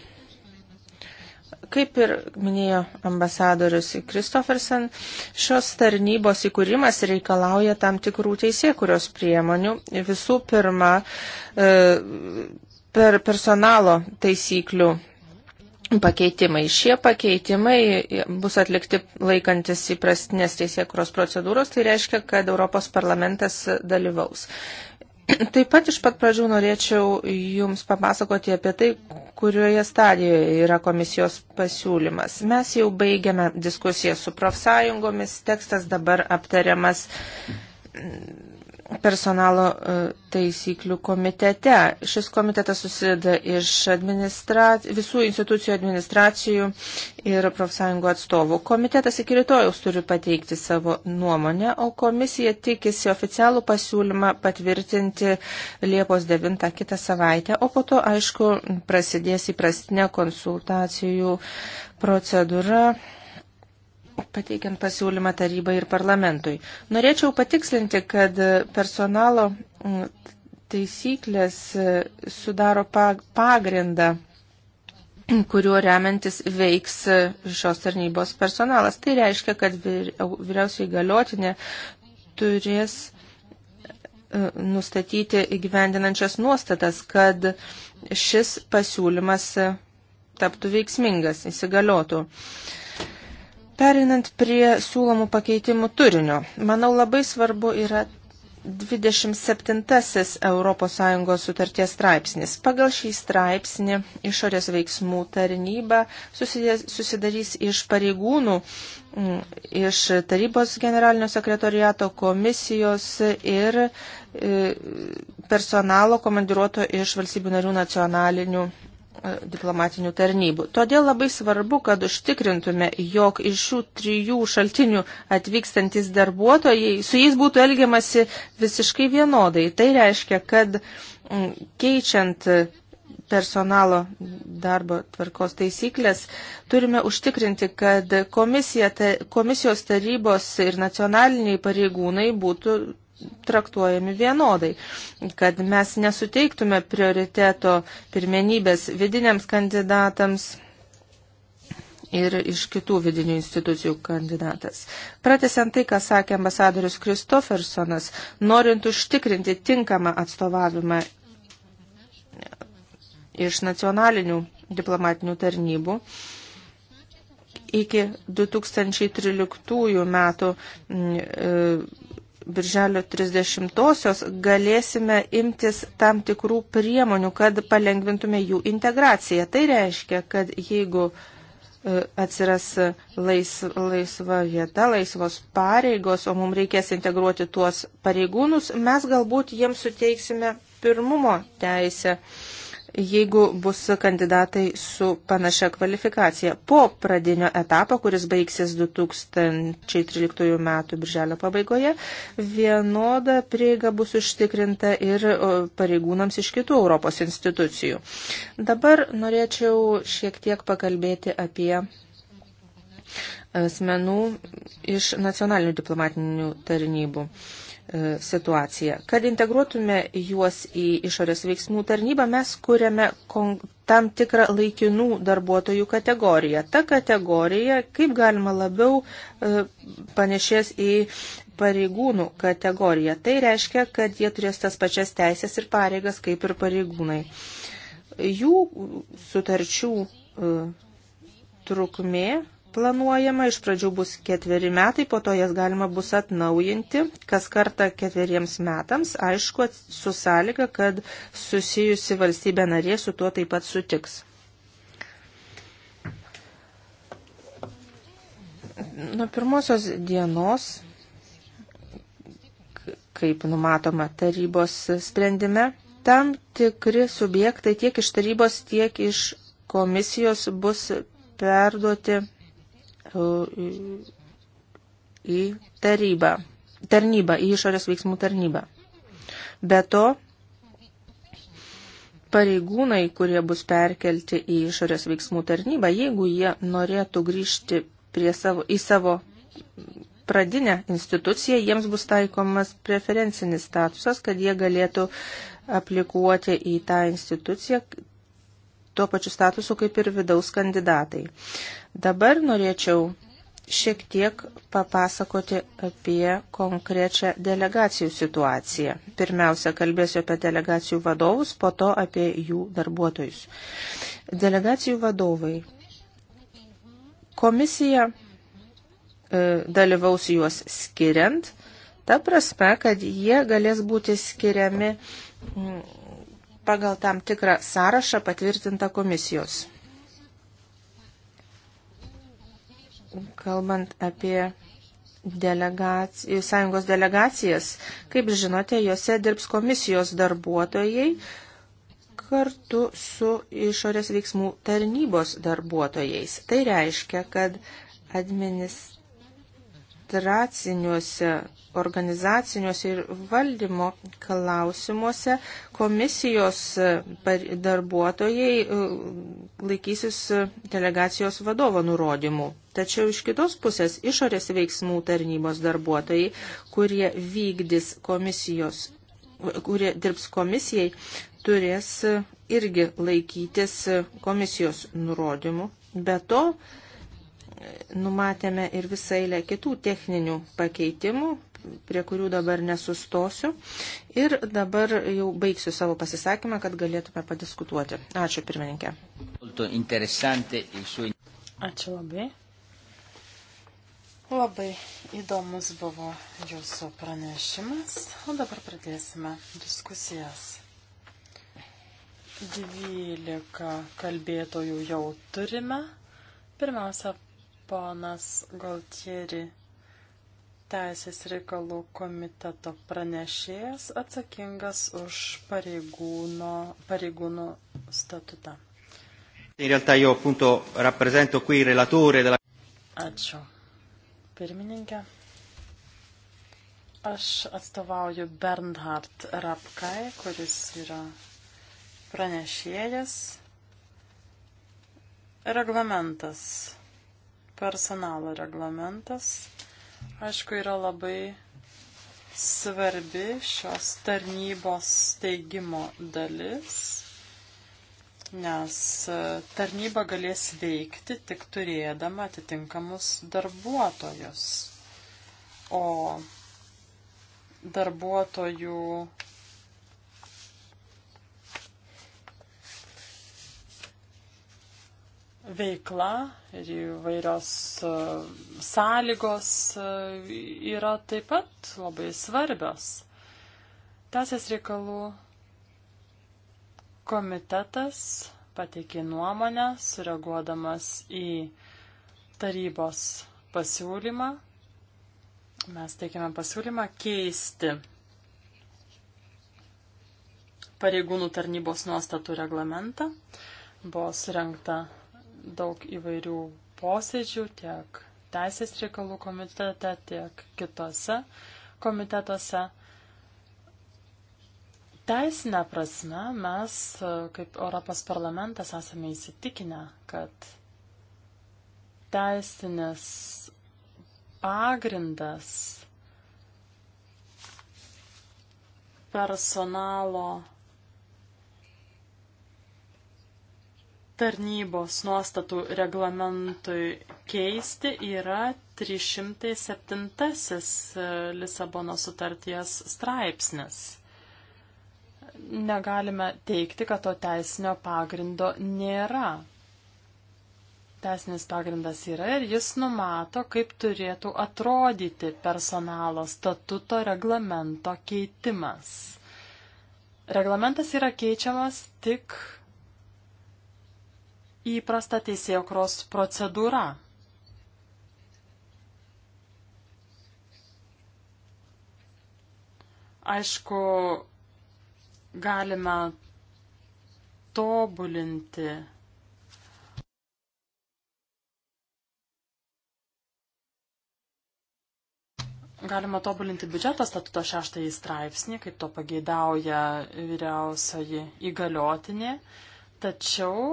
Kaip ir minėjo ambasadorius Kristofersen, šios tarnybos įkūrimas reikalauja tam tikrų teisėkurios priemonių. Visų pirma, e, per personalo taisyklių pakeitimai. Šie pakeitimai bus atlikti laikantis įprastinės teisėkuros procedūros, tai reiškia, kad Europos parlamentas dalyvaus. Taip pat iš pat pradžių norėčiau Jums papasakoti apie tai, kurioje stadijoje yra komisijos pasiūlymas. Mes jau baigiame diskusiją su profsąjungomis, tekstas dabar aptariamas personalo e, taisyklių komitete. Šis komitetas susideda iš visų institucijų administracijų ir profsąjungų atstovų. Komitetas iki rytojaus turi pateikti savo nuomonę, o komisija tikisi oficialų pasiūlymą patvirtinti Liepos 9 kitą savaitę, o po to, aišku, prasidės įprastinė konsultacijų procedūra pateikiant pasiūlymą tarybai ir parlamentui. Norėčiau patikslinti, kad personalo mm, taisyklės e, sudaro pagrindą, mm, kuriuo remiantis veiks e, šios tarnybos personalas. Tai reiškia, kad vyriausiai galiotinė turės e, nustatyti įgyvendinančias nuostatas, kad šis pasiūlymas taptų veiksmingas, įsigaliotų. Uh, Perinant prie siūlomų pakeitimų turinio, manau labai svarbu yra 27 ES sutarties straipsnis. Pagal šį straipsnį išorės veiksmų tarnyba susidarys iš pareigūnų, mm, iš tarybos generalinio sekretoriato komisijos ir e, personalo komandiruoto iš valstybių narių nacionalinių E, diplomatinių tarnybų. Todėl labai svarbu, kad užtikrintume, jog iš šių trijų šaltinių atvykstantis darbuotojai, su jais būtų elgiamasi visiškai vienodai. Tai reiškia, kad keičiant personalo darbo tvarkos taisyklės, turime užtikrinti, kad komisija, komisijos tarybos ir nacionaliniai pareigūnai būtų traktuojami vienodai, kad mes nesuteiktume prioriteto pirmenybės vidiniams kandidatams ir iš kitų vidinių institucijų kandidatas. Pratesiant tai, ką sakė ambasadorius Kristofersonas, norint užtikrinti tinkamą atstovavimą iš nacionalinių diplomatinių tarnybų, iki 2013 metų mm, e, birželio 30-osios galėsime imtis tam tikrų priemonių, kad palengvintume jų integraciją. Tai reiškia, kad jeigu e, atsiras lais, laisva vieta, laisvos pareigos, o mums reikės integruoti tuos pareigūnus, mes galbūt jiems suteiksime pirmumo teisę jeigu bus kandidatai su panašia kvalifikacija. Po pradinio etapo, kuris baigsis 2013 m. birželio pabaigoje, vienoda prieiga bus užtikrinta ir pareigūnams iš kitų Europos institucijų. Dabar norėčiau šiek tiek pakalbėti apie asmenų iš nacionalinių diplomatinių tarnybų. E, situaciją. Kad integruotume juos į išorės veiksmų tarnybą, mes kuriame tam tikrą laikinų darbuotojų kategoriją. Ta kategorija, kaip galima labiau e, panešės į pareigūnų kategoriją. Tai reiškia, kad jie turės tas pačias teisės ir pareigas kaip ir pareigūnai. Jų sutarčių e, trukmė planuojama. Iš pradžių bus ketveri metai, po to jas galima bus atnaujinti kas kartą ketveriems metams, aišku, su sąlyga, kad susijusi valstybė narė su tuo taip pat sutiks. Nuo pirmosios dienos, kaip numatoma tarybos sprendime, tam tikri subjektai tiek iš tarybos, tiek iš komisijos bus perduoti į tarybą, tarnybą, į išorės veiksmų tarnybą. Be to, pareigūnai, kurie bus perkelti į išorės veiksmų tarnybą, jeigu jie norėtų grįžti prie savo, į savo pradinę instituciją, jiems bus taikomas preferencinis statusas, kad jie galėtų aplikuoti į tą instituciją tuo pačiu statusu kaip ir vidaus kandidatai. Dabar norėčiau šiek tiek papasakoti apie konkrečią delegacijų situaciją. Pirmiausia, kalbėsiu apie delegacijų vadovus, po to apie jų darbuotojus. Delegacijų vadovai. Komisija e, dalyvaus juos skiriant, ta prasme, kad jie galės būti skiriami. Mm, pagal tam tikrą sąrašą patvirtintą komisijos. Kalbant apie delegac... sąjungos delegacijas, kaip žinote, juose dirbs komisijos darbuotojai kartu su išorės veiksmų tarnybos darbuotojais. Tai reiškia, kad administracija administraciniuose, organizaciniuose ir valdymo klausimuose komisijos e, darbuotojai e, laikysis e, delegacijos vadovo nurodymų. Tačiau iš kitos pusės išorės veiksmų tarnybos darbuotojai, kurie vykdys komisijos kurie dirbs komisijai, turės irgi laikytis komisijos nurodymų. Be to, numatėme ir visą eilę kitų techninių pakeitimų, prie kurių dabar nesustosiu. Ir dabar jau baigsiu savo pasisakymą, kad galėtume padiskutuoti. Ačiū, pirmininkė. Ačiū labai. Labai įdomus buvo jūsų pranešimas, o dabar pradėsime diskusijas. 12 kalbėtojų jau turime. Pirmiausia, Ponas Galtieri, Teisės reikalų komiteto pranešėjas atsakingas už pareigūno, pareigūnų statutą. Ačiū. Pirmininkė. Aš atstovauju Bernhard Rapkai, kuris yra pranešėjas. Reglamentas personalo reglamentas, aišku, yra labai svarbi šios tarnybos steigimo dalis, nes e, tarnyba galės veikti tik turėdama atitinkamus darbuotojus, o darbuotojų veikla ir įvairios e, sąlygos e, yra taip pat labai svarbios. Teisės reikalų komitetas pateikė nuomonę, sureaguodamas į tarybos pasiūlymą. Mes teikiame pasiūlymą keisti pareigūnų tarnybos nuostatų reglamentą. Buvo surinkta daug įvairių posėdžių tiek Teisės reikalų komitete, tiek kitose komitetuose. Teisinę prasme mes, e, kaip Europos parlamentas, esame įsitikinę, kad teisinis pagrindas personalo tarnybos nuostatų reglamentui keisti yra 307 e, Lisabono sutarties straipsnis. Negalime teikti, kad to teisinio pagrindo nėra. Teisinis pagrindas yra ir jis numato, kaip turėtų atrodyti personalo statuto reglamento keitimas. Reglamentas yra keičiamas tik įprasta teisėjokros procedūra. Aišku, galime tobulinti Galima tobulinti biudžeto statuto šeštąjį straipsnį, kaip to pageidauja vyriausioji įgaliotinė, tačiau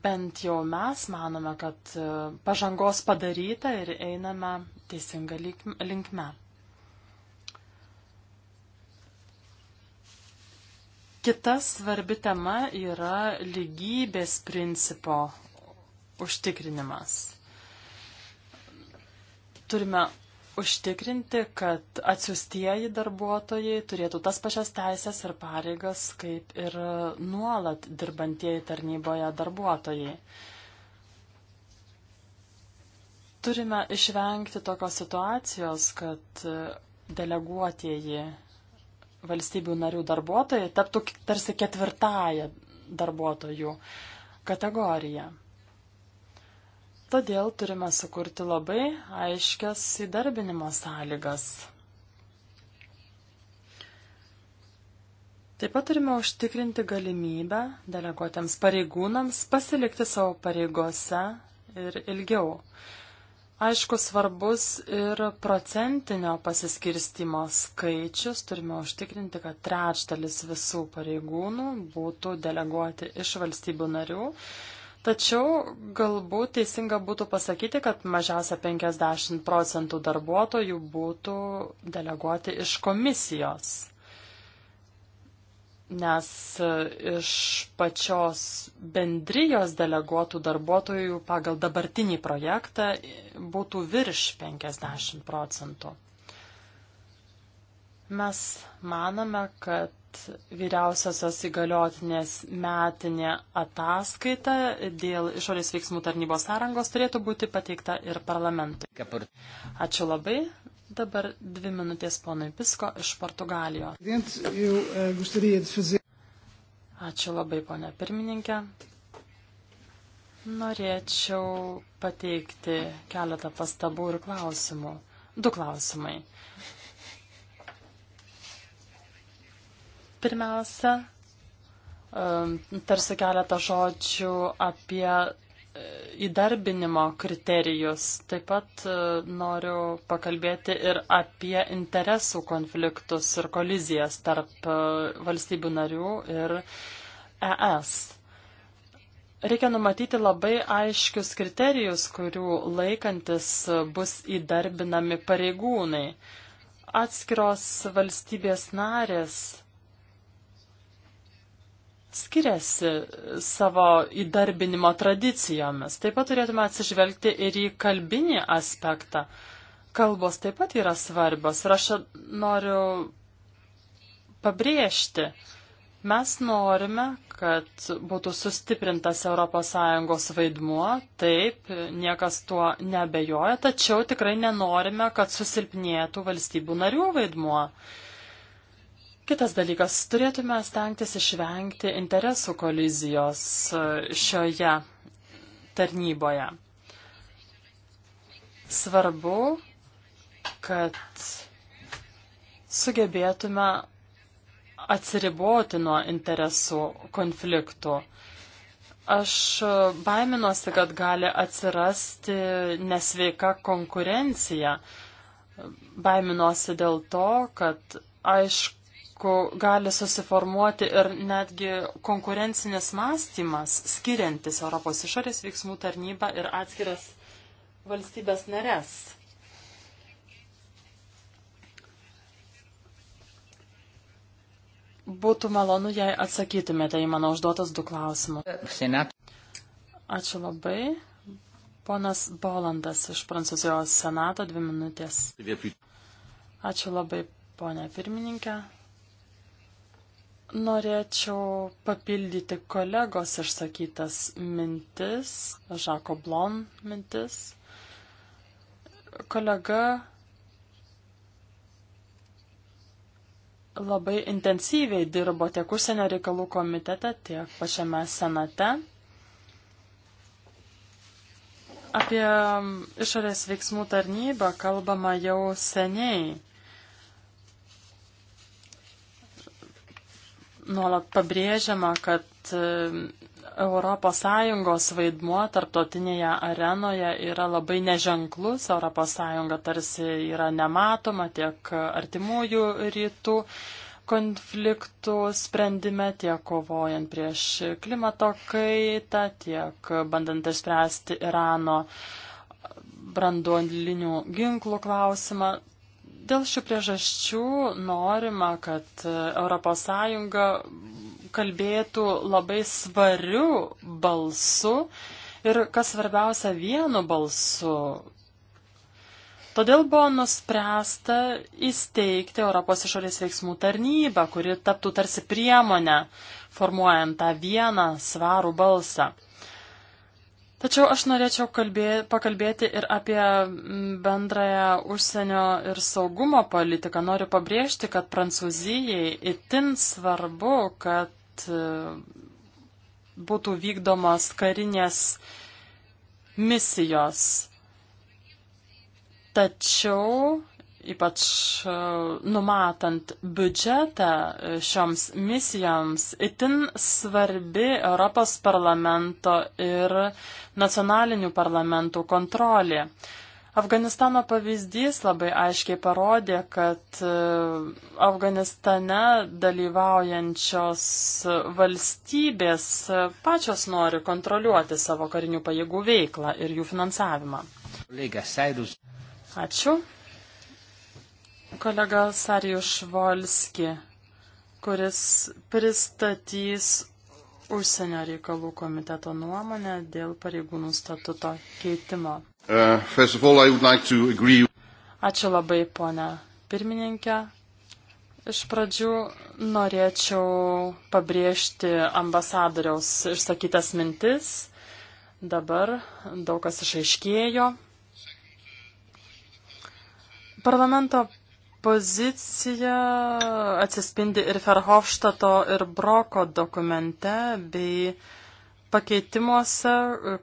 bent jau mes manome, kad e, pažangos padaryta ir einame teisinga linkme. Kita svarbi tema yra lygybės principo užtikrinimas. Turime užtikrinti, kad atsiustieji darbuotojai turėtų tas pačias teisės ir pareigas, kaip ir nuolat dirbantieji tarnyboje darbuotojai. Turime išvengti tokios situacijos, kad deleguotieji valstybių narių darbuotojai taptų tarsi ketvirtąją darbuotojų kategoriją. Todėl turime sukurti labai aiškias įdarbinimo sąlygas. Taip pat turime užtikrinti galimybę deleguotiems pareigūnams pasilikti savo pareigose ir ilgiau. Aišku, svarbus ir procentinio pasiskirstimo skaičius. Turime užtikrinti, kad trečdalis visų pareigūnų būtų deleguoti iš valstybių narių Tačiau galbūt teisinga būtų pasakyti, kad mažiausia 50 procentų darbuotojų būtų deleguoti iš komisijos, nes e, iš pačios bendrijos deleguotų darbuotojų pagal dabartinį projektą būtų virš 50 procentų. Mes manome, kad vyriausiosios įgaliotinės metinė ataskaita dėl išorės veiksmų tarnybos sąrangos turėtų būti pateikta ir parlamentui. Ačiū labai. Dabar dvi minutės ponui Pisko iš Portugalijos. Ačiū labai, ponė pirmininkė. Norėčiau pateikti keletą pastabų ir klausimų. Du klausimai. pirmiausia, tarsi keletą žodžių apie e, įdarbinimo kriterijus. Taip pat e, noriu pakalbėti ir apie interesų konfliktus ir kolizijas tarp e, valstybių narių ir ES. Reikia numatyti labai aiškius kriterijus, kurių laikantis bus įdarbinami pareigūnai. Atskiros valstybės narės skiriasi savo įdarbinimo tradicijomis. Taip pat turėtume atsižvelgti ir į kalbinį aspektą. Kalbos taip pat yra svarbios ir aš noriu pabrėžti, mes norime, kad būtų sustiprintas ES vaidmuo, taip, niekas tuo nebejoja, tačiau tikrai nenorime, kad susilpnėtų valstybių narių vaidmuo. Kitas dalykas, turėtume stengtis išvengti interesų kolizijos e, šioje tarnyboje. Svarbu, kad sugebėtume atsiriboti nuo interesų konfliktų. Aš baiminuosi, kad gali atsirasti nesveika konkurencija. Baiminuosi dėl to, kad aišku, aišku, gali susiformuoti ir netgi konkurencinis mąstymas, skiriantis Europos išorės veiksmų tarnybą ir atskiras valstybės narės. Būtų malonu, jei atsakytumėte į mano užduotas du klausimus. Ačiū labai. Ponas Bolandas iš Prancūzijos Senato, dvi minutės. Ačiū labai, ponė pirmininkė. Norėčiau papildyti kolegos išsakytas mintis, Žako Blon mintis. Kolega labai intensyviai dirbo tiek užsienio reikalų komitete, tiek pačiame senate. Apie išorės veiksmų tarnybą kalbama jau seniai. nuolat pabrėžiama, kad ES vaidmuo tarptautinėje arenoje yra labai neženklus, ES tarsi yra nematoma tiek artimųjų rytų konfliktų sprendime, tiek kovojant prieš klimato kaitą, tiek bandant išspręsti Irano branduolinių ginklų klausimą. Dėl šių priežasčių norima, kad ES kalbėtų labai svariu balsu ir, kas svarbiausia, vienu balsu. Todėl buvo nuspręsta įsteigti Europos išorės veiksmų tarnybą, kuri taptų tarsi priemonę, formuojant tą vieną svarų balsą. Tačiau aš norėčiau kalbė, pakalbėti ir apie mm, bendrąją užsienio ir saugumo politiką. Noriu pabrėžti, kad Prancūzijai itin svarbu, kad e, būtų vykdomos karinės misijos. Tačiau ypač e, numatant biudžetą e, šioms misijoms, itin svarbi Europos parlamento ir nacionalinių parlamentų kontrolė. Afganistano pavyzdys labai aiškiai parodė, kad e, Afganistane dalyvaujančios valstybės pačios nori kontroliuoti savo karinių pajėgų veiklą ir jų finansavimą. Ačiū kolega Sarijus Švolski, kuris pristatys užsienio reikalų komiteto nuomonę dėl pareigūnų statuto keitimo. Uh, all, like Ačiū labai, ponia pirmininkė. Iš pradžių norėčiau pabrėžti ambasadoriaus išsakytas mintis. Dabar daug kas išaiškėjo. Parlamento Pozicija atsispindi ir Ferhofštato ir Broko dokumente bei pakeitimuose,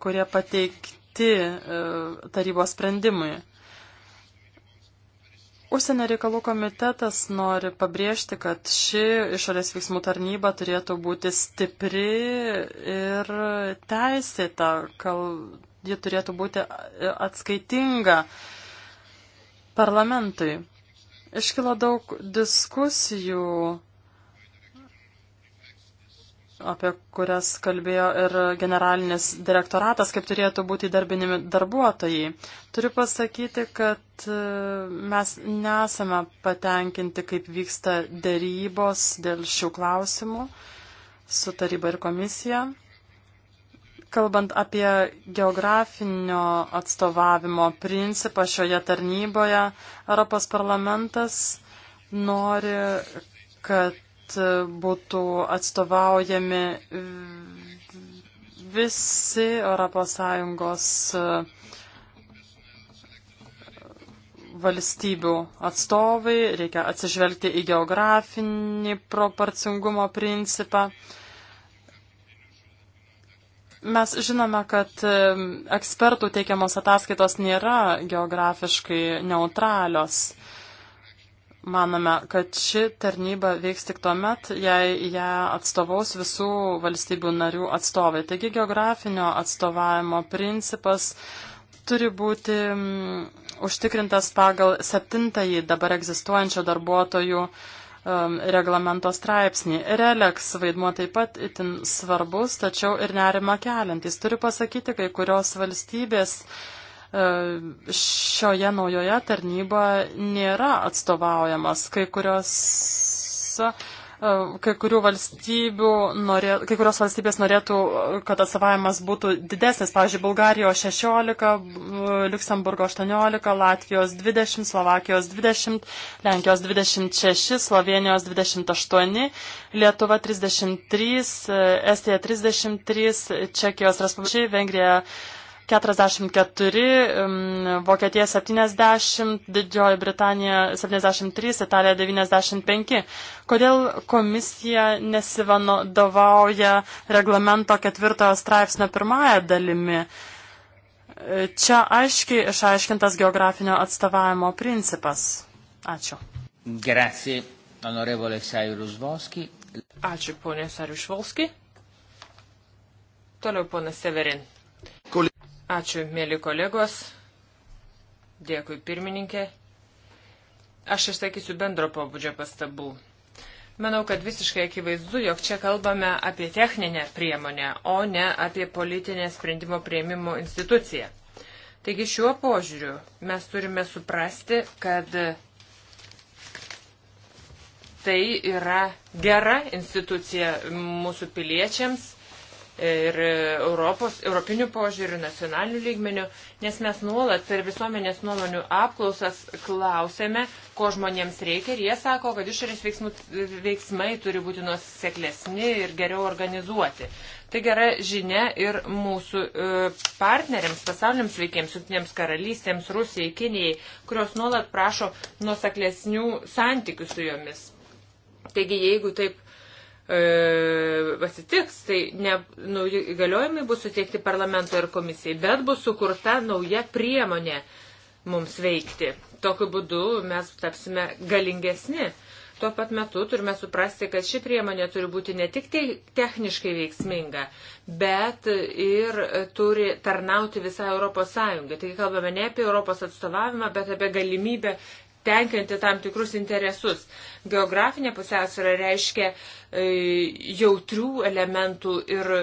kurie pateikti e, tarybos sprendimui. Užsienio reikalų komitetas nori pabrėžti, kad ši išorės veiksmų tarnyba turėtų būti stipri ir teisėta, kal ji turėtų būti atskaitinga parlamentui. Iškilo daug diskusijų, apie kurias kalbėjo ir generalinis direktoratas, kaip turėtų būti darbinimi darbuotojai. Turiu pasakyti, kad e, mes nesame patenkinti, kaip vyksta dėrybos dėl šių klausimų su taryba ir komisija. Kalbant apie geografinio atstovavimo principą šioje tarnyboje, Europos parlamentas nori, kad būtų atstovaujami visi ES e, valstybių atstovai, reikia atsižvelgti į geografinį proporcingumo principą. Mes žinome, kad ekspertų teikiamos ataskaitos nėra geografiškai neutralios. Manome, kad ši tarnyba veiks tik tuo met, jei ją atstovaus visų valstybių narių atstovai. Taigi geografinio atstovavimo principas turi būti m, užtikrintas pagal septintąjį dabar egzistuojančio darbuotojų uh, Um, reglamento straipsnį. Releks vaidmuo taip pat itin svarbus, tačiau ir nerima keliantis. Turiu pasakyti, kai kurios valstybės e, šioje naujoje tarnyboje nėra atstovaujamas. Kai kurios E, kai, norė, kai kurios valstybės norėtų, e, kad atstovavimas būtų didesnis. Pavyzdžiui, Bulgarijos 16, e, Luksemburgo 18, Latvijos 20, Slovakijos 20, Lenkijos 26, Slovenijos 28, Lietuva 33, Estija 33, Čekijos Respublika, Vengrija 33. 44, Vokietija 70, Didžioji Britanija 73, Italija 95. Kodėl komisija nesivadovauja reglamento ketvirtojo straipsnio pirmąją dalimi? Čia aiškiai išaiškintas geografinio atstovavimo principas. Ačiū. Grazie, onorevole Sairus Voski. Ačiū, ponė Sairus Volski. Toliau, ponas Severin. Koli Ačiū, mėly kolegos. Dėkui, pirmininkė. Aš išsakysiu bendro pobūdžio pastabų. Manau, kad visiškai akivaizdu, jog čia kalbame apie techninę priemonę, o ne apie politinę sprendimo prieimimo instituciją. Taigi šiuo požiūriu mes turime suprasti, kad tai yra gera institucija mūsų piliečiams ir Europos, europinių požiūrių, nacionalinių lygmenių, nes mes nuolat per visuomenės nuomonių apklausas klausėme, ko žmonėms reikia ir jie sako, kad išorės veiksmų, veiksmai turi būti nuoseklesni ir geriau organizuoti. Tai gera žinia ir mūsų e, partneriams, pasauliniams veikėjams, Junktinėms karalystėms, Rusijai, Kinijai, kurios nuolat prašo nuoseklesnių santykių su jomis. Taigi, jeigu taip e, atsitiks, tai ne, nauji įgaliojimai bus suteikti parlamento ir komisijai, bet bus sukurta nauja priemonė mums veikti. Tokiu būdu mes tapsime galingesni. Tuo pat metu turime suprasti, kad ši priemonė turi būti ne tik tai techniškai veiksminga, bet ir turi tarnauti visai Europos Sąjungai. Taigi kalbame ne apie Europos atstovavimą, bet apie galimybę tenkinti tam tikrus interesus. Geografinė pusiausvėra reiškia e, jautrių elementų ir e,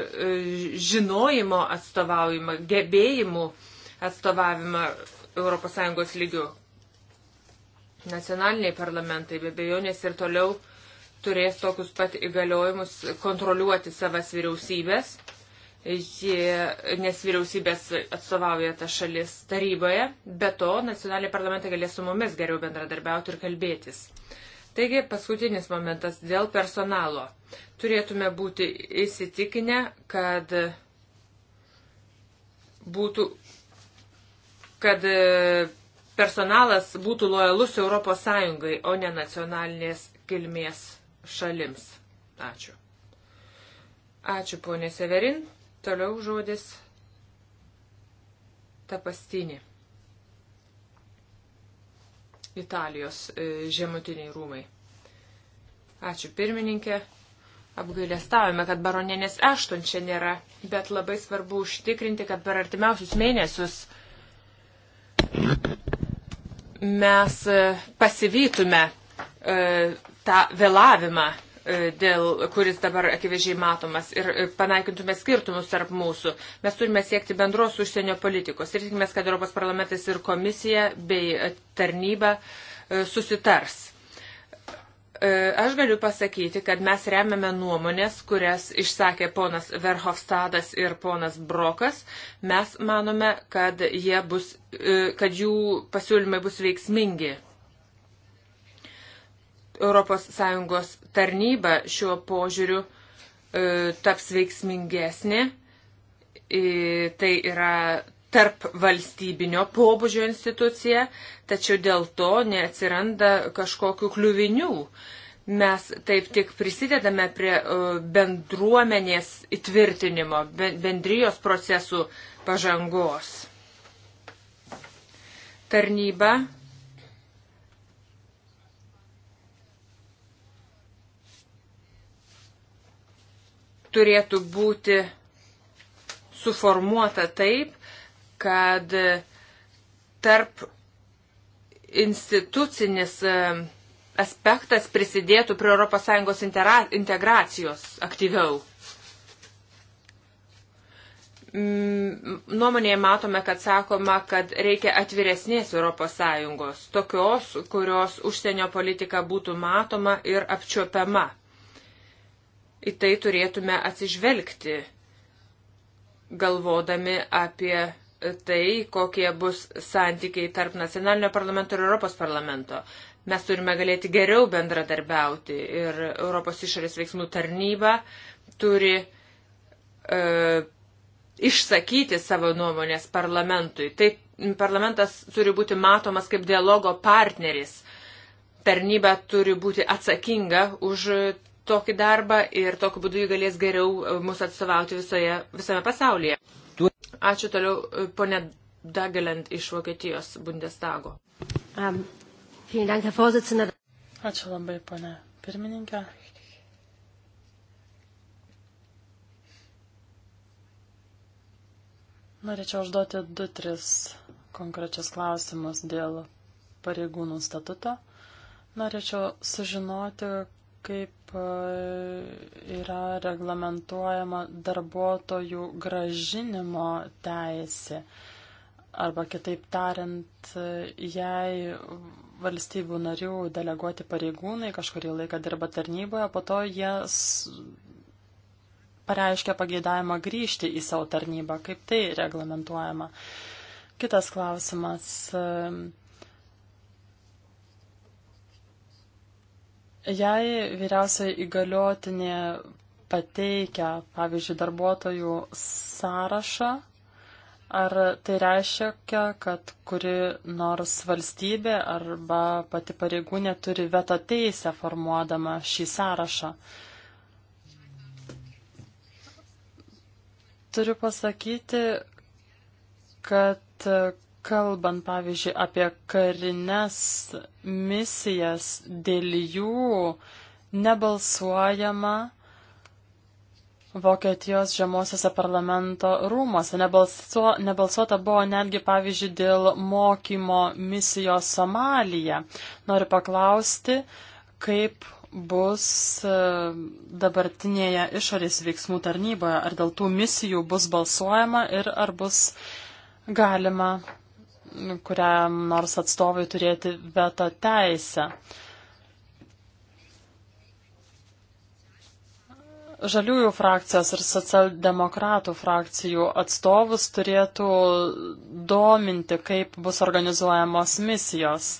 žinojimo atstovavimą, gebėjimų atstovavimą ES lygių. Nacionaliniai parlamentai be bejonės ir toliau turės tokius pat įgaliojimus kontroliuoti savas vyriausybės Ji, nes vyriausybės atstovauja tą šalis taryboje, be to nacionaliniai parlamentai galės su mumis geriau bendradarbiauti ir kalbėtis. Taigi, paskutinis momentas dėl personalo. Turėtume būti įsitikinę, kad būtų, kad e, personalas būtų lojalus Europos Sąjungai, o ne nacionalinės kilmės šalims. Ačiū. Ačiū, ponė Severin. Toliau žodis tapastinį. Italijos e, žemutiniai rūmai. Ačiū pirmininkė. Apgailestavome, kad baronienės Ešton čia nėra, bet labai svarbu užtikrinti, kad per artimiausius mėnesius mes e, pasivytume e, tą vėlavimą E, dėl, kuris dabar akivaizdžiai matomas ir e, panaikintume skirtumus tarp mūsų. Mes turime siekti bendros užsienio politikos ir tikimės, kad Europos parlamentas ir komisija bei e, tarnyba susitars. Aš galiu pasakyti, kad mes remiame nuomonės, kurias išsakė ponas Verhofstadas ir ponas Brokas. Mes manome, kad, bus, kad jų pasiūlymai bus veiksmingi ES tarnyba šiuo požiūriu e, taps veiksmingesnė. E, tai yra tarp valstybinio pobūdžio institucija, tačiau dėl to neatsiranda kažkokių kliuvinių. Mes taip tik prisidedame prie e, bendruomenės įtvirtinimo, bendrijos procesų pažangos. Tarnyba turėtų būti suformuota taip, kad tarp institucinis e, aspektas prisidėtų prie ES integracijos aktyviau. Mm, nuomonėje matome, kad sakoma, kad reikia atviresnės ES, tokios, kurios užsienio politika būtų matoma ir apčiopiama į tai turėtume atsižvelgti, galvodami apie tai, kokie bus santykiai tarp nacionalinio parlamento ir Europos parlamento. Mes turime galėti geriau bendradarbiauti ir Europos išorės veiksmų tarnyba turi e, išsakyti savo nuomonės parlamentui. Taip, parlamentas turi būti matomas kaip dialogo partneris. Tarnyba turi būti atsakinga už tokį darbą ir tokiu būdu jį galės geriau e, mus atstovauti visoje, visame pasaulyje. Ačiū toliau, e, ponė Dagelent iš Vokietijos Bundestago. Um, Ačiū labai, ponė pirmininkė. Norėčiau užduoti du, tris konkrečius klausimus dėl pareigūnų statuto. Norėčiau sužinoti, kaip e, yra reglamentuojama darbuotojų gražinimo teisė. Arba kitaip tariant, jei valstybių narių deleguoti pareigūnai kažkurį laiką dirba tarnyboje, po to jie pareiškia pageidavimą grįžti į savo tarnybą, kaip tai reglamentuojama. Kitas klausimas e, Jei vyriausiai įgaliotinė pateikia, pavyzdžiui, darbuotojų sąrašą, ar tai reiškia, kad kuri nors valstybė arba pati pareigūnė turi veto teisę formuodama šį sąrašą? Turiu pasakyti, kad Kalbant, pavyzdžiui, apie karines misijas, dėl jų nebalsuojama Vokietijos žemosiose parlamento rūmose. Nebalsuo, nebalsuota buvo netgi, pavyzdžiui, dėl mokymo misijos Somalija. Noriu paklausti, kaip bus e, dabartinėje išorės veiksmų tarnyboje, ar dėl tų misijų bus balsuojama ir ar bus galima kuriam nors atstovui turėti veto teisę. Žaliųjų frakcijos ir socialdemokratų frakcijų atstovus turėtų dominti, kaip bus organizuojamos misijos.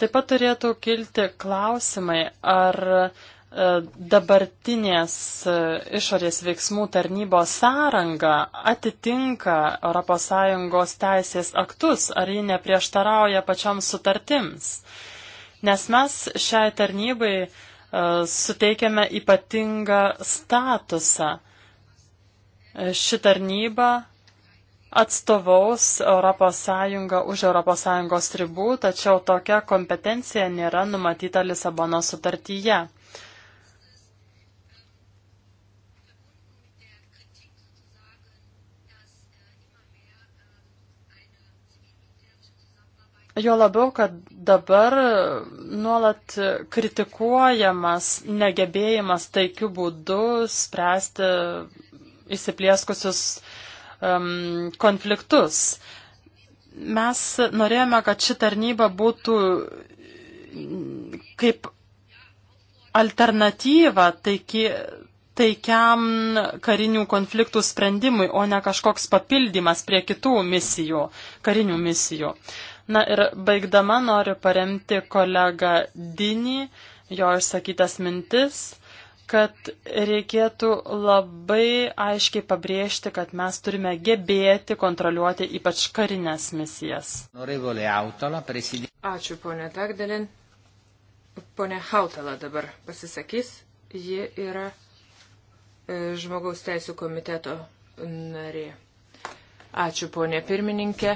Taip pat turėtų kilti klausimai, ar E, dabartinės e, išorės veiksmų tarnybos sąranga atitinka ES teisės aktus, ar ji neprieštarauja pačioms sutartims. Nes mes šiai tarnybai e, suteikiame ypatingą statusą. Ši tarnyba atstovaus ES už ES ribų, tačiau tokia kompetencija nėra numatyta Lisabono sutartyje. Jo labiau, kad dabar nuolat kritikuojamas negebėjimas taikių būdų spręsti įsiplieskusius um, konfliktus. Mes norėjome, kad ši tarnyba būtų kaip alternatyva taiki, taikiam karinių konfliktų sprendimui, o ne kažkoks papildymas prie kitų misijų, karinių misijų. Uh, Na ir baigdama noriu paremti kolegą Dinį, jo išsakytas mintis, kad reikėtų labai aiškiai pabrėžti, kad mes turime gebėti kontroliuoti ypač karinės misijas. Ačiū, ponė Tagdelin. Pone Hautala dabar pasisakys. Ji yra e, žmogaus teisų komiteto narė. Ačiū, ponė pirmininkė.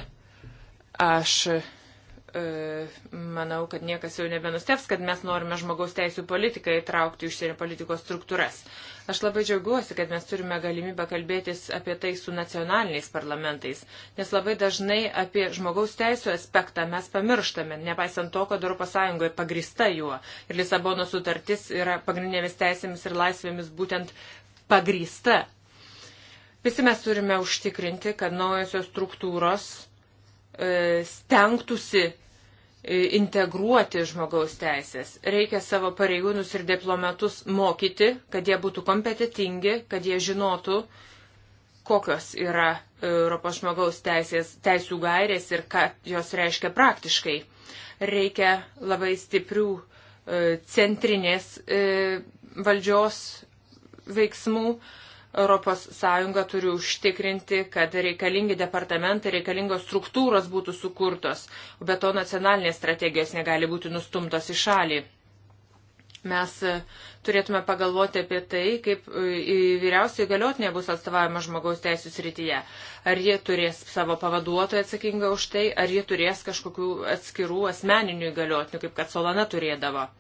Aš e, manau, kad niekas jau nebenusteps, kad mes norime žmogaus teisų politiką įtraukti užsienio politikos struktūras. Aš labai džiaugiuosi, kad mes turime galimybę kalbėtis apie tai su nacionaliniais parlamentais, nes labai dažnai apie žmogaus teisų aspektą mes pamirštame, nepaisant to, kad ES pagrista juo. Ir Lisabono sutartis yra pagrindinėmis teisėmis ir laisvėmis būtent pagrįsta. Visi mes turime užtikrinti, kad naujosios struktūros E, stengtųsi e, integruoti žmogaus teisės. Reikia savo pareigūnus ir diplomatus mokyti, kad jie būtų kompetitingi, kad jie žinotų, kokios yra e, Europos žmogaus teisės, teisų gairės ir ką jos reiškia praktiškai. Reikia labai stiprių centrinės valdžios veiksmų, ES turi užtikrinti, kad reikalingi departamentai, reikalingos struktūros būtų sukurtos, bet to nacionalinės strategijos negali būti nustumtos į šalį. Mes e, turėtume pagalvoti apie tai, kaip e, vyriausiai galiotinė bus atstovavimo žmogaus teisų srityje. Ar jie turės savo pavaduotoją atsakingą už tai, ar jie turės kažkokių atskirų asmeninių įgaliotinių, kaip kad Solana turėdavo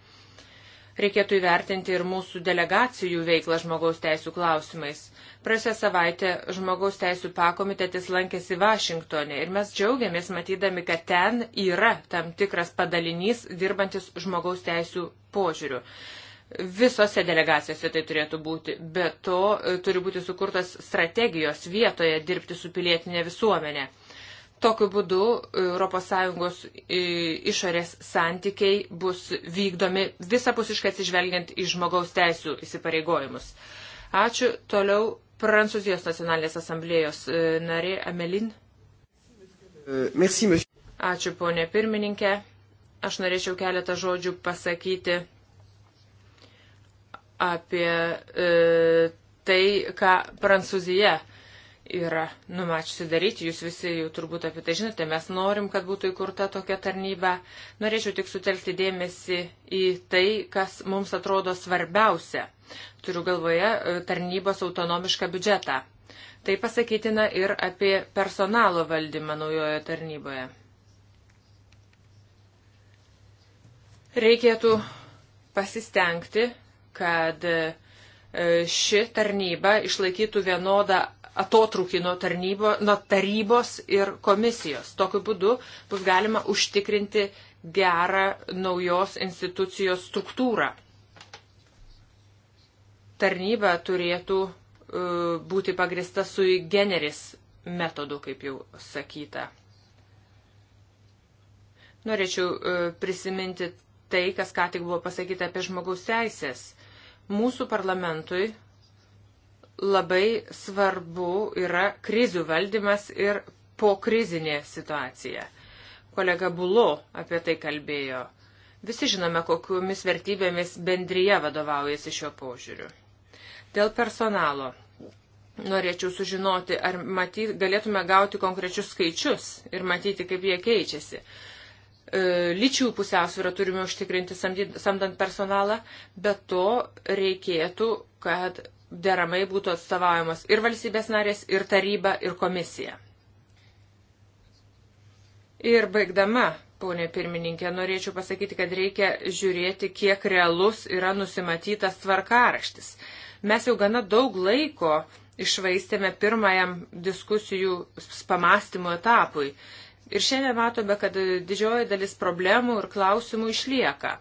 reikėtų įvertinti ir mūsų delegacijų veiklą žmogaus teisų klausimais. Praėjusią savaitę žmogaus teisų pakomitetis lankėsi Vašingtonė ir mes džiaugiamės matydami, kad ten yra tam tikras padalinys dirbantis žmogaus teisų požiūriu. Visose delegacijose tai turėtų būti, bet to e, turi būti sukurtas strategijos vietoje dirbti su pilietinė visuomenė. Tokiu būdu ES e, išorės santykiai bus vykdomi visapusiškai atsižvelgiant į žmogaus teisų įsipareigojimus. Ačiū. Toliau Prancūzijos nacionalinės asamblėjos e, narė Amelin. E, merci, monsieur. Ačiū, ponė pirmininkė. Aš norėčiau keletą žodžių pasakyti apie e, tai, ką Prancūzija yra numačiusi daryti, jūs visi jau turbūt apie tai žinote, mes norim, kad būtų įkurta tokia tarnyba. Norėčiau tik sutelkti dėmesį į tai, kas mums atrodo svarbiausia. Turiu galvoje e, tarnybos autonomišką biudžetą. Tai pasakytina ir apie personalo valdymą naujojo tarnyboje. Reikėtų pasistengti, kad e, ši tarnyba išlaikytų vienodą atotrukį nuo, tarnybo, nuo tarybos ir komisijos. Tokiu būdu bus galima užtikrinti gerą naujos institucijos struktūrą. Tarnyba turėtų e, būti pagrista su generis metodu, kaip jau sakyta. Norėčiau e, prisiminti tai, kas ką tik buvo pasakyta apie žmogaus teisės. Mūsų parlamentui labai svarbu yra krizių valdymas ir pokrizinė situacija. Kolega Bulo apie tai kalbėjo. Visi žinome, kokiomis vertybėmis bendryje vadovaujasi šiuo požiūriu. Dėl personalo. Norėčiau sužinoti, ar matyt, galėtume gauti konkrečius skaičius ir matyti, kaip jie keičiasi e, lyčių pusiausvyrą turime užtikrinti samdant personalą, bet to reikėtų, kad deramai būtų atstovaujamos ir valstybės narės, ir taryba, ir komisija. Ir baigdama, ponė pirmininkė, norėčiau pasakyti, kad reikia žiūrėti, kiek realus yra nusimatytas tvarkaraštis. Mes jau gana daug laiko išvaistėme pirmajam diskusijų pamastymų etapui. Ir šiandien matome, kad didžioji dalis problemų ir klausimų išlieka.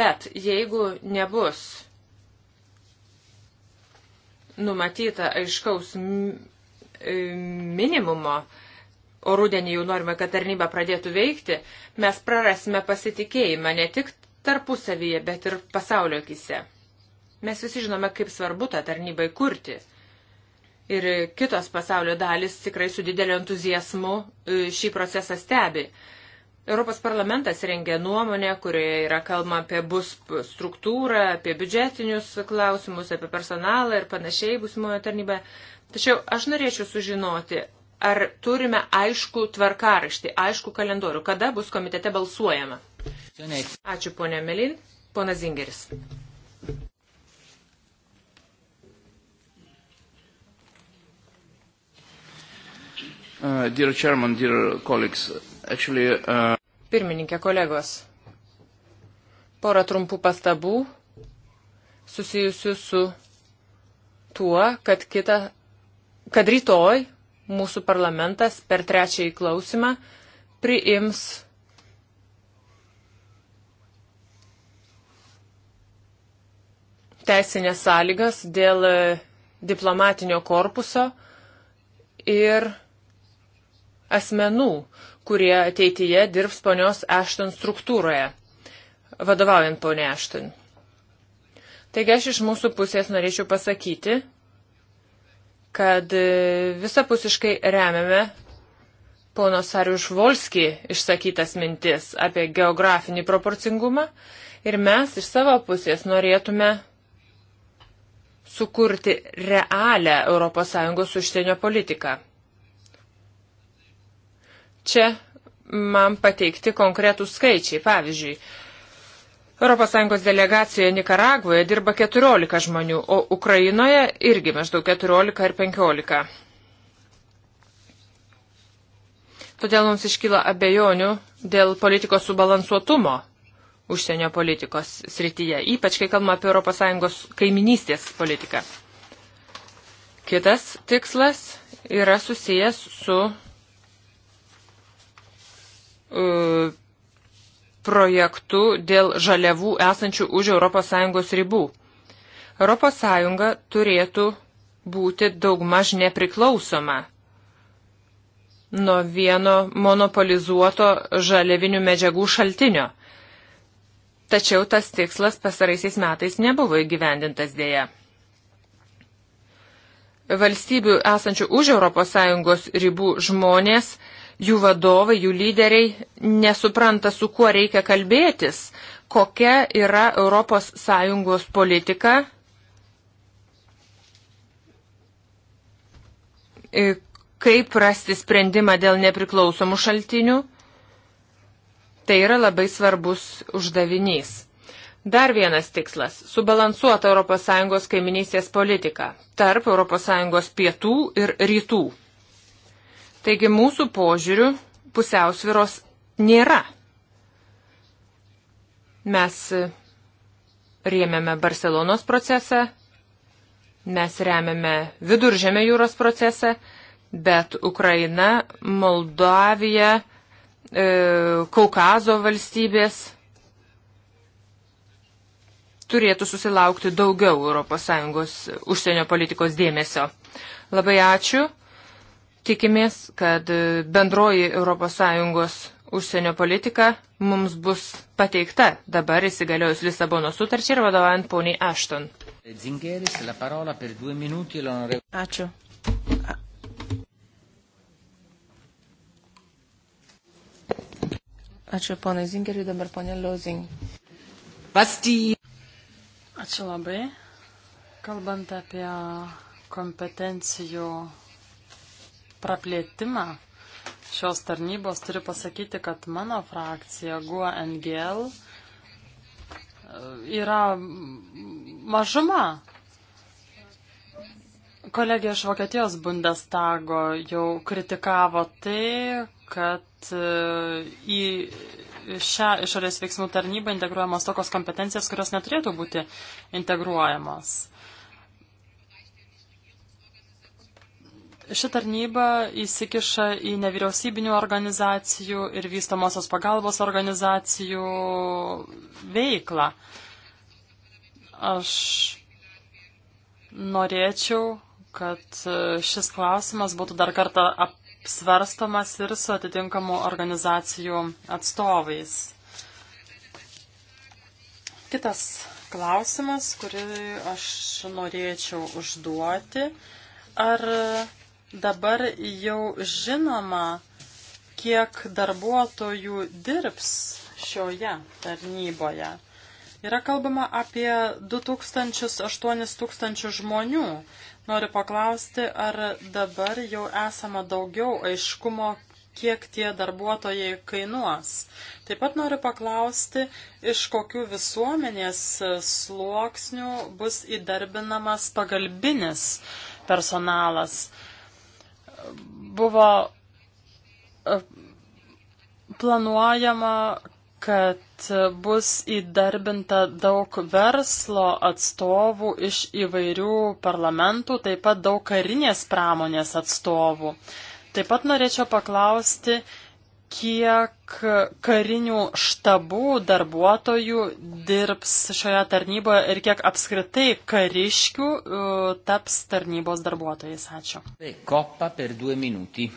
Bet jeigu nebus numatyta aiškaus e, minimumo, o rudenį jau norime, kad tarnyba pradėtų veikti, mes prarasime pasitikėjimą ne tik tarpusavyje, bet ir pasaulio akise. Mes visi žinome, kaip svarbu tą tarnybą įkurti. Ir kitos pasaulio dalis tikrai su dideliu entuzijasmu e, šį procesą stebi. Europos parlamentas rengia nuomonę, kurioje yra kalba apie bus struktūrą, apie biudžetinius klausimus, apie personalą ir panašiai būsimojo tarnybę. Tačiau aš norėčiau sužinoti, ar turime aišku tvarkaraštį, aišku kalendorių, kada bus komitete balsuojama. Ačiū ponė Melin, pona Zingeris. Uh, dear Chairman, dear colleagues, Actually, uh... Pirmininkė, kolegos, porą trumpų pastabų susijusių su tuo, kad, kita, kad rytoj mūsų parlamentas per trečiąjį klausimą priims teisinės sąlygas dėl diplomatinio korpuso ir asmenų, kurie ateityje dirbs ponios Ashton struktūroje, vadovaujant ponė Ashton. Taigi aš iš mūsų pusės norėčiau pasakyti, kad e, visapusiškai remiame pono Sariuš Volski išsakytas mintis apie geografinį proporcingumą ir mes iš savo pusės norėtume sukurti realią ES užsienio politiką čia man pateikti konkretų skaičiai. Pavyzdžiui, ES delegacijoje Nikaragvoje dirba 14 žmonių, o Ukrainoje irgi maždaug 14 ar 15. Todėl mums iškyla abejonių dėl politikos subalansuotumo užsienio politikos srityje, ypač kai kalbame apie ES kaiminystės politiką. Kitas tikslas yra susijęs su E, projektu dėl žaliavų esančių už ES ribų. ES turėtų būti daugmaž nepriklausoma nuo vieno monopolizuoto žaliavinių medžiagų šaltinio. Tačiau tas tikslas pasaraisiais metais nebuvo įgyvendintas dėja. Valstybių esančių už ES ribų žmonės jų vadovai, jų lyderiai nesupranta, su kuo reikia kalbėtis, kokia yra ES politika, e, kaip rasti sprendimą dėl nepriklausomų šaltinių. Tai yra labai svarbus uždavinys. Dar vienas tikslas - subalansuota ES kaiminystės politika tarp ES pietų ir rytų. Taigi mūsų požiūrių pusiausviros nėra. Mes rėmėme Barcelonos procesą, mes remiame Viduržėmio jūros procesą, bet Ukraina, Moldavija, e, Kaukazo valstybės turėtų susilaukti daugiau ES užsienio politikos dėmesio. Labai ačiū. Tikimės, kad bendroji ES užsienio politika mums bus pateikta dabar įsigaliojus Lisabono sutarčiai ir vadovaujant poniai Ashton. Ačiū. Ačiū ponai Zingeriui, dabar ponė Liozing. Vasty. Ačiū labai. Kalbant apie kompetencijų praplėtimą šios tarnybos turiu pasakyti, kad mano frakcija GUA NGL e, yra mažuma. Kolegė iš Vokietijos Bundestago jau kritikavo tai, kad e, į šią išorės veiksmų tarnybą integruojamos tokios kompetencijos, kurios neturėtų būti integruojamos. Ši tarnyba įsikiša į nevyriausybinių organizacijų ir vystamosios pagalbos organizacijų veiklą. Aš norėčiau, kad šis klausimas būtų dar kartą apsvarstomas ir su atitinkamų organizacijų atstovais. Kitas klausimas, kurį aš norėčiau užduoti. Ar Dabar jau žinoma, kiek darbuotojų dirbs šioje tarnyboje. Yra kalbama apie 2000-8000 žmonių. Noriu paklausti, ar dabar jau esama daugiau aiškumo, kiek tie darbuotojai kainuos. Taip pat noriu paklausti, iš kokių visuomenės sluoksnių bus įdarbinamas pagalbinis personalas buvo e, planuojama, kad bus įdarbinta daug verslo atstovų iš įvairių parlamentų, taip pat daug karinės pramonės atstovų. Taip pat norėčiau paklausti, kiek karinių štabų darbuotojų dirbs šioje tarnyboje ir kiek apskritai kariškių e, taps tarnybos darbuotojais. Ačiū. Kopa per du minutį.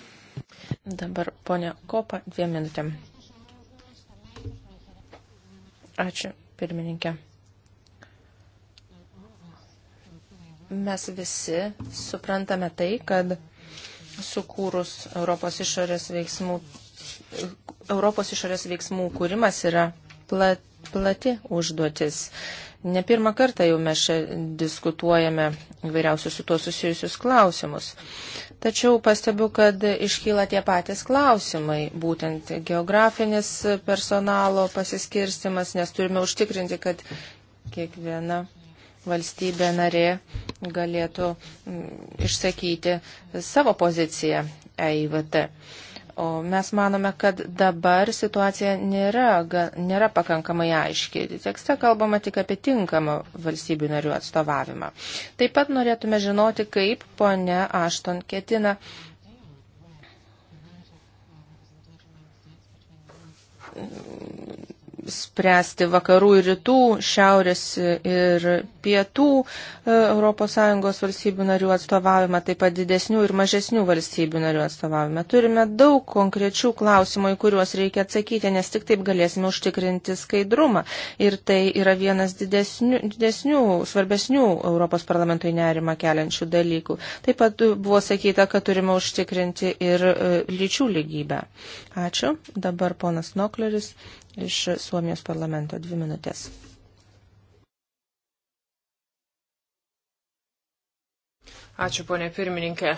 Dabar ponia Kopa dviem minutėm. Ačiū, pirmininkė. Mes visi suprantame tai, kad sukūrus Europos išorės veiksmų Europos išorės veiksmų kūrimas yra plat, plati užduotis. Ne pirmą kartą jau mes čia diskutuojame įvairiausius su tuo susijusius klausimus. Tačiau pastebiu, kad iškyla tie patys klausimai, būtent geografinis personalo pasiskirstimas, nes turime užtikrinti, kad kiekviena valstybė narė galėtų mm, išsakyti savo poziciją EIVT. O mes manome, kad dabar situacija nėra, nėra pakankamai aiški. Tekste kalbama tik apie tinkamą valstybių narių atstovavimą. Taip pat norėtume žinoti, kaip ponia Ašton ketina spręsti vakarų ir rytų, šiaurės ir pietų e, ES valstybių narių atstovavimą, taip pat didesnių ir mažesnių valstybių narių atstovavimą. Turime daug konkrečių klausimų, į kuriuos reikia atsakyti, nes tik taip galėsime užtikrinti skaidrumą. Ir tai yra vienas didesnių, didesnių svarbesnių Europos parlamentui nerimą keliančių dalykų. Taip pat buvo sakyta, kad turime užtikrinti ir e, lyčių lygybę. Ačiū. Dabar ponas Nokleris iš Suomijos parlamento. Dvi minutės. Ačiū, ponė pirmininkė.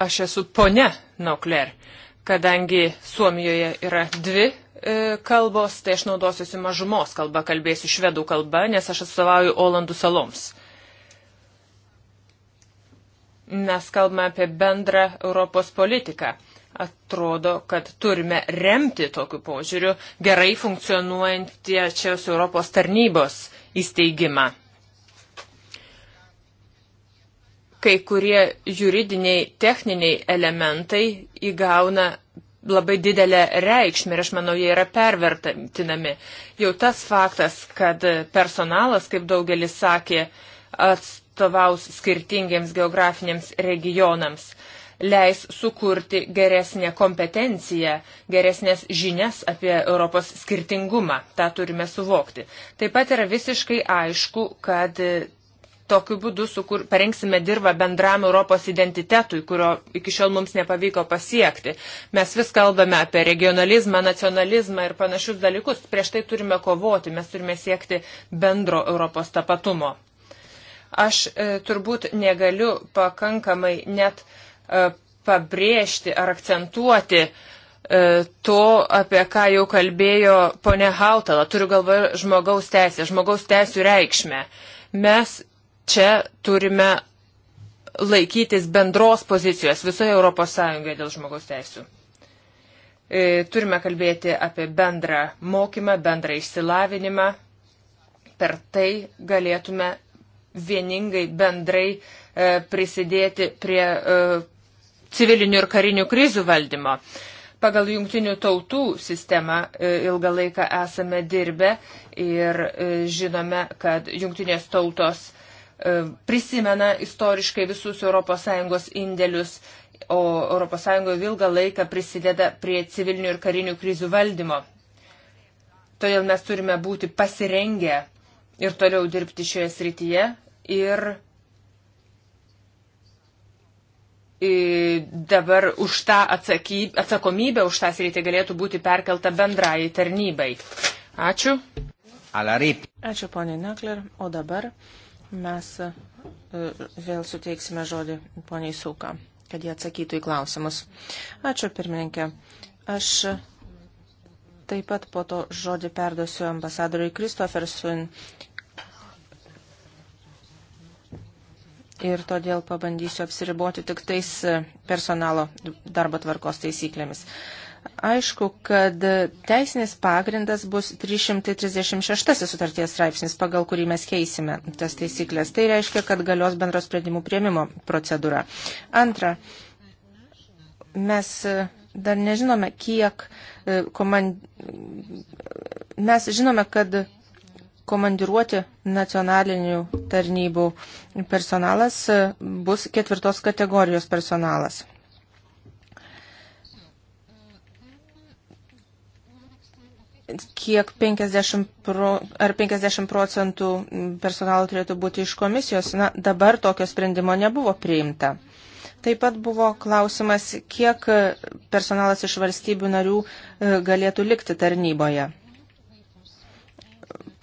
Aš esu ponė Naukler, kadangi Suomijoje yra dvi e, kalbos, tai aš naudosiuosi mažumos kalbą, kalbėsiu švedų kalbą, nes aš atstovauju Olandų saloms mes kalbame apie bendrą Europos politiką. Atrodo, kad turime remti tokiu požiūriu gerai funkcionuojančios Europos tarnybos įsteigimą. Kai kurie juridiniai, techniniai elementai įgauna labai didelę reikšmę ir aš manau, jie yra pervertinami. Jau tas faktas, kad personalas, kaip daugelis sakė, atstovauja atstovaus skirtingiems geografiniams regionams, leis sukurti geresnę kompetenciją, geresnės žinias apie Europos skirtingumą. Ta turime suvokti. Taip pat yra visiškai aišku, kad e, tokiu būdu sukur, parengsime dirbą bendram Europos identitetui, kurio iki šiol mums nepavyko pasiekti. Mes vis kalbame apie regionalizmą, nacionalizmą ir panašius dalykus. Prieš tai turime kovoti, mes turime siekti bendro Europos tapatumo. Aš e, turbūt negaliu pakankamai net e, pabrėžti ar akcentuoti e, to, apie ką jau kalbėjo ponė Hautala. Turiu galvoje žmogaus teisę, žmogaus teisų reikšmę. Mes čia turime laikytis bendros pozicijos visoje Europos Sąjungoje dėl žmogaus teisų turime kalbėti apie bendrą mokymą, bendrą išsilavinimą. Per tai galėtume vieningai bendrai e, prisidėti prie e, civilinių ir karinių krizių valdymo. Pagal jungtinių tautų sistemą e, ilgą laiką esame dirbę ir žinome, kad jungtinės tautos prisimena istoriškai visus ES indėlius, o ES ilgą laiką prisideda prie civilinių ir karinių krizių valdymo. Todėl mes turime būti pasirengę ir toliau dirbti šioje srityje ir dabar už tą atsaky, atsakomybę už tą sritį galėtų būti perkelta bendrai tarnybai. Ačiū. Alarip. Ačiū, ponė Nekler. O dabar mes e, vėl suteiksime žodį poniai Sauka, kad jie atsakytų į klausimus. Ačiū, pirmininkė. Aš taip pat po to žodį perduosiu ambasadoriui Kristofersun ir todėl pabandysiu apsiriboti tik tais e, personalo darbo tvarkos taisyklėmis. Aišku, kad teisinis pagrindas bus 336 sutarties straipsnis, pagal kurį mes keisime tas taisyklės. Tai reiškia, kad galios bendros sprendimų prieimimo procedūra. Antra, mes e, dar nežinome, kiek e, komand... mes žinome, kad komandiruoti nacionalinių tarnybų personalas e, bus ketvirtos kategorijos personalas. kiek 50 pro, ar 50 procentų personalo turėtų būti iš komisijos, na, dabar tokio sprendimo nebuvo priimta. Taip pat buvo klausimas, kiek personalas iš valstybių narių e, galėtų likti tarnyboje.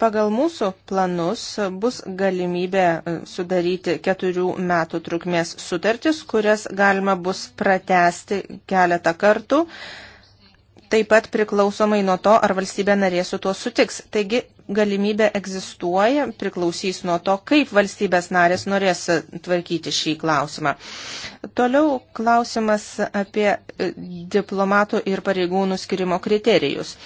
Pagal mūsų planus bus galimybė e, sudaryti keturių metų trukmės sutartis, kurias galima bus pratesti keletą kartų, taip pat priklausomai nuo to, ar valstybė narė su tuo sutiks. Taigi galimybė egzistuoja, priklausys nuo to, kaip valstybės narės norės tvarkyti šį klausimą. Toliau klausimas apie e, diplomatų ir pareigūnų skirimo kriterijus.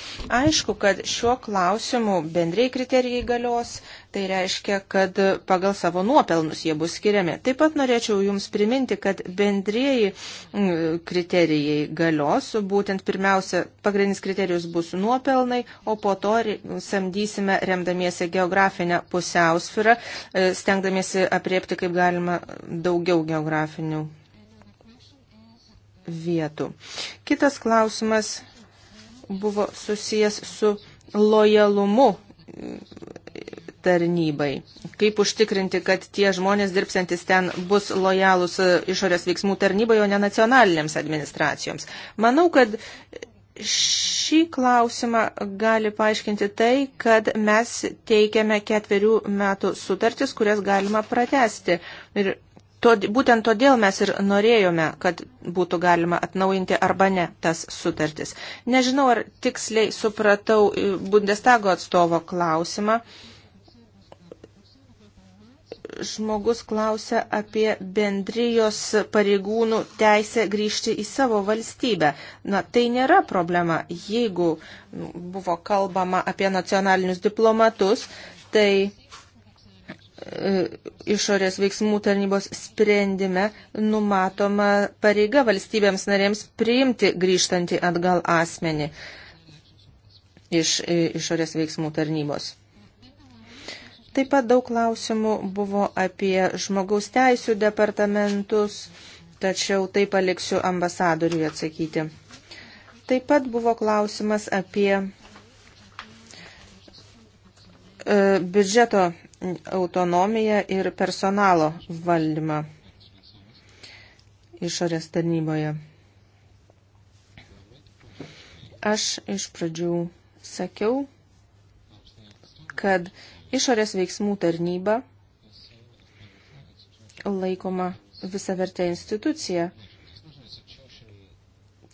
Aišku, kad šiuo klausimu bendrėjai kriterijai galios, Tai reiškia, kad pagal savo nuopelnus jie bus skiriami. Taip pat norėčiau Jums priminti, kad bendrieji mm, kriterijai galios, būtent pirmiausia, pagrindinis kriterijus bus nuopelnai, o po to samdysime remdamiesi geografinę pusiausvyrą, e, stengdamiesi apriepti kaip galima daugiau geografinių vietų. Kitas klausimas buvo susijęs su lojalumu tarnybai. Kaip užtikrinti, kad tie žmonės dirbsantis ten bus lojalūs e, išorės veiksmų tarnybai, o ne nacionalinėms administracijoms. Manau, kad šį klausimą gali paaiškinti tai, kad mes teikiame ketverių metų sutartis, kurias galima pratesti. Ir to, būtent todėl mes ir norėjome, kad būtų galima atnaujinti arba ne tas sutartis. Nežinau, ar tiksliai supratau e, Bundestago atstovo klausimą. Uh, žmogus klausia apie bendrijos pareigūnų teisę grįžti į savo valstybę. Na, tai nėra problema. Jeigu buvo kalbama apie nacionalinius diplomatus, tai e, išorės veiksmų tarnybos sprendime numatoma pareiga valstybėms narėms priimti grįžtantį atgal asmenį iš e, išorės veiksmų tarnybos. Taip pat daug klausimų buvo apie žmogaus teisų departamentus, tačiau tai paliksiu ambasadoriui atsakyti. Taip pat buvo klausimas apie e, biudžeto autonomiją ir personalo valdymą išorės tarnyboje. Aš iš pradžių sakiau, kad Išorės veiksmų tarnyba laikoma visavertė institucija,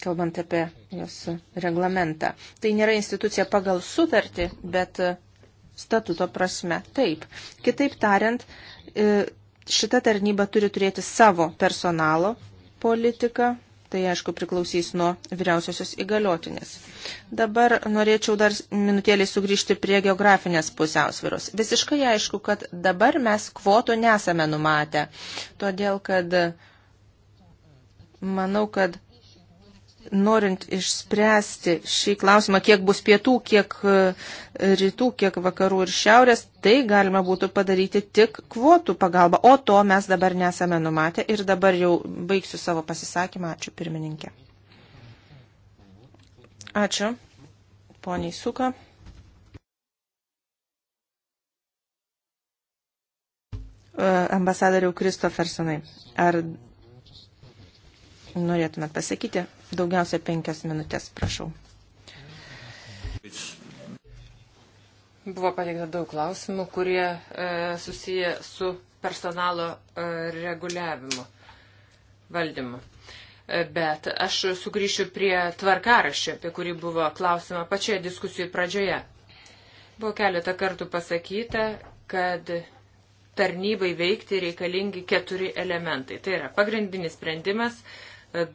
kalbant apie jos reglamentą. Tai nėra institucija pagal sutartį, bet statuto prasme. Taip. Kitaip tariant, e, šita tarnyba turi turėti savo personalo politiką, Tai aišku priklausys nuo vyriausiosios įgaliotinės. Dabar norėčiau dar minutėlį sugrįžti prie geografinės pusiausviros. Visiškai aišku, kad dabar mes kvotų nesame numatę, todėl kad manau, kad norint išspręsti šį klausimą, kiek bus pietų, kiek e, rytų, kiek vakarų ir šiaurės, tai galima būtų padaryti tik kvotų pagalba, o to mes dabar nesame numatę ir dabar jau baigsiu savo pasisakymą. Ačiū pirmininkė. Ačiū. Poniai Suka. E, ambasadoriau Kristofersonai, ar norėtumėt pasakyti? daugiausia penkias minutės, prašau. Buvo pateikta daug klausimų, kurie e, susiję su personalo e, reguliavimu, valdymu. E, bet aš sugrįšiu prie tvarkaraščio, apie kurį buvo klausima pačioje diskusijų pradžioje. Buvo keletą kartų pasakyta, kad tarnybai veikti reikalingi keturi elementai. Tai yra pagrindinis sprendimas, e,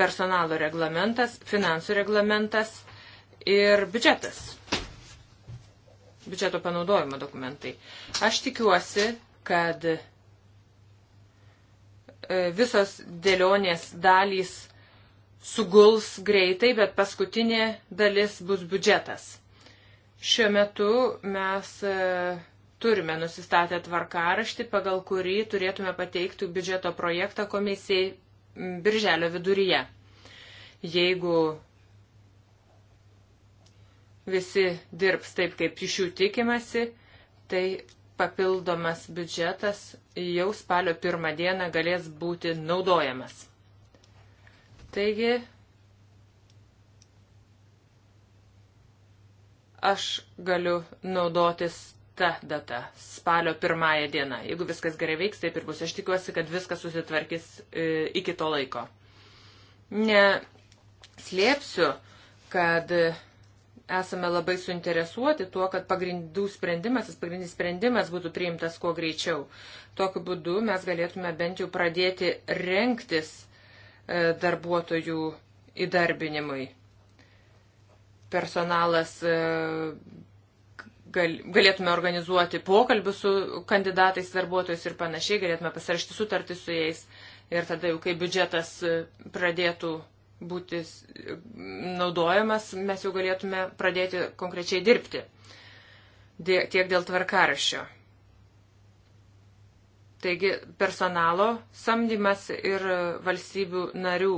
personalo reglamentas, finansų reglamentas ir biudžetas. Biudžeto panaudojimo dokumentai. Aš tikiuosi, kad e, visos dėlionės dalys suguls greitai, bet paskutinė dalis bus biudžetas. Šiuo metu mes e, turime nusistatę tvarkaraštį, pagal kurį turėtume pateikti biudžeto projektą komisijai birželio viduryje. Jeigu visi dirbs taip, kaip iš jų tikimasi, tai papildomas biudžetas jau spalio pirmą dieną galės būti naudojamas. Taigi, aš galiu naudotis ta data - spalio pirmąją dieną. Jeigu viskas gerai veiks, taip ir bus. Aš tikiuosi, kad viskas susitvarkys e, iki to laiko. Neslėpsiu, kad esame labai suinteresuoti tuo, kad pagrindų sprendimas, tas pagrindinis sprendimas būtų priimtas kuo greičiau. Tokiu būdu mes galėtume bent jau pradėti renktis e, darbuotojų įdarbinimui. Personalas e, gal, galėtume organizuoti pokalbius su kandidatais, darbuotojais ir panašiai, galėtume pasirašyti sutartį su jais ir tada jau, kai biudžetas e, pradėtų būti e, naudojamas, mes jau galėtume pradėti konkrečiai dirbti tiek dėl tvarkaraščio. Taigi personalo samdymas ir valstybių narių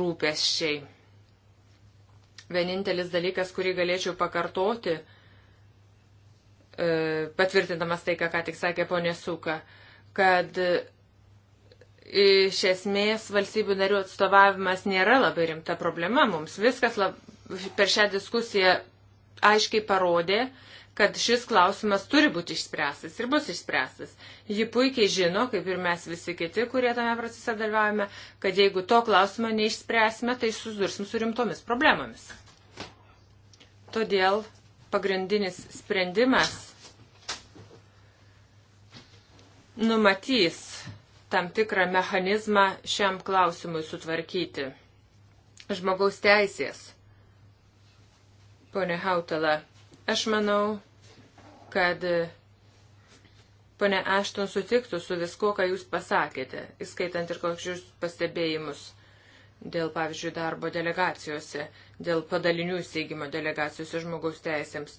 rūpesčiai. Vienintelis dalykas, kurį galėčiau pakartoti, E, patvirtindamas tai, ką tik sakė ponė Suka, kad iš esmės valstybių narių atstovavimas nėra labai rimta problema mums. Viskas lab, per šią diskusiją aiškiai parodė, kad šis klausimas turi būti išspręstas ir bus išspręstas. Ji puikiai žino, kaip ir mes visi kiti, kurie tame procese dalyvaujame, kad jeigu to klausimo neišspręsime, tai susidursim su rimtomis problemomis. Todėl pagrindinis sprendimas numatys tam tikrą mechanizmą šiam klausimui sutvarkyti. Žmogaus teisės. Pone Hautala, aš manau, kad Pane Ašton sutiktų su visko, ką jūs pasakėte, įskaitant ir kokius pastebėjimus dėl, pavyzdžiui, darbo delegacijose, dėl padalinių įsteigimo delegacijose žmogaus teisėms.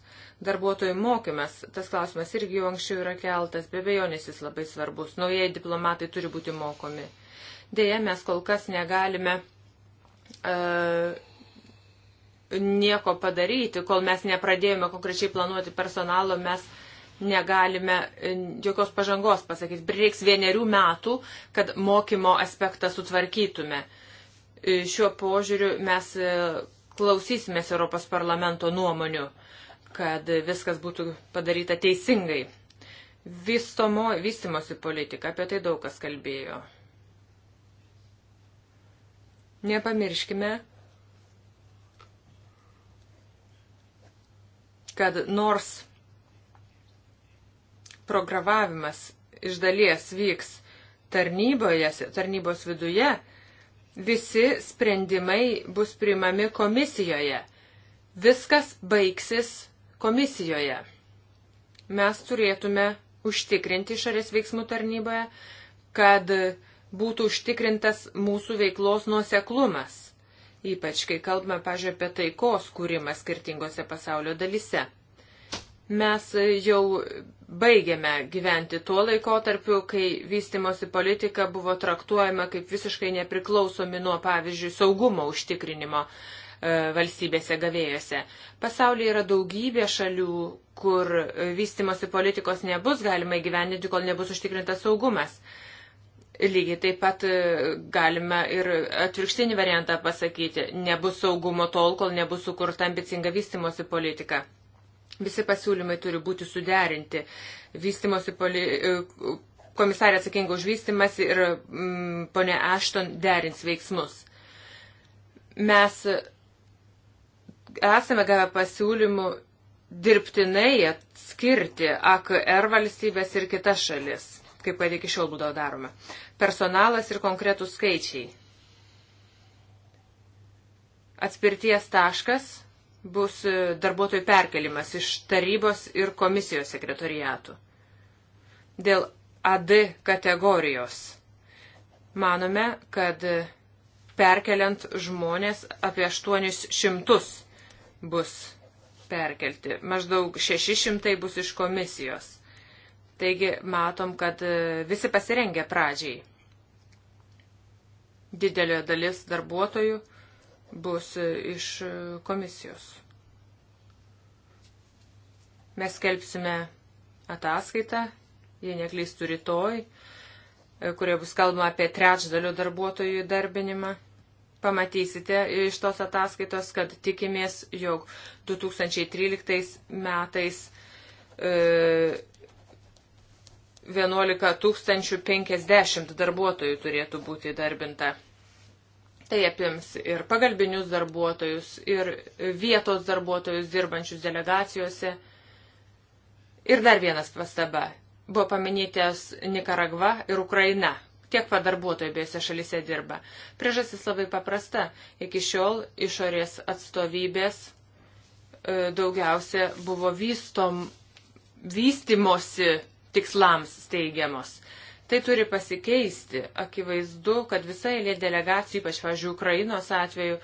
Darbuotojų mokymas, tas klausimas irgi jau anksčiau yra keltas, be bejonės jis labai svarbus. Naujai diplomatai turi būti mokomi. Deja, mes kol kas negalime uh, nieko padaryti, kol mes nepradėjome konkrečiai planuoti personalo, mes negalime e, jokios pažangos pasakyti. Prireiks vienerių metų, kad mokymo aspektą sutvarkytume. Uh, E, šiuo požiūriu mes e, klausysimės Europos parlamento nuomonių, kad viskas būtų padaryta teisingai. Vystomo, vystimosi politika, apie tai daug kas kalbėjo. Nepamirškime, kad nors programavimas iš dalies vyks tarnyboje, tarnybos viduje, visi sprendimai bus priimami komisijoje. Viskas baigsis komisijoje. Mes turėtume užtikrinti išorės veiksmų tarnyboje, kad būtų užtikrintas mūsų veiklos nuoseklumas, ypač kai kalbame, pažiūrėjau, apie taikos kūrimą skirtingose pasaulio dalise. Mes jau baigėme gyventi tuo laikotarpiu, kai vystimosi politika buvo traktuojama kaip visiškai nepriklausomi nuo, pavyzdžiui, saugumo užtikrinimo e, valstybėse gavėjose. Pasaulyje yra daugybė šalių, kur vystimosi politikos nebus galima įgyvendinti, kol nebus užtikrintas saugumas. Lygiai taip pat e, galima ir atvirkštinį variantą pasakyti, nebus saugumo tol, kol nebus sukurta ambicinga vystimosi politika. Visi pasiūlymai turi būti suderinti. Vystimosi poli... E, komisarė atsakinga už vystimas ir mm, ponė Ašton derins veiksmus. Mes esame gavę pasiūlymų dirbtinai atskirti AKR valstybės ir kitas šalis, kaip kad iki šiol būdavo daroma. Personalas ir konkretūs skaičiai. Atspirties taškas bus e, darbuotojų perkelimas iš tarybos ir komisijos sekretoriatų. Dėl AD kategorijos manome, kad perkeliant žmonės apie 800 bus perkelti. Maždaug 600 bus iš komisijos. Taigi matom, kad e, visi pasirengia pradžiai. Didelė dalis darbuotojų bus e, iš e, komisijos. Mes kelpsime ataskaitą, jei neklystų rytoj, e, kurioje bus kalbama apie trečdalių darbuotojų darbinimą. Pamatysite iš tos ataskaitos, kad tikimės, jog 2013 metais e, 11 050 darbuotojų turėtų būti darbinta. Tai apims ir pagalbinius darbuotojus, ir vietos darbuotojus dirbančius delegacijose. Ir dar vienas pastaba. Buvo paminėtas Nikaragva ir Ukraina. Tiek pat darbuotojai abiejose šalise dirba. Priežastis labai paprasta. Iki šiol išorės atstovybės e, daugiausia buvo vystom, vystimosi tikslams steigiamos. Tai turi pasikeisti. Akivaizdu, kad visa eilė delegacijų, ypač, važiuoju, Ukrainos atveju,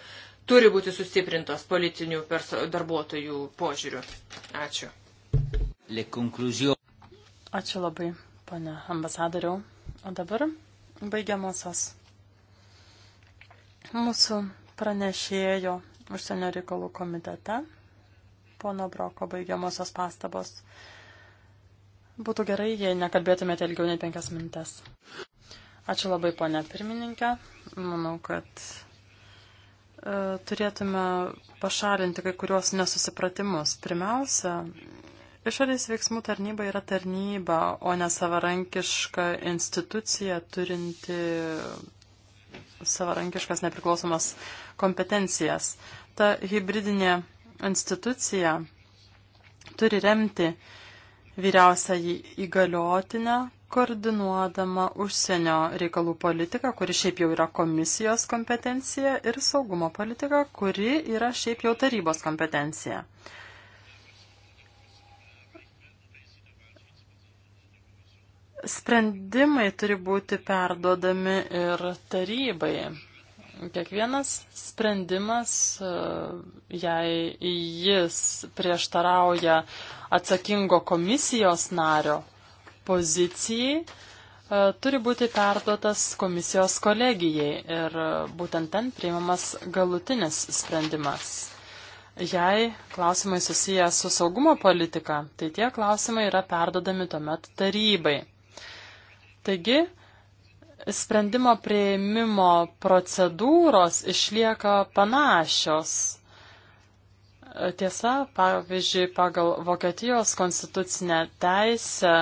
turi būti sustiprintos politinių darbuotojų požiūrių. Ačiū. Ačiū labai, pane ambasadoriau. O dabar baigiamosios mūsų pranešėjo užsienio reikalų komitete, pono Broko baigiamosios pastabos. Būtų gerai, jei nekalbėtumėte ilgiau nei penkias mintes. Ačiū labai, ponė pirmininkė. Manau, kad e, turėtume pašalinti kai kuriuos nesusipratimus. Pirmiausia, išorės veiksmų tarnyba yra tarnyba, o ne savarankiška institucija turinti savarankiškas nepriklausomas kompetencijas. Ta hybridinė institucija turi remti uh, vyriausiai įgaliotinę, koordinuodama užsienio reikalų politiką, kuri šiaip jau yra komisijos kompetencija, ir saugumo politiką, kuri yra šiaip jau tarybos kompetencija. Sprendimai turi būti perduodami ir tarybai. Kiekvienas sprendimas, e, jei jis prieštarauja atsakingo komisijos nario pozicijai, e, turi būti perduotas komisijos kolegijai ir e, būtent ten priimamas galutinis sprendimas. Jei klausimai susiję su saugumo politika, tai tie klausimai yra perdodami tuomet tarybai. Taigi, sprendimo prieimimo procedūros išlieka panašios. Tiesa, pavyzdžiui, pagal Vokietijos konstitucinę teisę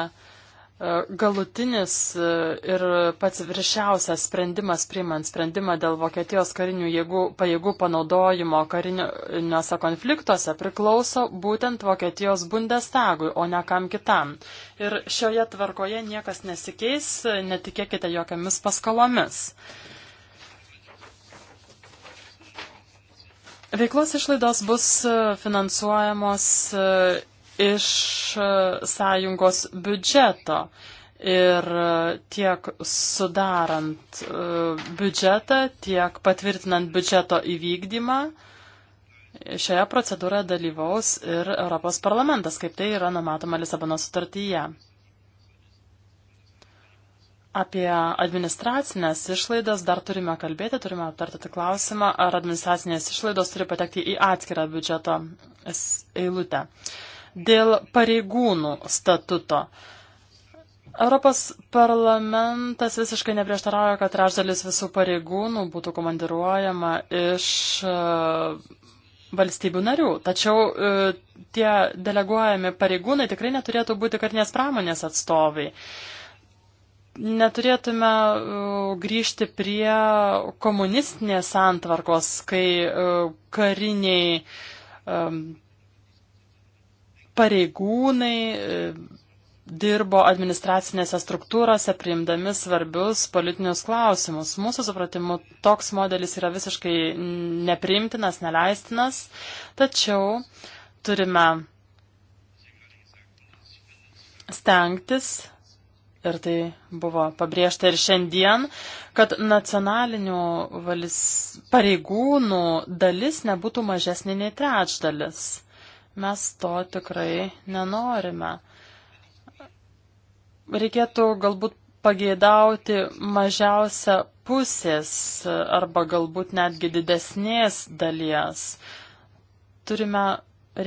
E, galutinis e, ir pats viršiausias sprendimas priimant sprendimą dėl Vokietijos karinių jėgų, pajėgų panaudojimo kariniuose konfliktuose priklauso būtent Vokietijos bundestagui, o ne kam kitam. Ir šioje tvarkoje niekas nesikeis, netikėkite jokiamis paskalomis. Veiklos išlaidos bus finansuojamos e, iš e, sąjungos biudžeto. Ir e, tiek sudarant e, biudžetą, tiek patvirtinant biudžeto įvykdymą, šioje procedūroje dalyvaus ir Europos parlamentas, kaip tai yra numatoma Lisabono sutartyje. Apie administracinės išlaidas dar turime kalbėti, turime aptarti tą klausimą, ar administracinės išlaidos turi patekti į atskirą biudžeto eilutę. Uh, Dėl pareigūnų statuto. Europos parlamentas visiškai neprieštarauja, kad trečdalis visų pareigūnų būtų komandiruojama iš e, valstybių narių. Tačiau e, tie deleguojami pareigūnai tikrai neturėtų būti karinės pramonės atstovai. Neturėtume e, grįžti prie komunistinės santvarkos, kai kariniai pareigūnai e, dirbo administracinėse struktūrose, priimdami svarbius politinius klausimus. Mūsų supratimu, toks modelis yra visiškai nepriimtinas, neleistinas, tačiau turime stengtis, ir tai buvo pabrėžta ir šiandien, kad nacionalinių valis pareigūnų dalis nebūtų mažesnė nei trečdalis. Mes to tikrai nenorime. Reikėtų galbūt pageidauti mažiausia pusės arba galbūt netgi didesnės dalies. Turime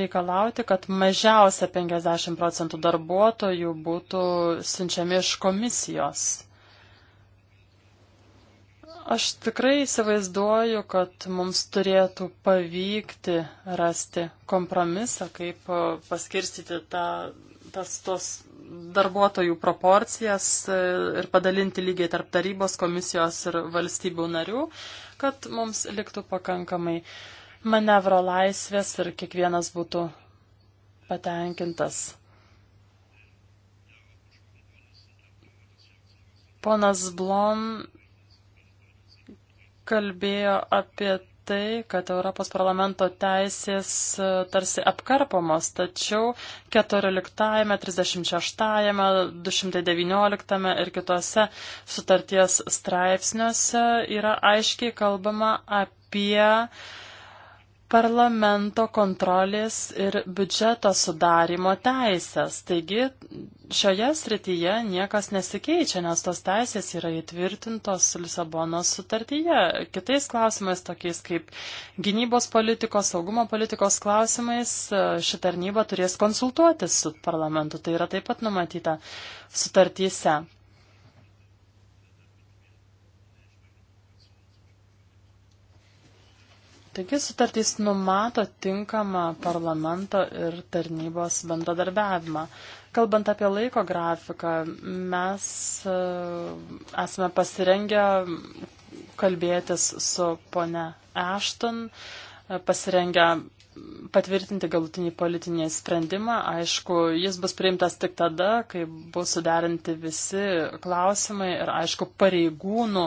reikalauti, kad mažiausia 50 procentų darbuotojų būtų siunčiami iš komisijos. Aš tikrai įsivaizduoju, kad mums turėtų pavykti rasti kompromisą, kaip paskirstyti tą, tas, tos darbuotojų proporcijas e, ir padalinti lygiai tarp tarybos komisijos ir valstybių narių, kad mums liktų pakankamai manevro laisvės ir kiekvienas būtų patenkintas. Ponas Blom kalbėjo apie tai, kad Europos parlamento teisės e, tarsi apkarpomos, tačiau 14, 36, 219 ir kitose sutarties straipsniuose yra aiškiai kalbama apie parlamento kontrolės ir biudžeto sudarimo teisės. Taigi šioje srityje niekas nesikeičia, nes tos teisės yra įtvirtintos Lisabonos sutartyje. Kitais klausimais, tokiais kaip gynybos politikos, saugumo politikos klausimais, ši tarnyba turės konsultuotis su parlamentu. Tai yra taip pat numatyta sutartyse. Taigi sutartys numato tinkamą parlamento ir tarnybos bendradarbiavimą. Kalbant apie laiko grafiką, mes e, esame pasirengę kalbėtis su pone Ashton, e, pasirengę patvirtinti galutinį politinį sprendimą. Aišku, jis bus priimtas tik tada, kai bus suderinti visi klausimai ir, aišku, pareigūnų. Nu,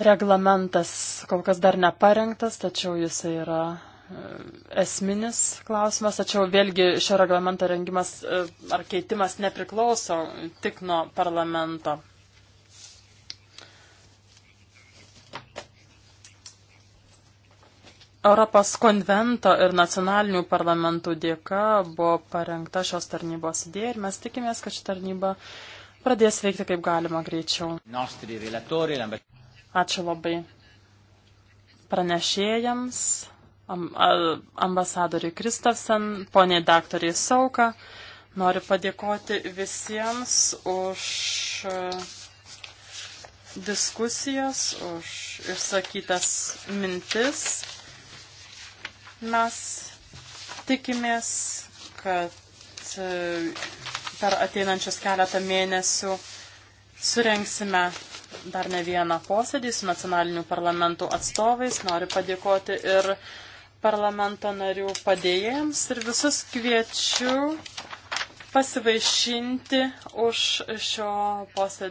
Reglamentas kol kas dar neparengtas, tačiau jis yra e, esminis klausimas, tačiau vėlgi šio reglamento rengimas e, ar keitimas nepriklauso tik nuo parlamento. Europos konvento ir nacionalinių parlamentų dėka buvo parengta šios tarnybos idėja ir mes tikimės, kad ši tarnyba pradės veikti kaip galima greičiau. Ačiū labai pranešėjams, ambasadoriui Kristofsen, poniai daktariai Sauka. Noriu padėkoti visiems už e, diskusijas, už išsakytas mintis. Mes tikimės, kad e, per ateinančius keletą mėnesių surenksime dar ne vieną posėdį su nacionalinių parlamentų atstovais. Noriu padėkoti ir parlamento narių padėjėjams ir visus kviečiu pasivaišinti už šio posėdžio.